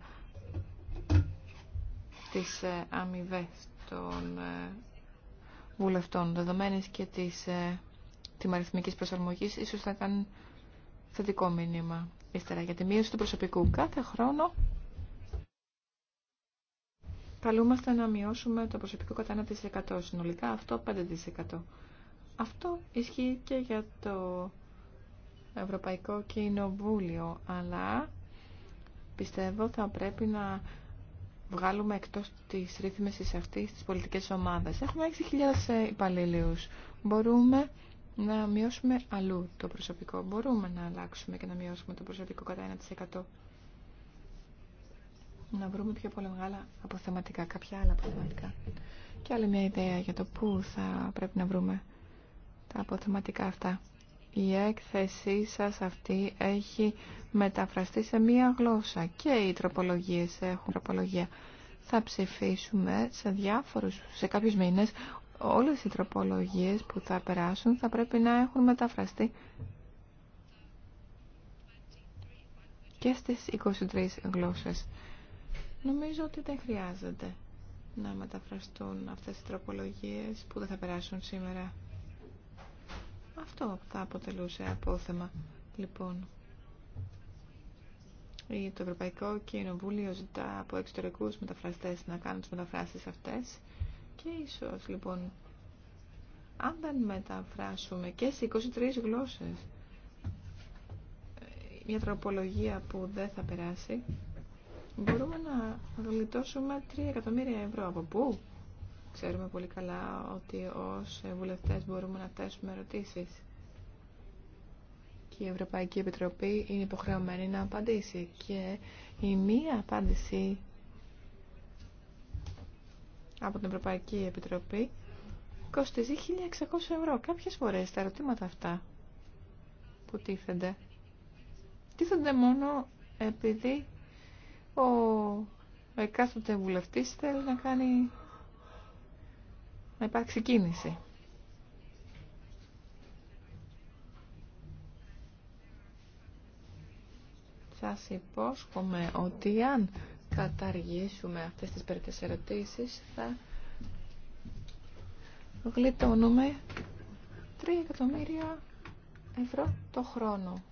τις ε, αμοιβέ των ε, βουλευτών δεδομένε και της ε, τιμαριθμικής προσαρμογής ίσως θα ήταν θετικό μήνυμα ύστερα για τη μείωση του προσωπικού κάθε χρόνο καλούμαστε να μειώσουμε το προσωπικό κατά 1% συνολικά αυτό 5% αυτό ισχύει και για το Ευρωπαϊκό Κοινοβούλιο αλλά πιστεύω θα πρέπει να βγάλουμε εκτός της ρύθμισης αυτής τις πολιτικές ομάδες. Έχουμε 6.000 ε, υπαλλήλους. Μπορούμε να μειώσουμε αλλού το προσωπικό. Μπορούμε να αλλάξουμε και να μειώσουμε το προσωπικό κατά 1%. Να βρούμε πιο πολλά μεγάλα αποθεματικά, κάποια άλλα αποθεματικά. Και άλλη μια ιδέα για το πού θα πρέπει να βρούμε τα αποθεματικά αυτά η έκθεσή σας αυτή έχει μεταφραστεί σε μία γλώσσα και οι τροπολογίες έχουν τροπολογία. Θα ψηφίσουμε σε διάφορους, σε κάποιους μήνες, όλες οι τροπολογίες που θα περάσουν θα πρέπει να έχουν μεταφραστεί και στις 23 γλώσσες. Νομίζω ότι δεν χρειάζεται να μεταφραστούν αυτές οι τροπολογίες που δεν θα περάσουν σήμερα. Αυτό θα αποτελούσε απόθεμα. Λοιπόν, το Ευρωπαϊκό Κοινοβούλιο ζητά από εξωτερικούς μεταφραστές να κάνουν τις μεταφράσεις αυτές και ίσως λοιπόν αν δεν μεταφράσουμε και σε 23 γλώσσες ε, μια τροπολογία που δεν θα περάσει μπορούμε να γλιτώσουμε 3 εκατομμύρια ευρώ από πού? Ξέρουμε πολύ καλά ότι ως βουλευτές μπορούμε να θέσουμε ερωτήσεις και η Ευρωπαϊκή Επιτροπή είναι υποχρεωμένη να απαντήσει και η μία απάντηση από την Ευρωπαϊκή Επιτροπή κοστίζει 1.600 ευρώ. Κάποιες φορές τα ερωτήματα αυτά που τίθενται τίθενται μόνο επειδή ο εκάστοτε βουλευτής θέλει να κάνει να υπάρξει κίνηση. Σας υπόσχομαι ότι αν καταργήσουμε αυτές τις περίπτες ερωτήσεις θα γλιτώνουμε 3 εκατομμύρια ευρώ το χρόνο.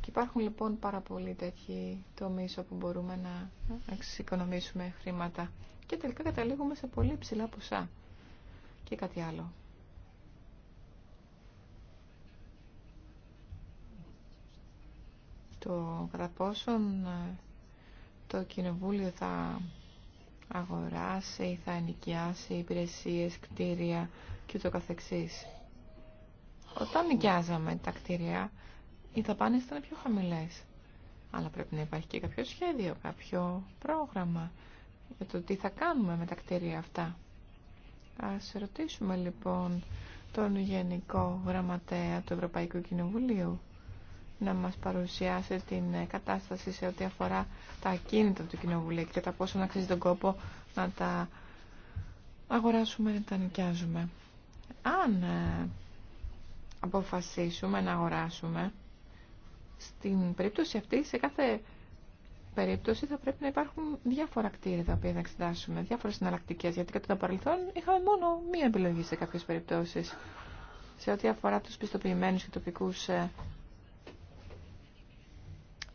Και υπάρχουν λοιπόν πάρα πολλοί τέτοιοι τομείς όπου μπορούμε να εξοικονομήσουμε χρήματα και τελικά καταλήγουμε σε πολύ ψηλά ποσά. Και κάτι άλλο. Το κατά πόσον ε, το Κοινοβούλιο θα αγοράσει, ...ή θα ενοικιάσει υπηρεσίες, κτίρια και το καθεξής. Όταν νοικιάζαμε τα κτίρια, οι δαπάνε ήταν πιο χαμηλές. Αλλά πρέπει να υπάρχει και κάποιο σχέδιο, κάποιο πρόγραμμα για το τι θα κάνουμε με τα κτίρια αυτά. Ας ρωτήσουμε λοιπόν τον Γενικό Γραμματέα του Ευρωπαϊκού Κοινοβουλίου να μας παρουσιάσει την ε, κατάσταση σε ό,τι αφορά τα ακίνητα του Κοινοβουλίου και τα πόσο να αξίζει τον κόπο να τα αγοράσουμε ή να τα νοικιάζουμε. Αν ε, αποφασίσουμε να αγοράσουμε, στην περίπτωση αυτή σε κάθε περίπτωση θα πρέπει να υπάρχουν διάφορα κτίρια τα οποία θα εξετάσουμε, διάφορε συναλλακτικέ. Γιατί κατά το παρελθόν είχαμε μόνο μία επιλογή σε κάποιε περιπτώσει. Σε ό,τι αφορά του πιστοποιημένου και τοπικού ε,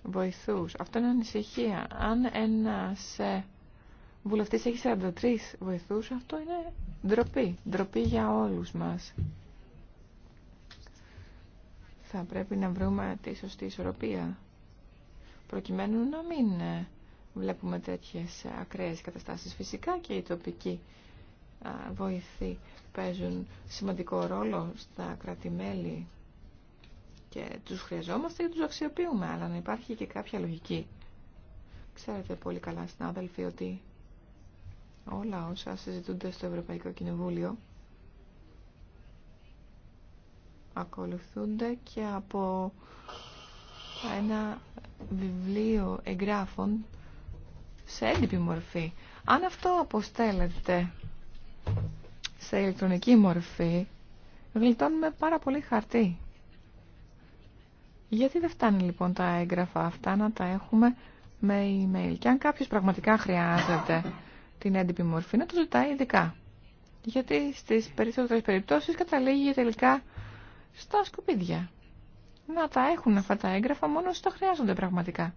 βοηθού. Αυτό είναι ανησυχία. Αν ένα ε, βουλευτή έχει 43 βοηθού, αυτό είναι ντροπή. Ντροπή για όλου μα. Θα πρέπει να βρούμε τη σωστή ισορροπία προκειμένου να μην ε, βλέπουμε τέτοιες ακραίες καταστάσεις. Φυσικά και οι τοπικοί βοηθοί παίζουν σημαντικό ρόλο στα κράτη-μέλη και τους χρειαζόμαστε και τους αξιοποιούμε, αλλά να υπάρχει και κάποια λογική. Ξέρετε πολύ καλά, συνάδελφοι, ότι όλα όσα συζητούνται στο Ευρωπαϊκό Κοινοβούλιο ακολουθούνται και από ένα βιβλίο εγγράφων σε έντυπη μορφή. Αν αυτό αποστέλλεται σε ηλεκτρονική μορφή, γλιτώνουμε πάρα πολύ χαρτί. Γιατί δεν φτάνει λοιπόν τα έγγραφα αυτά να τα έχουμε με email. Και αν κάποιος πραγματικά χρειάζεται την έντυπη μορφή, να το ζητάει ειδικά. Γιατί στις περισσότερες περιπτώσεις καταλήγει τελικά στα σκουπίδια να τα έχουν αυτά τα έγγραφα μόνο όσοι τα χρειάζονται πραγματικά.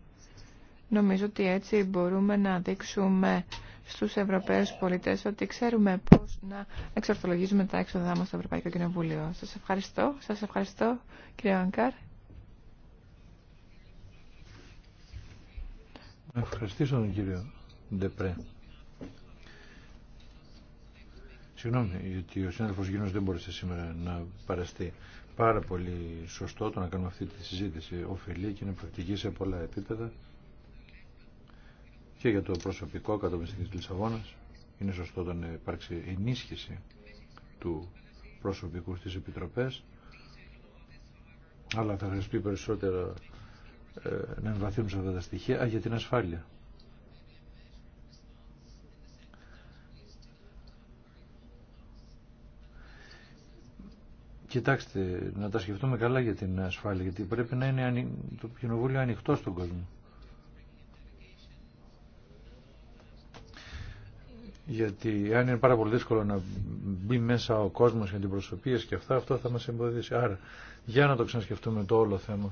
Νομίζω ότι έτσι μπορούμε να δείξουμε στους Ευρωπαίους πολίτες ότι ξέρουμε πώς να εξορθολογίζουμε τα έξοδά μας στο Ευρωπαϊκό Κοινοβούλιο. Σας ευχαριστώ. Σας ευχαριστώ κύριε Αγκάρ. Ευχαριστήσω τον κύριο Ντεπρέ. Συγγνώμη, γιατί ο συνάδελφος Γίνος δεν μπορούσε σήμερα να παραστεί πάρα πολύ σωστό το να κάνουμε αυτή τη συζήτηση. Οφειλεί και είναι πρακτική σε πολλά επίπεδα και για το προσωπικό κατ' τη Λισαβόνας. Είναι σωστό το να υπάρξει ενίσχυση του προσωπικού στις επιτροπές αλλά θα χρειαστεί περισσότερα ε, να εμβαθύνουν σε αυτά τα στοιχεία για την ασφάλεια. Κοιτάξτε, να τα σκεφτούμε καλά για την ασφάλεια, γιατί πρέπει να είναι το κοινοβούλιο ανοιχτό στον κόσμο. Γιατί αν είναι πάρα πολύ δύσκολο να μπει μέσα ο κόσμος για την προσωπία και αυτά, αυτό θα μας εμποδίσει. Άρα, για να το ξανασκεφτούμε το όλο θέμα.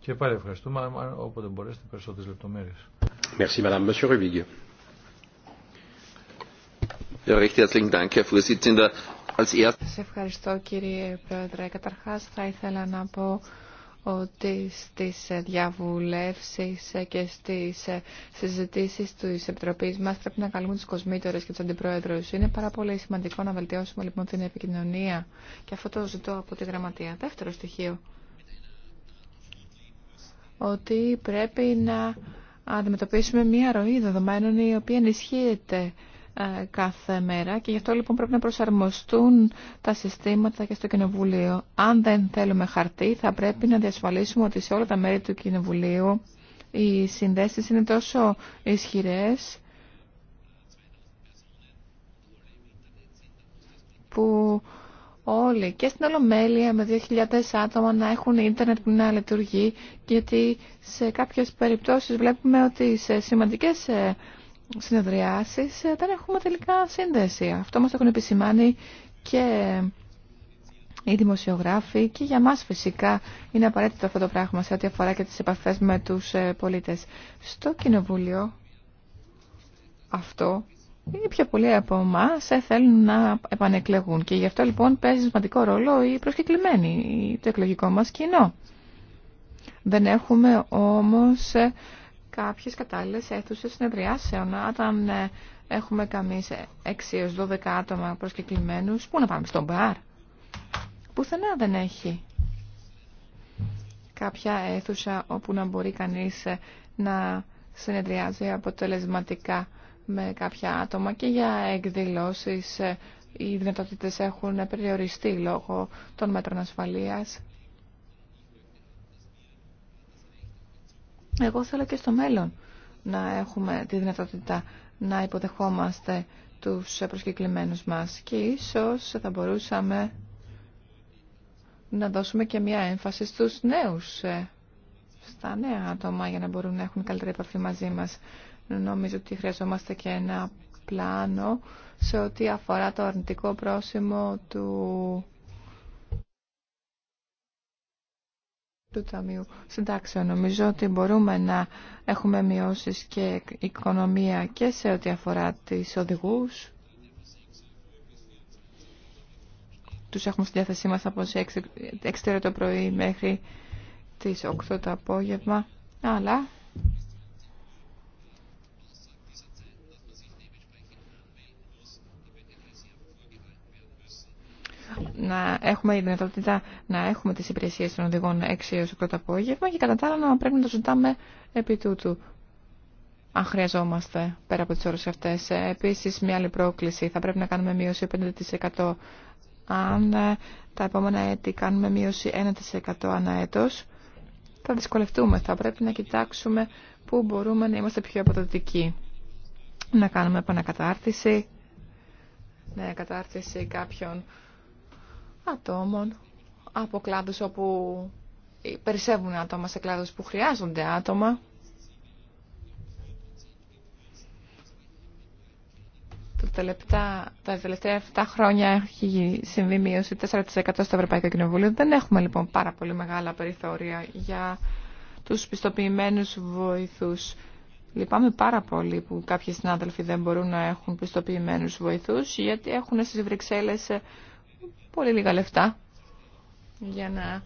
Και πάλι ευχαριστούμε, όποτε μπορέσετε περισσότερες λεπτομέρειες. Merci, Madame. Monsieur σας ευχαριστώ κύριε Πρόεδρε. Καταρχάς θα ήθελα να πω ότι στις διαβουλεύσεις και στις συζητήσεις της Επιτροπής μας πρέπει να καλούμε τους κοσμήτωρες και τους αντιπρόεδρους. Είναι πάρα πολύ σημαντικό να βελτιώσουμε λοιπόν την επικοινωνία και αυτό το ζητώ από τη γραμματεία. Δεύτερο στοιχείο, ότι πρέπει να αντιμετωπίσουμε μια ροή δεδομένων η οποία ενισχύεται ε, κάθε μέρα και γι' αυτό λοιπόν πρέπει να προσαρμοστούν τα συστήματα και στο Κοινοβουλίο. Αν δεν θέλουμε χαρτί θα πρέπει να διασφαλίσουμε ότι σε όλα τα μέρη του Κοινοβουλίου οι συνδέσει είναι τόσο ισχυρές που όλοι και στην Ολομέλεια με 2.000 άτομα να έχουν ίντερνετ που να λειτουργεί γιατί σε κάποιες περιπτώσεις βλέπουμε ότι σε σημαντικές ε, συνεδριάσεις ε, δεν έχουμε τελικά σύνδεση. Αυτό μας το έχουν επισημάνει και οι δημοσιογράφοι και για μας φυσικά είναι απαραίτητο αυτό το πράγμα σε ό,τι αφορά και τις επαφές με τους ε, πολίτες. Στο Κοινοβούλιο αυτό οι πιο πολλοί από εμά θέλουν να επανεκλεγούν και γι' αυτό λοιπόν παίζει σημαντικό ρόλο οι προσκεκλημένη, το εκλογικό μας κοινό. Δεν έχουμε όμως ε, κάποιες κατάλληλες αίθουσες συνεδριάσεων. Όταν ε, έχουμε κανεί 6 12 άτομα προσκεκλημένους, πού να πάμε, στο μπαρ. Πουθενά δεν έχει κάποια αίθουσα όπου να μπορεί κανείς ε, να συνεδριάζει αποτελεσματικά με κάποια άτομα και για εκδηλώσεις ε, οι δυνατότητες έχουν περιοριστεί λόγω των μέτρων ασφαλείας. Εγώ θέλω και στο μέλλον να έχουμε τη δυνατότητα να υποδεχόμαστε τους προσκεκλημένους μας και ίσως θα μπορούσαμε να δώσουμε και μια έμφαση στους νέους, ε, στα νέα άτομα για να μπορούν να έχουν καλύτερη επαφή μαζί μας. Νομίζω ότι χρειαζόμαστε και ένα πλάνο σε ό,τι αφορά το αρνητικό πρόσημο του του Ταμείου Συντάξεων. Νομίζω ότι μπορούμε να έχουμε μειώσεις και οικονομία και σε ό,τι αφορά τις οδηγούς. Τους έχουμε στη διάθεσή μας από 6 το πρωί μέχρι τις 8 το απόγευμα. Αλλά να έχουμε η δυνατότητα να έχουμε τις υπηρεσίες των οδηγών 6 έως 8 το απόγευμα και κατά τα άλλα να πρέπει να το ζητάμε επί τούτου αν χρειαζόμαστε πέρα από τις ώρες αυτές. Επίσης, μια άλλη πρόκληση. Θα πρέπει να κάνουμε μείωση 5%. Αν ε, τα επόμενα έτη κάνουμε μείωση 1% ανά έτος, θα δυσκολευτούμε. Θα πρέπει να κοιτάξουμε πού μπορούμε να είμαστε πιο αποδοτικοί. Να κάνουμε επανακατάρτιση, ναι, κατάρτιση κάποιων ατόμων από κλάδους όπου περισσεύουν άτομα σε κλάδους που χρειάζονται άτομα. τα τελευταία 7 χρόνια έχει συμβεί μείωση 4% στο Ευρωπαϊκό Κοινοβούλιο. Δεν έχουμε λοιπόν πάρα πολύ μεγάλα περιθώρια για τους πιστοποιημένους βοηθούς. Λυπάμαι πάρα πολύ που κάποιοι συνάδελφοι δεν μπορούν να έχουν πιστοποιημένους βοηθούς γιατί έχουν στις Βρυξέλλες πολύ λίγα λεφτά για να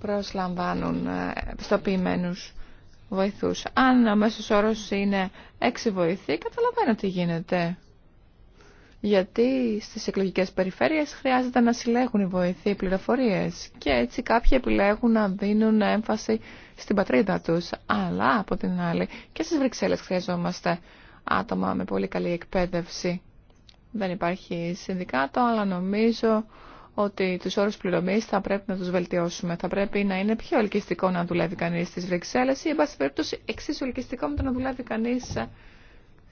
προσλαμβάνουν ε, πιστοποιημένους βοηθούς. Αν ο μέσος όρος είναι έξι βοηθοί, καταλαβαίνω τι γίνεται. Γιατί στις εκλογικές περιφέρειες χρειάζεται να συλλέγουν οι βοηθοί πληροφορίες και έτσι κάποιοι επιλέγουν να δίνουν έμφαση στην πατρίδα τους. Αλλά από την άλλη και στις Βρυξέλλες χρειαζόμαστε άτομα με πολύ καλή εκπαίδευση δεν υπάρχει συνδικάτο, αλλά νομίζω ότι τους όρους πληρωμής θα πρέπει να τους βελτιώσουμε. Θα πρέπει να είναι πιο ελκυστικό να δουλεύει κανείς στις Βρυξέλλες ή, εν πάση περίπτωση, εξίσου ελκυστικό με το να δουλεύει κανείς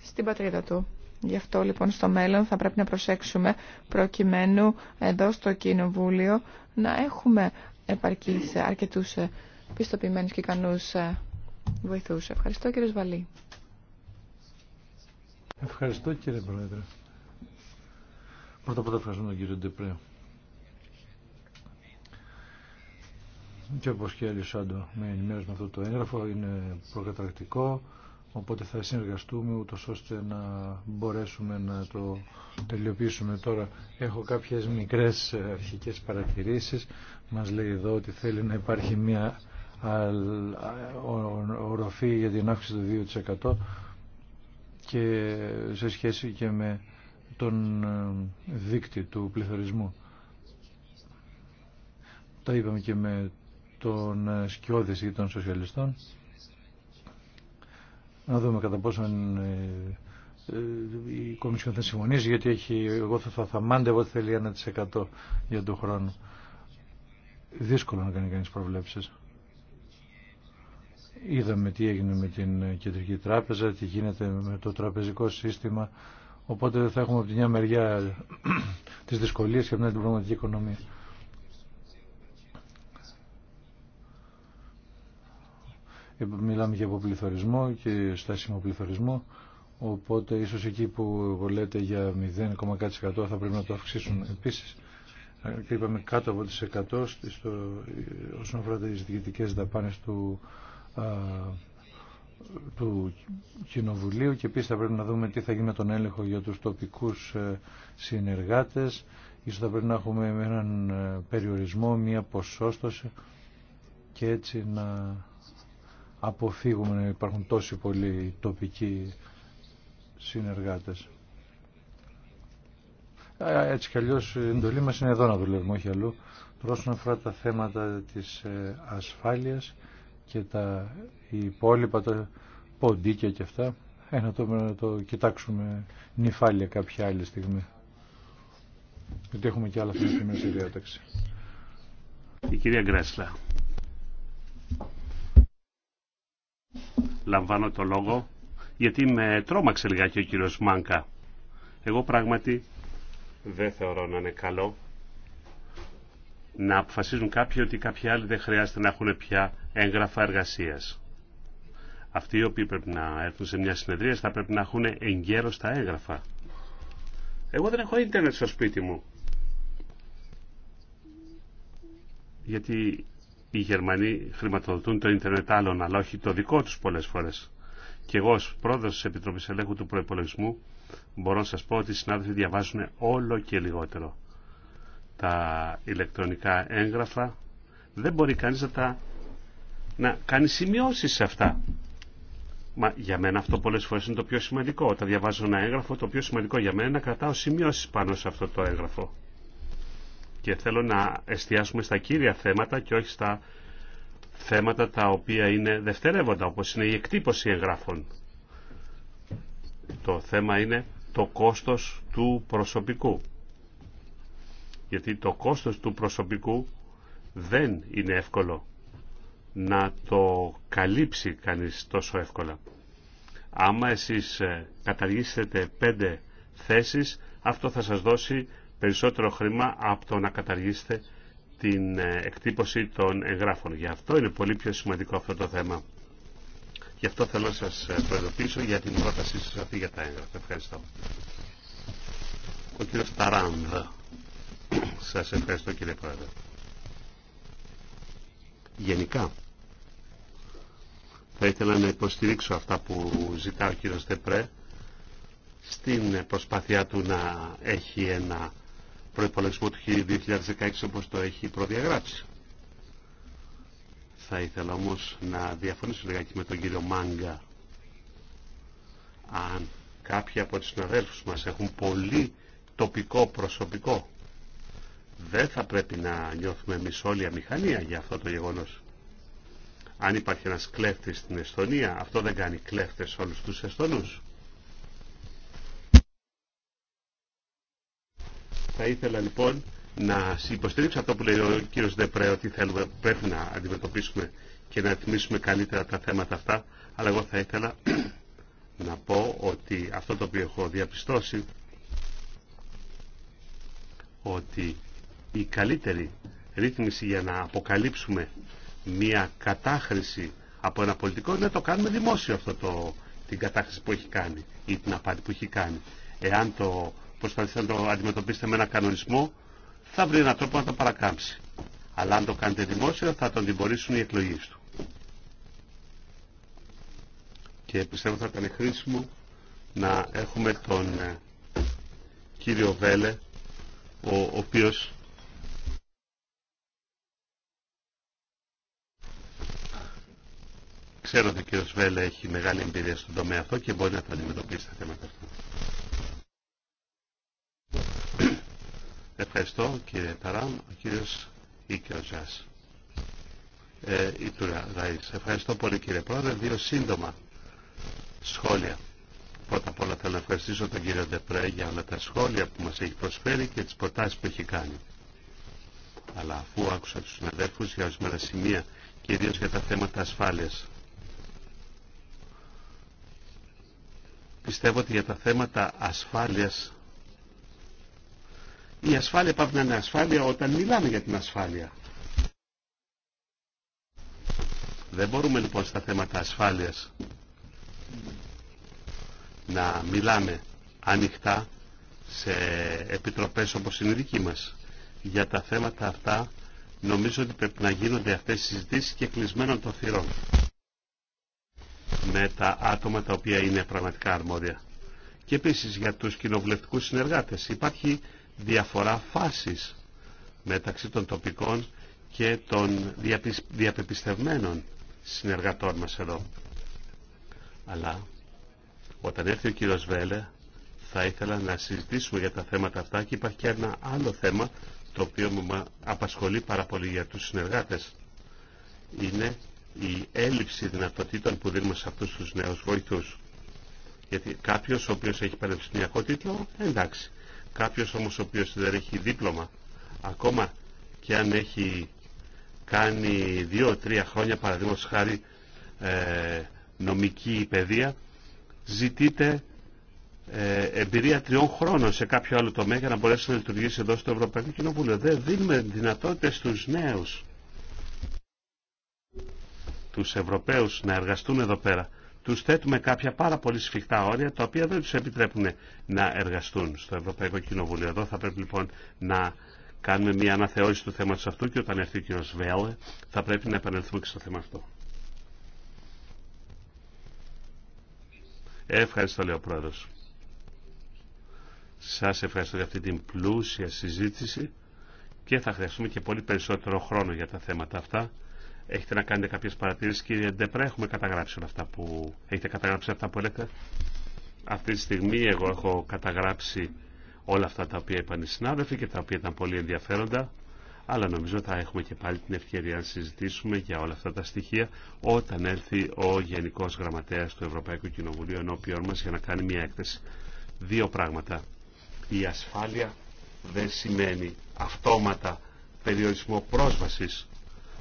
στην πατρίδα του. Γι' αυτό λοιπόν στο μέλλον θα πρέπει να προσέξουμε προκειμένου εδώ στο Κοινοβούλιο να έχουμε επαρκείς αρκετούς πιστοποιημένους και ικανούς βοηθούς. Ευχαριστώ κύριε Βαλή. Ευχαριστώ κύριε Πρόεδρε. Πρώτα απ' όλα ευχαριστούμε τον κύριο Ντεπρέ. Και όπως και η Αλισάντο με με αυτό το έγγραφο, είναι προκαταρκτικό, οπότε θα συνεργαστούμε ούτως ώστε να μπορέσουμε να το τελειοποιήσουμε τώρα. Έχω κάποιες μικρές αρχικές παρατηρήσεις. Μας λέει εδώ ότι θέλει να υπάρχει μια οροφή για την αύξηση του 2% και σε σχέση και με τον ε, δίκτυ του πληθωρισμού. Τα είπαμε και με τον ε, σκιώδηση ή των σοσιαλιστών. Να δούμε κατά πόσον ε, Κομισιόν θα συμφωνήσει, γιατί έχει, εγώ θα, θα, θα ότι θέλει 1% για τον χρόνο. Δύσκολο να κάνει κανείς προβλέψεις. Είδαμε τι έγινε με την Κεντρική Τράπεζα, τι γίνεται με το τραπεζικό σύστημα. Οπότε θα έχουμε από τη μια μεριά τις δυσκολίες και από την πραγματική οικονομία. Μιλάμε και από πληθωρισμό και στάσιμο πληθωρισμό. Οπότε ίσως εκεί που λέτε για 0,1% θα πρέπει να το αυξήσουν επίσης. Και είπαμε κάτω από τις 100 στο, όσον αφορά τις διοικητικές δαπάνες του του Κοινοβουλίου και επίσης θα πρέπει να δούμε τι θα γίνει με τον έλεγχο για τους τοπικούς ε, συνεργάτες. Ίσως θα πρέπει να έχουμε έναν ε, περιορισμό, μία ποσόστοση και έτσι να αποφύγουμε να υπάρχουν τόσοι πολλοί τοπικοί συνεργάτες. Έτσι κι αλλιώς η εντολή μας είναι εδώ να δουλεύουμε, όχι αλλού. Τώρα τα θέματα της ε, ασφάλειας και τα υπόλοιπα, τα ποντίκια και αυτά, ε, να το, κοιτάξουμε νυφάλια κάποια άλλη στιγμή. Γιατί έχουμε και άλλα θέματα στη διάταξη. Η κυρία Γκρέσλα. Λαμβάνω το λόγο γιατί με τρόμαξε λιγάκι ο κύριος Μάνκα. Εγώ πράγματι δεν θεωρώ να είναι καλό να αποφασίζουν κάποιοι ότι κάποιοι άλλοι δεν χρειάζεται να έχουν πια έγγραφα εργασία. Αυτοί οι οποίοι πρέπει να έρθουν σε μια συνεδρία θα πρέπει να έχουν εγκαίρω τα έγγραφα. Εγώ δεν έχω ίντερνετ στο σπίτι μου. Γιατί οι Γερμανοί χρηματοδοτούν το ίντερνετ άλλων, αλλά όχι το δικό του πολλέ φορέ. Και εγώ ω πρόεδρο τη Επιτροπή Ελέγχου του Προπολογισμού, μπορώ να σα πω ότι οι συνάδελφοι διαβάζουν όλο και λιγότερο τα ηλεκτρονικά έγγραφα. Δεν μπορεί κανείς να, να κάνει σημειώσεις σε αυτά. Μα για μένα αυτό πολλές φορές είναι το πιο σημαντικό. Όταν διαβάζω ένα έγγραφο, το πιο σημαντικό για μένα είναι να κρατάω σημειώσεις πάνω σε αυτό το έγγραφο. Και θέλω να εστιάσουμε στα κύρια θέματα και όχι στα θέματα τα οποία είναι δευτερεύοντα, όπως είναι η εκτύπωση εγγράφων. Το θέμα είναι το κόστος του προσωπικού γιατί το κόστος του προσωπικού δεν είναι εύκολο να το καλύψει κανείς τόσο εύκολα. Άμα εσείς ε, καταργήσετε πέντε θέσεις, αυτό θα σας δώσει περισσότερο χρήμα από το να καταργήσετε την ε, εκτύπωση των εγγράφων. Γι' αυτό είναι πολύ πιο σημαντικό αυτό το θέμα. Γι' αυτό θέλω να σας ε, προειδοποιήσω για την πρότασή σας αυτή για τα έγγραφα. Ευχαριστώ. Ο σας ευχαριστώ κύριε Πρόεδρε. Γενικά, θα ήθελα να υποστηρίξω αυτά που ζητά ο κύριος Τεπρέ στην προσπάθειά του να έχει ένα προϋπολογισμό του 2016 όπως το έχει προδιαγράψει. Θα ήθελα όμως να διαφωνήσω λιγάκι με τον κύριο Μάγκα. Αν κάποιοι από τους συναδέλφους μας έχουν πολύ τοπικό προσωπικό δεν θα πρέπει να νιώθουμε εμείς όλοι αμηχανία για αυτό το γεγονός. Αν υπάρχει ένας κλέφτης στην Εστονία, αυτό δεν κάνει κλέφτες όλους τους Εστονούς. Θα ήθελα λοιπόν να υποστηρίξω αυτό που λέει ο κύριος Δεπρέ, ότι θέλουμε, πρέπει να αντιμετωπίσουμε και να ρυθμίσουμε καλύτερα τα θέματα αυτά, αλλά εγώ θα ήθελα να πω ότι αυτό το οποίο έχω διαπιστώσει, ότι η καλύτερη ρύθμιση για να αποκαλύψουμε μια κατάχρηση από ένα πολιτικό είναι να το κάνουμε δημόσιο αυτό το, την κατάχρηση που έχει κάνει ή την απάτη που έχει κάνει. Εάν το προσπαθήσετε να το αντιμετωπίσετε με ένα κανονισμό, θα βρει έναν τρόπο να το παρακάμψει. Αλλά αν το κάνετε δημόσιο, θα τον τιμωρήσουν οι εκλογέ του. Και πιστεύω θα ήταν χρήσιμο να έχουμε τον ε, κύριο Βέλε, ο οποίος Ξέρω ότι ο κύριος Βέλλα έχει μεγάλη εμπειρία στον τομέα αυτό και μπορεί να τα αντιμετωπίσει τα θέματα αυτά. Ευχαριστώ κύριε Ταράμ, ο κύριος Ικεοζάς. Ε, Ευχαριστώ πολύ κύριε Πρόεδρε. Δύο σύντομα σχόλια. Πρώτα απ' όλα θέλω να ευχαριστήσω τον κύριο Ντεπρέ για όλα τα σχόλια που μας έχει προσφέρει και τις προτάσεις που έχει κάνει. Αλλά αφού άκουσα τους συναδέλφους για ορισμένα σημεία κυρίω για τα θέματα ασφάλεια. Πιστεύω ότι για τα θέματα ασφάλειας η ασφάλεια πάει να είναι ασφάλεια όταν μιλάμε για την ασφάλεια. Δεν μπορούμε λοιπόν στα θέματα ασφάλειας να μιλάμε ανοιχτά σε επιτροπές όπως είναι η δική μας. Για τα θέματα αυτά νομίζω ότι πρέπει να γίνονται αυτές οι συζητήσεις και κλεισμένων των θυρών με τα άτομα τα οποία είναι πραγματικά αρμόδια. Και επίσης για τους κοινοβουλευτικούς συνεργάτες υπάρχει διαφορά φάσης μεταξύ των τοπικών και των διαπεπιστευμένων συνεργατών μας εδώ. Αλλά όταν έρθει ο κύριος Βέλε θα ήθελα να συζητήσουμε για τα θέματα αυτά και υπάρχει και ένα άλλο θέμα το οποίο μου απασχολεί πάρα πολύ για τους συνεργάτες. Είναι η έλλειψη δυνατοτήτων που δίνουμε σε αυτούς τους νέους βοηθούς. Γιατί κάποιος ο οποίος έχει πανεπιστημιακό τίτλο, εντάξει. Κάποιος όμως ο οποίος δεν έχει δίπλωμα, ακόμα και αν έχει κάνει δύο-τρία χρόνια παραδείγματος χάρη ε, νομική παιδεία, ζητείται ε, εμπειρία τριών χρόνων σε κάποιο άλλο τομέα για να μπορέσει να λειτουργήσει εδώ στο Ευρωπαϊκό Κοινοβούλιο. Δεν δίνουμε δυνατότητες στους νέους τους Ευρωπαίους να εργαστούν εδώ πέρα, τους θέτουμε κάποια πάρα πολύ σφιχτά όρια, τα οποία δεν τους επιτρέπουν να εργαστούν στο Ευρωπαϊκό Κοινοβούλιο. Εδώ θα πρέπει λοιπόν να κάνουμε μια αναθεώρηση του θέματος αυτού και όταν έρθει ο κ. Βέλε θα πρέπει να επανέλθουμε και στο θέμα αυτό. Ευχαριστώ, λέει ο Πρόεδρος. Σας ευχαριστώ για αυτή την πλούσια συζήτηση και θα χρειαστούμε και πολύ περισσότερο χρόνο για τα θέματα αυτά. Έχετε να κάνετε κάποιες παρατηρήσεις κύριε Ντεπρά, έχουμε καταγράψει όλα αυτά που... Έχετε καταγράψει αυτά που έλεγα. Αυτή τη στιγμή εγώ έχω καταγράψει όλα αυτά τα οποία είπαν οι συνάδελφοι και τα οποία ήταν πολύ ενδιαφέροντα. Αλλά νομίζω θα έχουμε και πάλι την ευκαιρία να συζητήσουμε για όλα αυτά τα στοιχεία όταν έρθει ο Γενικό Γραμματέα του Ευρωπαϊκού Κοινοβουλίου ενώπιον μας για να κάνει μια έκθεση. Δύο πράγματα. Η ασφάλεια δεν σημαίνει αυτόματα περιορισμό πρόσβασης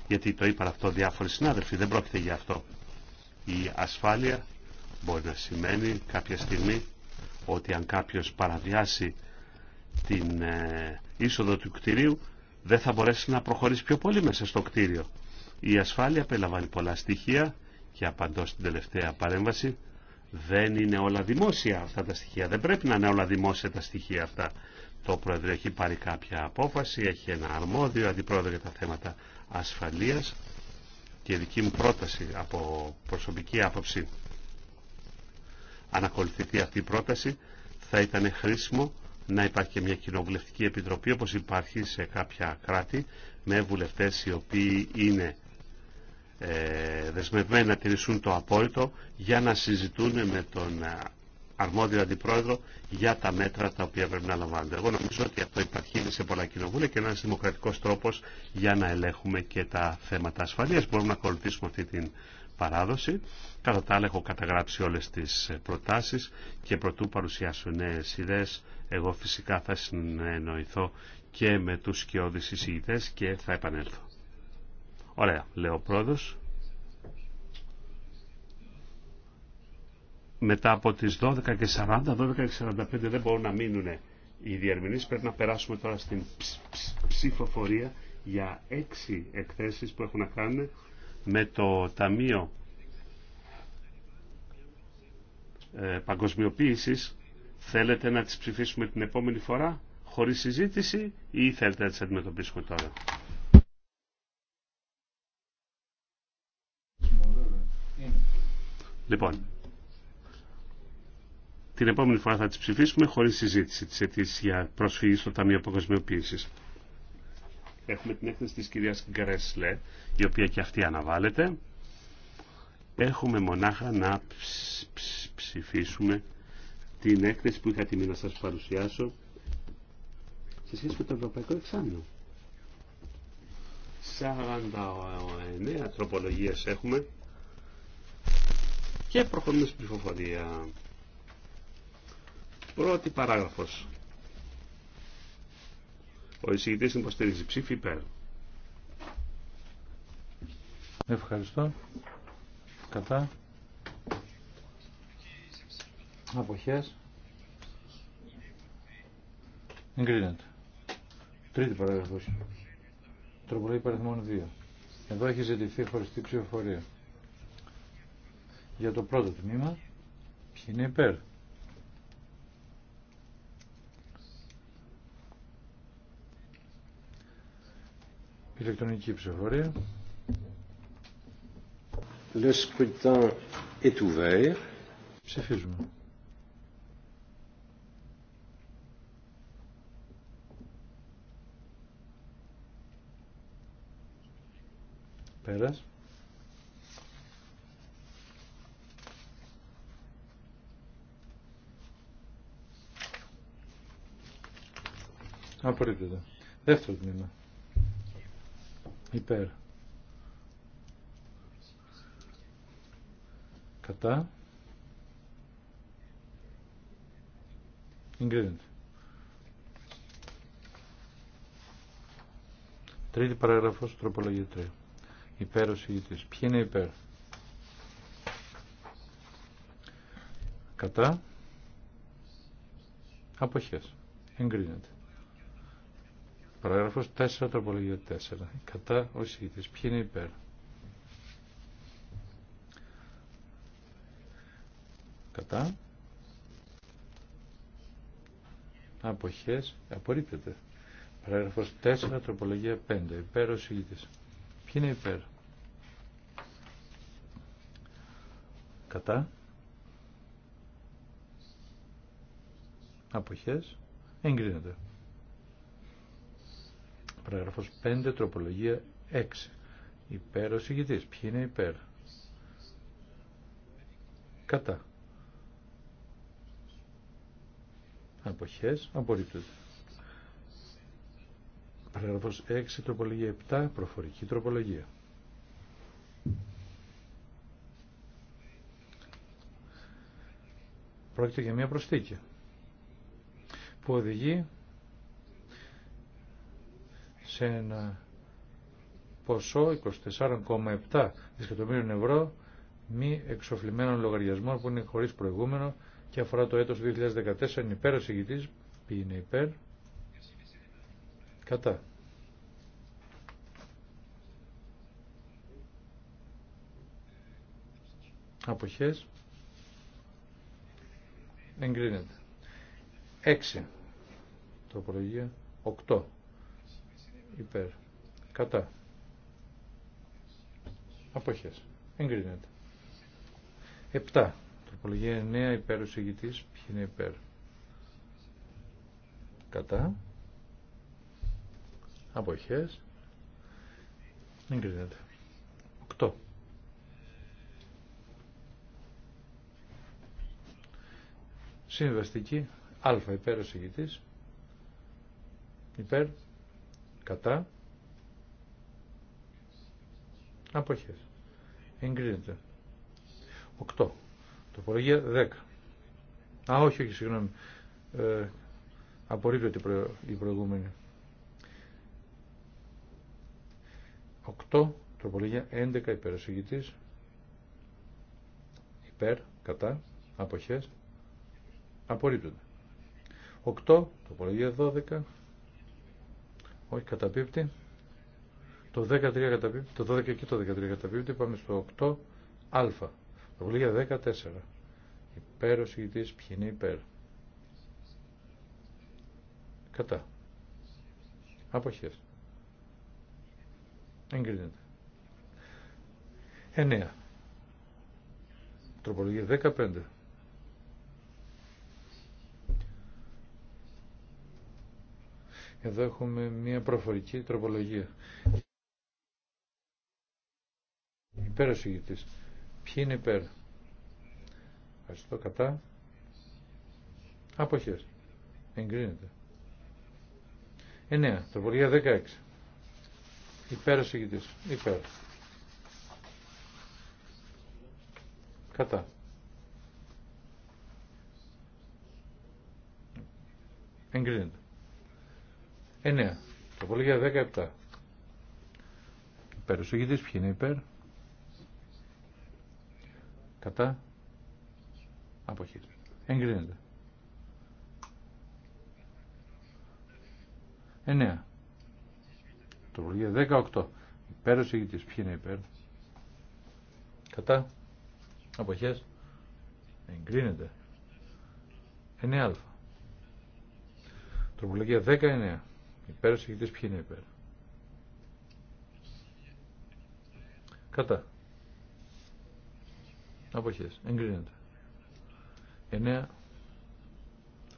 γιατί το είπαν αυτό διάφοροι συνάδελφοι, δεν πρόκειται για αυτό. Η ασφάλεια μπορεί να σημαίνει κάποια στιγμή ότι αν κάποιος παραβιάσει την ε, είσοδο του κτηρίου δεν θα μπορέσει να προχωρήσει πιο πολύ μέσα στο κτίριο. Η ασφάλεια περιλαμβάνει πολλά στοιχεία και απαντώ στην τελευταία παρέμβαση δεν είναι όλα δημόσια αυτά τα στοιχεία. Δεν πρέπει να είναι όλα δημόσια τα στοιχεία αυτά. Το Πρόεδρο έχει πάρει κάποια απόφαση, έχει ένα αρμόδιο αντιπρόεδρο για τα θέματα ασφαλείας και δική μου πρόταση από προσωπική άποψη αν ακολουθηθεί αυτή η πρόταση θα ήταν χρήσιμο να υπάρχει και μια κοινοβουλευτική επιτροπή όπως υπάρχει σε κάποια κράτη με βουλευτές οι οποίοι είναι ε, δεσμευμένοι να τηρήσουν το απόλυτο για να συζητούν με τον ε, αρμόδιο αντιπρόεδρο για τα μέτρα τα οποία πρέπει να λαμβάνονται. Εγώ νομίζω ότι αυτό υπάρχει σε πολλά κοινοβούλια και είναι ένας δημοκρατικός τρόπος για να ελέγχουμε και τα θέματα ασφαλείας. Μπορούμε να ακολουθήσουμε αυτή την παράδοση. Κατά τα άλλα έχω καταγράψει όλες τις προτάσεις και προτού παρουσιάσουν νέες ιδέες εγώ φυσικά θα συνεννοηθώ και με τους σκιώδεις εισηγητές και θα επανέλθω. Ωραία, λέω πρόεδρος. μετά από τις 12.40, 12.45 δεν μπορούν να μείνουν οι διερμηνείς. Πρέπει να περάσουμε τώρα στην ψηφοφορία για έξι εκθέσεις που έχουν να κάνουν με το Ταμείο ε, Παγκοσμιοποίησης. Θέλετε να τις ψηφίσουμε την επόμενη φορά χωρίς συζήτηση ή θέλετε να τις αντιμετωπίσουμε τώρα. Λοιπόν, την επόμενη φορά θα τις ψηφίσουμε χωρίς συζήτηση της αιτήσεις για προσφυγή στο Ταμείο Παγκοσμιοποίησης. Έχουμε την έκθεση της κυρίας Γκρέσλε, η οποία και αυτή αναβάλλεται. Έχουμε μονάχα να ψηφίσουμε την έκθεση που είχα τιμή να σας παρουσιάσω σε σχέση με το Ευρωπαϊκό Εξάμεινο. 49 τροπολογίες έχουμε και προχωρούμε στην ψηφοφορία. Πρώτη παράγραφος. Ο εισηγητής υποστηρίζει. Ψήφι υπέρ. Ευχαριστώ. Κατά. Αποχές. Εγκρίνεται. Τρίτη παράγραφος. Τροπολογή μόνο 2. Εδώ έχει ζητηθεί χωριστή ψηφοφορία. Για το πρώτο τμήμα, ποιοι είναι υπέρ. ηλεκτρονική ψηφοφορία. Le scrutin est ouvert. Ψηφίζουμε. Πέρας. Απορρίπτεται. Δεύτερο τμήμα υπέρ κατά ingredient. Τρίτη παράγραφος, τροπολογία 3. Υπέρ ο συγητής. Ποιοι είναι υπέρ. Κατά. Αποχές. Ingredient. Παράγραφος 4, τροπολογία 4. Κατά ο εισηγητής. Ποιοι είναι υπέρ. Κατά. Αποχές. Απορρίπτεται. Παράγραφος 4, τροπολογία 5. Υπέρ ο εισηγητής. Ποιοι είναι υπέρ. Κατά. Αποχές. Εγκρίνεται. Παραγραφός 5, τροπολογία 6. Υπέρ ο συγητής. Ποιοι είναι υπέρ. Κατά. Αποχές απορρίπτεται. Παραγραφός 6, τροπολογία 7, προφορική τροπολογία. Πρόκειται για μια προσθήκη που οδηγεί σε ένα ποσό 24,7 δισεκατομμύριων ευρώ μη εξοφλημένων λογαριασμών που είναι χωρίς προηγούμενο και αφορά το έτος 2014 υπέρο υπέρ ο συγκητής, είναι υπέρ, κατά. Αποχές. Εγκρίνεται. 6. προηγείο 8 υπέρ. Κατά. Αποχές. Εγκρίνεται. Επτά. Τροπολογία 9 υπέρ ο συγητής. Ποιοι είναι υπέρ. Κατά. Αποχές. Εγκρίνεται. Οκτώ. Συμβαστική. Α υπέρ ο συγητής. Υπέρ. Κατά. Αποχές. Εγκρίνεται. 8. Τοπολογία 10. Α, όχι, όχι, συγγνώμη. Ε, την προ... προηγούμενη. 8. Τροπολογία 11 υπέρ Υπέρ, κατά, αποχές. Απορρίπτονται. 8. τοπολογία 12 όχι καταπίπτει. Το 13 καταπίπτει, το 12 και το 13 καταπίπτει, πάμε στο 8α. Τροπολογία 14. Υπέρ ο συγκητής, ποιοι υπέρ. Κατά. Αποχές. Εγκρίνεται. 9. Τροπολογία 15. Εδώ έχουμε μια προφορική τροπολογία. Υπέρ ο Ποιοι είναι υπέρ. Ευχαριστώ. Κατά. Αποχές. Εγκρίνεται. Εννέα. Τροπολογία 16. Υπέρ ο Υπέρ. Κατά. Εγκρίνεται. 9. Τροπολογία 17. Υπέρ. Σογητής ποιοι είναι υπέρ. Κατά. Αποχή. Εγκρίνεται. 9. Τροπολογία 18. Υπέρ ο συγητής. Ποιοι είναι υπέρ. Κατά. Αποχές. Εγκρίνεται. 9α. Τροπολογία 19. Υπέρ εισηγητής ποιοι είναι υπέρ. Κατά. Αποχές. Εγκρίνεται. 9.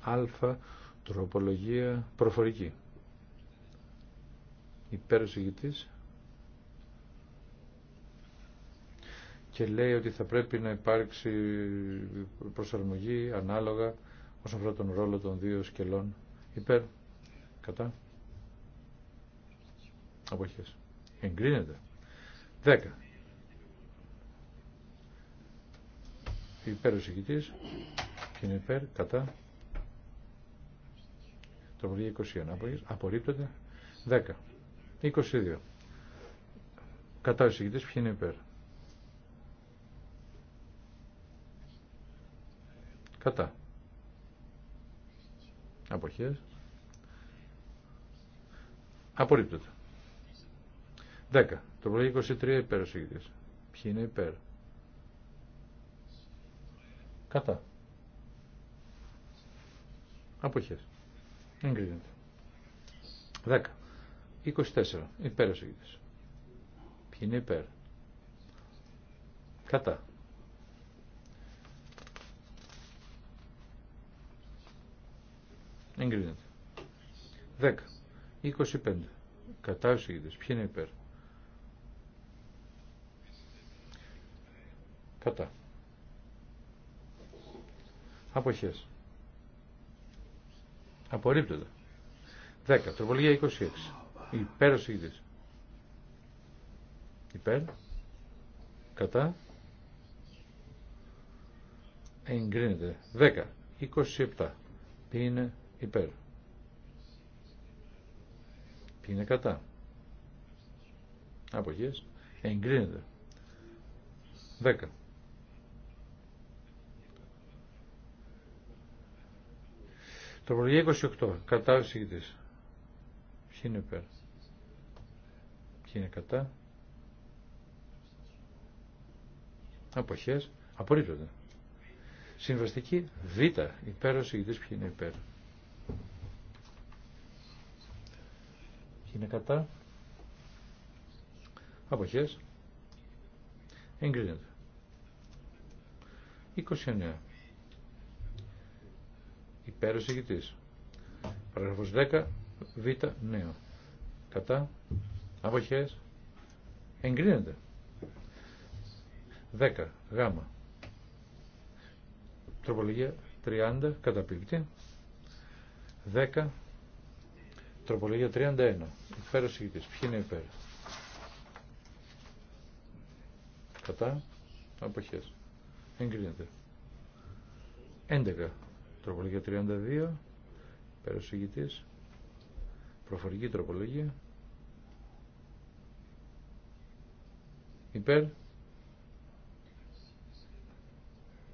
Αλφα Τροπολογία προφορική. Υπέρ εισηγητής. Και λέει ότι θα πρέπει να υπάρξει προσαρμογή ανάλογα όσον αφορά τον ρόλο των δύο σκελών υπέρ, κατά, Αποχές. Εγκρίνεται. 10. Υπέρ ο συγκητής. Και είναι υπέρ. Κατά. το Τροπολογία 21. Αποχές. Απορρίπτεται. 10. 22. Κατά ο συγκητής. Ποιοι είναι υπέρ. Κατά. Αποχές. Απορρίπτεται. 10. Το Τροπολογία 23 υπέρ ο Ποιοι είναι υπέρ. Κατά. Αποχές. Εγκρίνεται. 10. 24. Υπέρ ο συγκριτής. Ποιοι είναι υπέρ. Κατά. Εγκρίνεται. 10. 25. Κατά ο Ποιοι είναι υπέρ. Κατά. Αποχές. Απορρίπτεται. 10. Τροπολογία 26. Υπέρ ο Υπέρ. Κατά. Εγκρίνεται. 10. 27. Ποιοι είναι υπέρ. Ποιοι είναι κατά. Αποχές. Εγκρίνεται. 10. Τροπολογία 28. Κατά ο συγκητής. Ποιοι είναι υπέρ. Ποιοι είναι κατά. Αποχές. Απορρίπτονται. Συμβαστική Β. Υπέρ ο συγκητής. Ποιοι είναι υπέρ. Ποιοι είναι κατά. Αποχές. Εγκρίνεται. 29. Υπέρος ηγητής Παραγραφός 10. Β. Νέο. Κατά. Αποχές. Εγκρίνεται. 10. Γ. Τροπολογία 30. Καταπίπτει. 10. Τροπολογία 31. Υπέρος ηγητής Ποιοι είναι υπέρ. Κατά. Αποχές. Εγκρίνεται. 11. Τροπολογία 32. Πέρασε Προφορική τροπολογία. Υπέρ.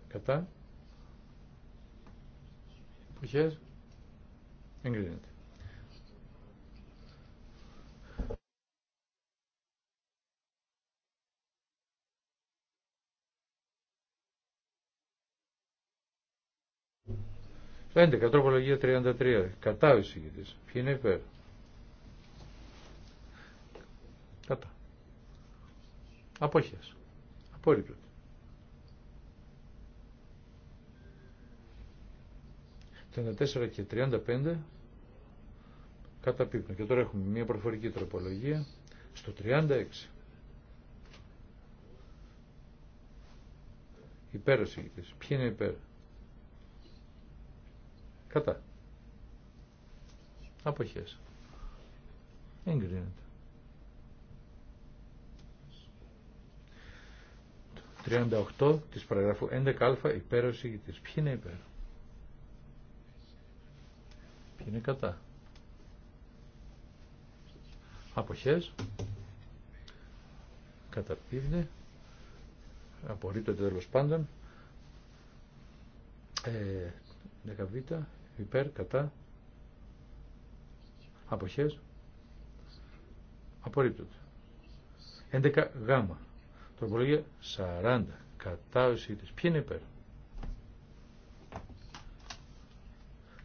Κατά. Εποχές. Εγκρίνεται. 11. Τροπολογία 33. Κατά ο εισηγητής. Ποιοι είναι υπέρ. Κατά. Απόχειας. Απόρριπτο. Τα και 35 πίπνο. Και τώρα έχουμε μια προφορική τροπολογία στο 36. Υπέρ ο Ποιοι είναι υπέρ. Κατά. Αποχές. Εγκρίνεται. 38 της παραγράφου 11α υπέρ ο Ποιοι είναι υπέρ. Ποιοι είναι κατά. Αποχές. Καταπίδνε. Απορρίπτεται τέλο πάντων. Ε, 10β υπέρ, κατά, αποχές, απορρίπτονται. 11 γάμα, τροπολογία 40, κατά ο εισήτης. Ποιοι είναι υπέρ.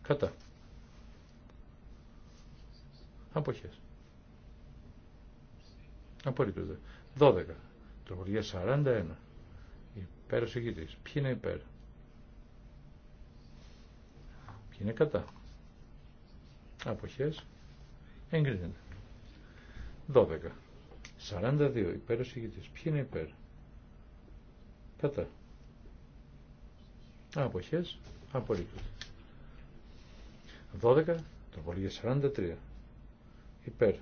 Κατά. Αποχές. Απορρίπτονται. 12. Τροπολογία 41. Υπέρ ο εισήτης. Ποιοι είναι υπέρ. είναι κατά. Αποχές εγκρίνεται. 12. 42 υπέρ ο συγητής. Ποιοι είναι υπέρ. Κατά. Αποχές Απολύτως. 12. το Τροπολογία 43. Υπέρ.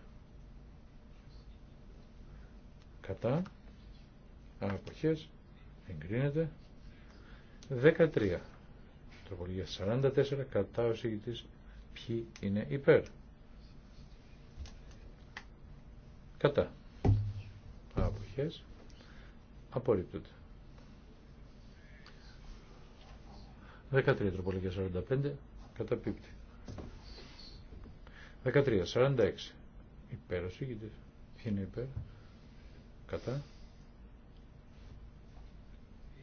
Κατά. Αποχές εγκρίνεται. 13 Τροπολογία 44 κατά ο συγητής, ποιοι είναι υπέρ. Κατά. Αποχές. Απορρίπτονται. 13 τροπολογία 45 καταπίπτει. 13, 46 υπέρ ο συγητής, Ποιοι είναι υπέρ. Κατά.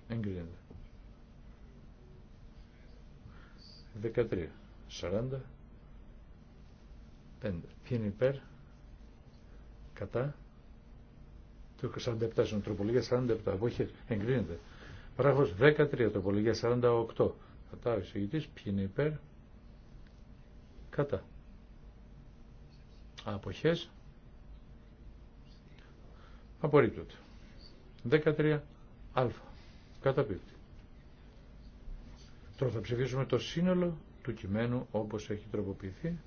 Εγκρίνεται. 13, 40, 5. Ποιοι είναι υπέρ, κατά, το 47 στην τροπολογία 47, όχι εγκρίνεται. Παράγος 13, τροπολογία 48, κατά ο εισηγητής, ποιοι είναι υπέρ, κατά. Αποχές, απορρίπτωται. 13α, καταπίπτει. Τώρα θα ψηφίσουμε το σύνολο του κειμένου όπως έχει τροποποιηθεί.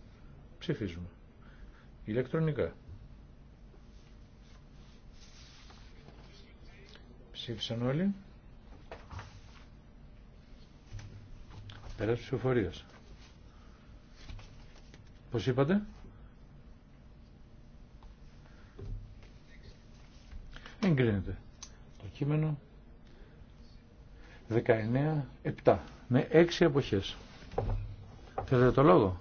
Ψηφίζουμε. Ηλεκτρονικά. Ψήφισαν όλοι. Πέρα ψηφοφορίας. Πώς είπατε. Εγκρίνεται. Το κείμενο 19-7 με έξι εποχές. Θέλετε το λόγο.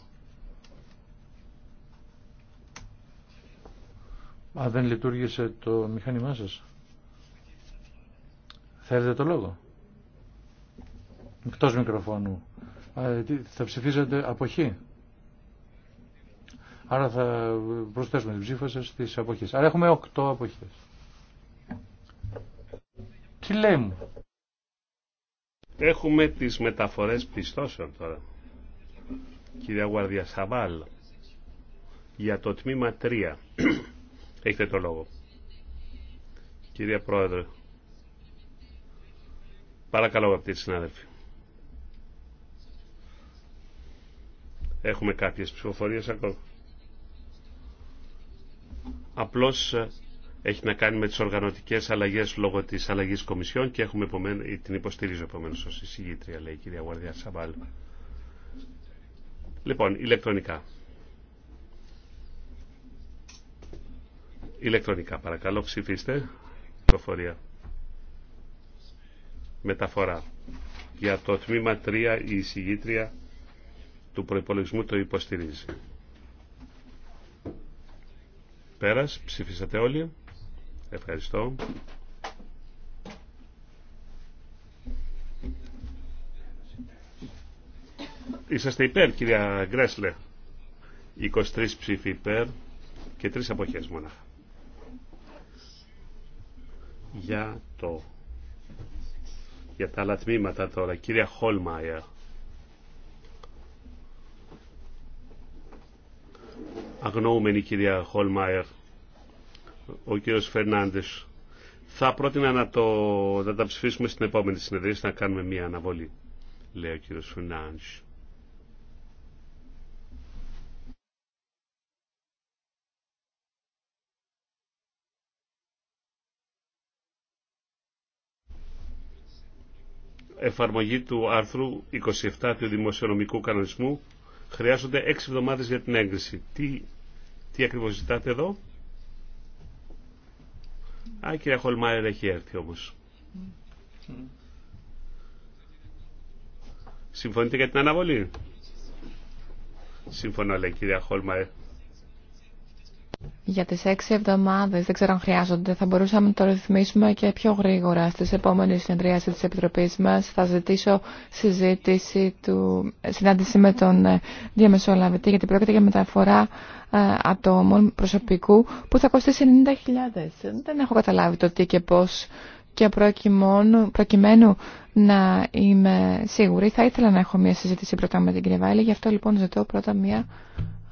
Α, δεν λειτουργήσε το μηχάνημά σας. Θέλετε το λόγο. Εκτός μικροφώνου. Α, ε, θα ψηφίζετε αποχή. Άρα θα προσθέσουμε την ψήφα σας στις αποχές. Άρα έχουμε οκτώ αποχές. Τι λέει μου. Έχουμε τις μεταφορές πιστώσεων τώρα. Κυρία σαβάλ. για το τμήμα 3. Έχετε το λόγο. Κυρία Πρόεδρε, παρακαλώ αγαπητοί συνάδελφοι. Έχουμε κάποιες ψηφοφορίες ακόμα. Απλώς ε, έχει να κάνει με τις οργανωτικές αλλαγές λόγω της αλλαγής κομισιών και έχουμε επομέν, την υποστηρίζω επομένως ως εισηγήτρια, λέει η κυρία Γουαρδιά Σαμπάλ. Λοιπόν, ηλεκτρονικά. Ηλεκτρονικά, παρακαλώ, ψηφίστε. Προφορία. Μεταφορά. Για το τμήμα 3 η εισηγήτρια του προϋπολογισμού το υποστηρίζει. Πέρας, ψηφίσατε όλοι. Ευχαριστώ. Είσαστε υπέρ, κυρία Γκρέσλε. 23 ψήφοι υπέρ και τρεις αποχές μόνο. Για το... Για τα άλλα τμήματα τώρα, κυρία Χολμάιερ. Αγνοούμενη κυρία Χολμάιερ ο κύριος Φερνάντες. Θα πρότεινα να, το, να τα ψηφίσουμε στην επόμενη συνεδρίαση, να κάνουμε μία αναβολή, λέει ο κύριος Φερνάντες. εφαρμογή του άρθρου 27 του Δημοσιονομικού Κανονισμού χρειάζονται 6 εβδομάδες για την έγκριση. Τι, τι ακριβώς ζητάτε εδώ? Α, η κυρία έχει έρθει όμως. Συμφωνείτε για την αναβολή. Συμφωνώ λέει η κυρία Χόλμαρ. Για τις έξι εβδομάδες, δεν ξέρω αν χρειάζονται, θα μπορούσαμε να το ρυθμίσουμε και πιο γρήγορα. Στις επόμενες συνεδρίασεις της Επιτροπής μας θα ζητήσω συζήτηση του, συνάντηση με τον ε, διαμεσολαβητή, γιατί πρόκειται για μεταφορά ε, ατόμων προσωπικού που θα κοστίσει 90.000. Δεν έχω καταλάβει το τι και πώς και προκειμένου, προκειμένου να είμαι σίγουρη, θα ήθελα να έχω μια συζήτηση πρώτα με την κυρία Βάιλη, γι' αυτό λοιπόν ζητώ πρώτα μια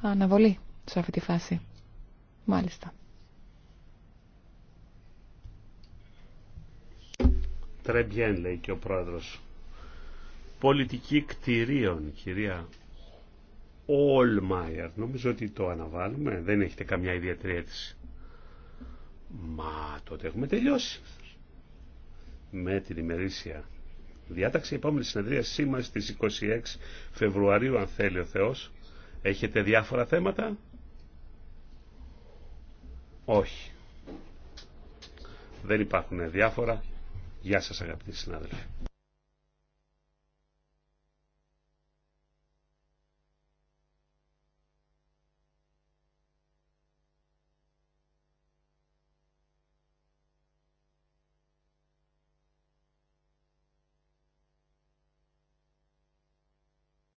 αναβολή σε αυτή τη φάση. Μάλιστα. Τρεμπιέν λέει και ο πρόεδρος. Πολιτική κτηρίων, κυρία Ολμάιερ. Νομίζω ότι το αναβάλουμε. Δεν έχετε καμιά ιδιαίτερη αίτηση. Μα τότε έχουμε τελειώσει. Με την ημερήσια διάταξη. Η επόμενη συνεδρία σήμερα στις 26 Φεβρουαρίου, αν θέλει ο Θεός. Έχετε διάφορα θέματα. Όχι. Δεν υπάρχουν διάφορα. Γεια σας αγαπητοί συνάδελφοι.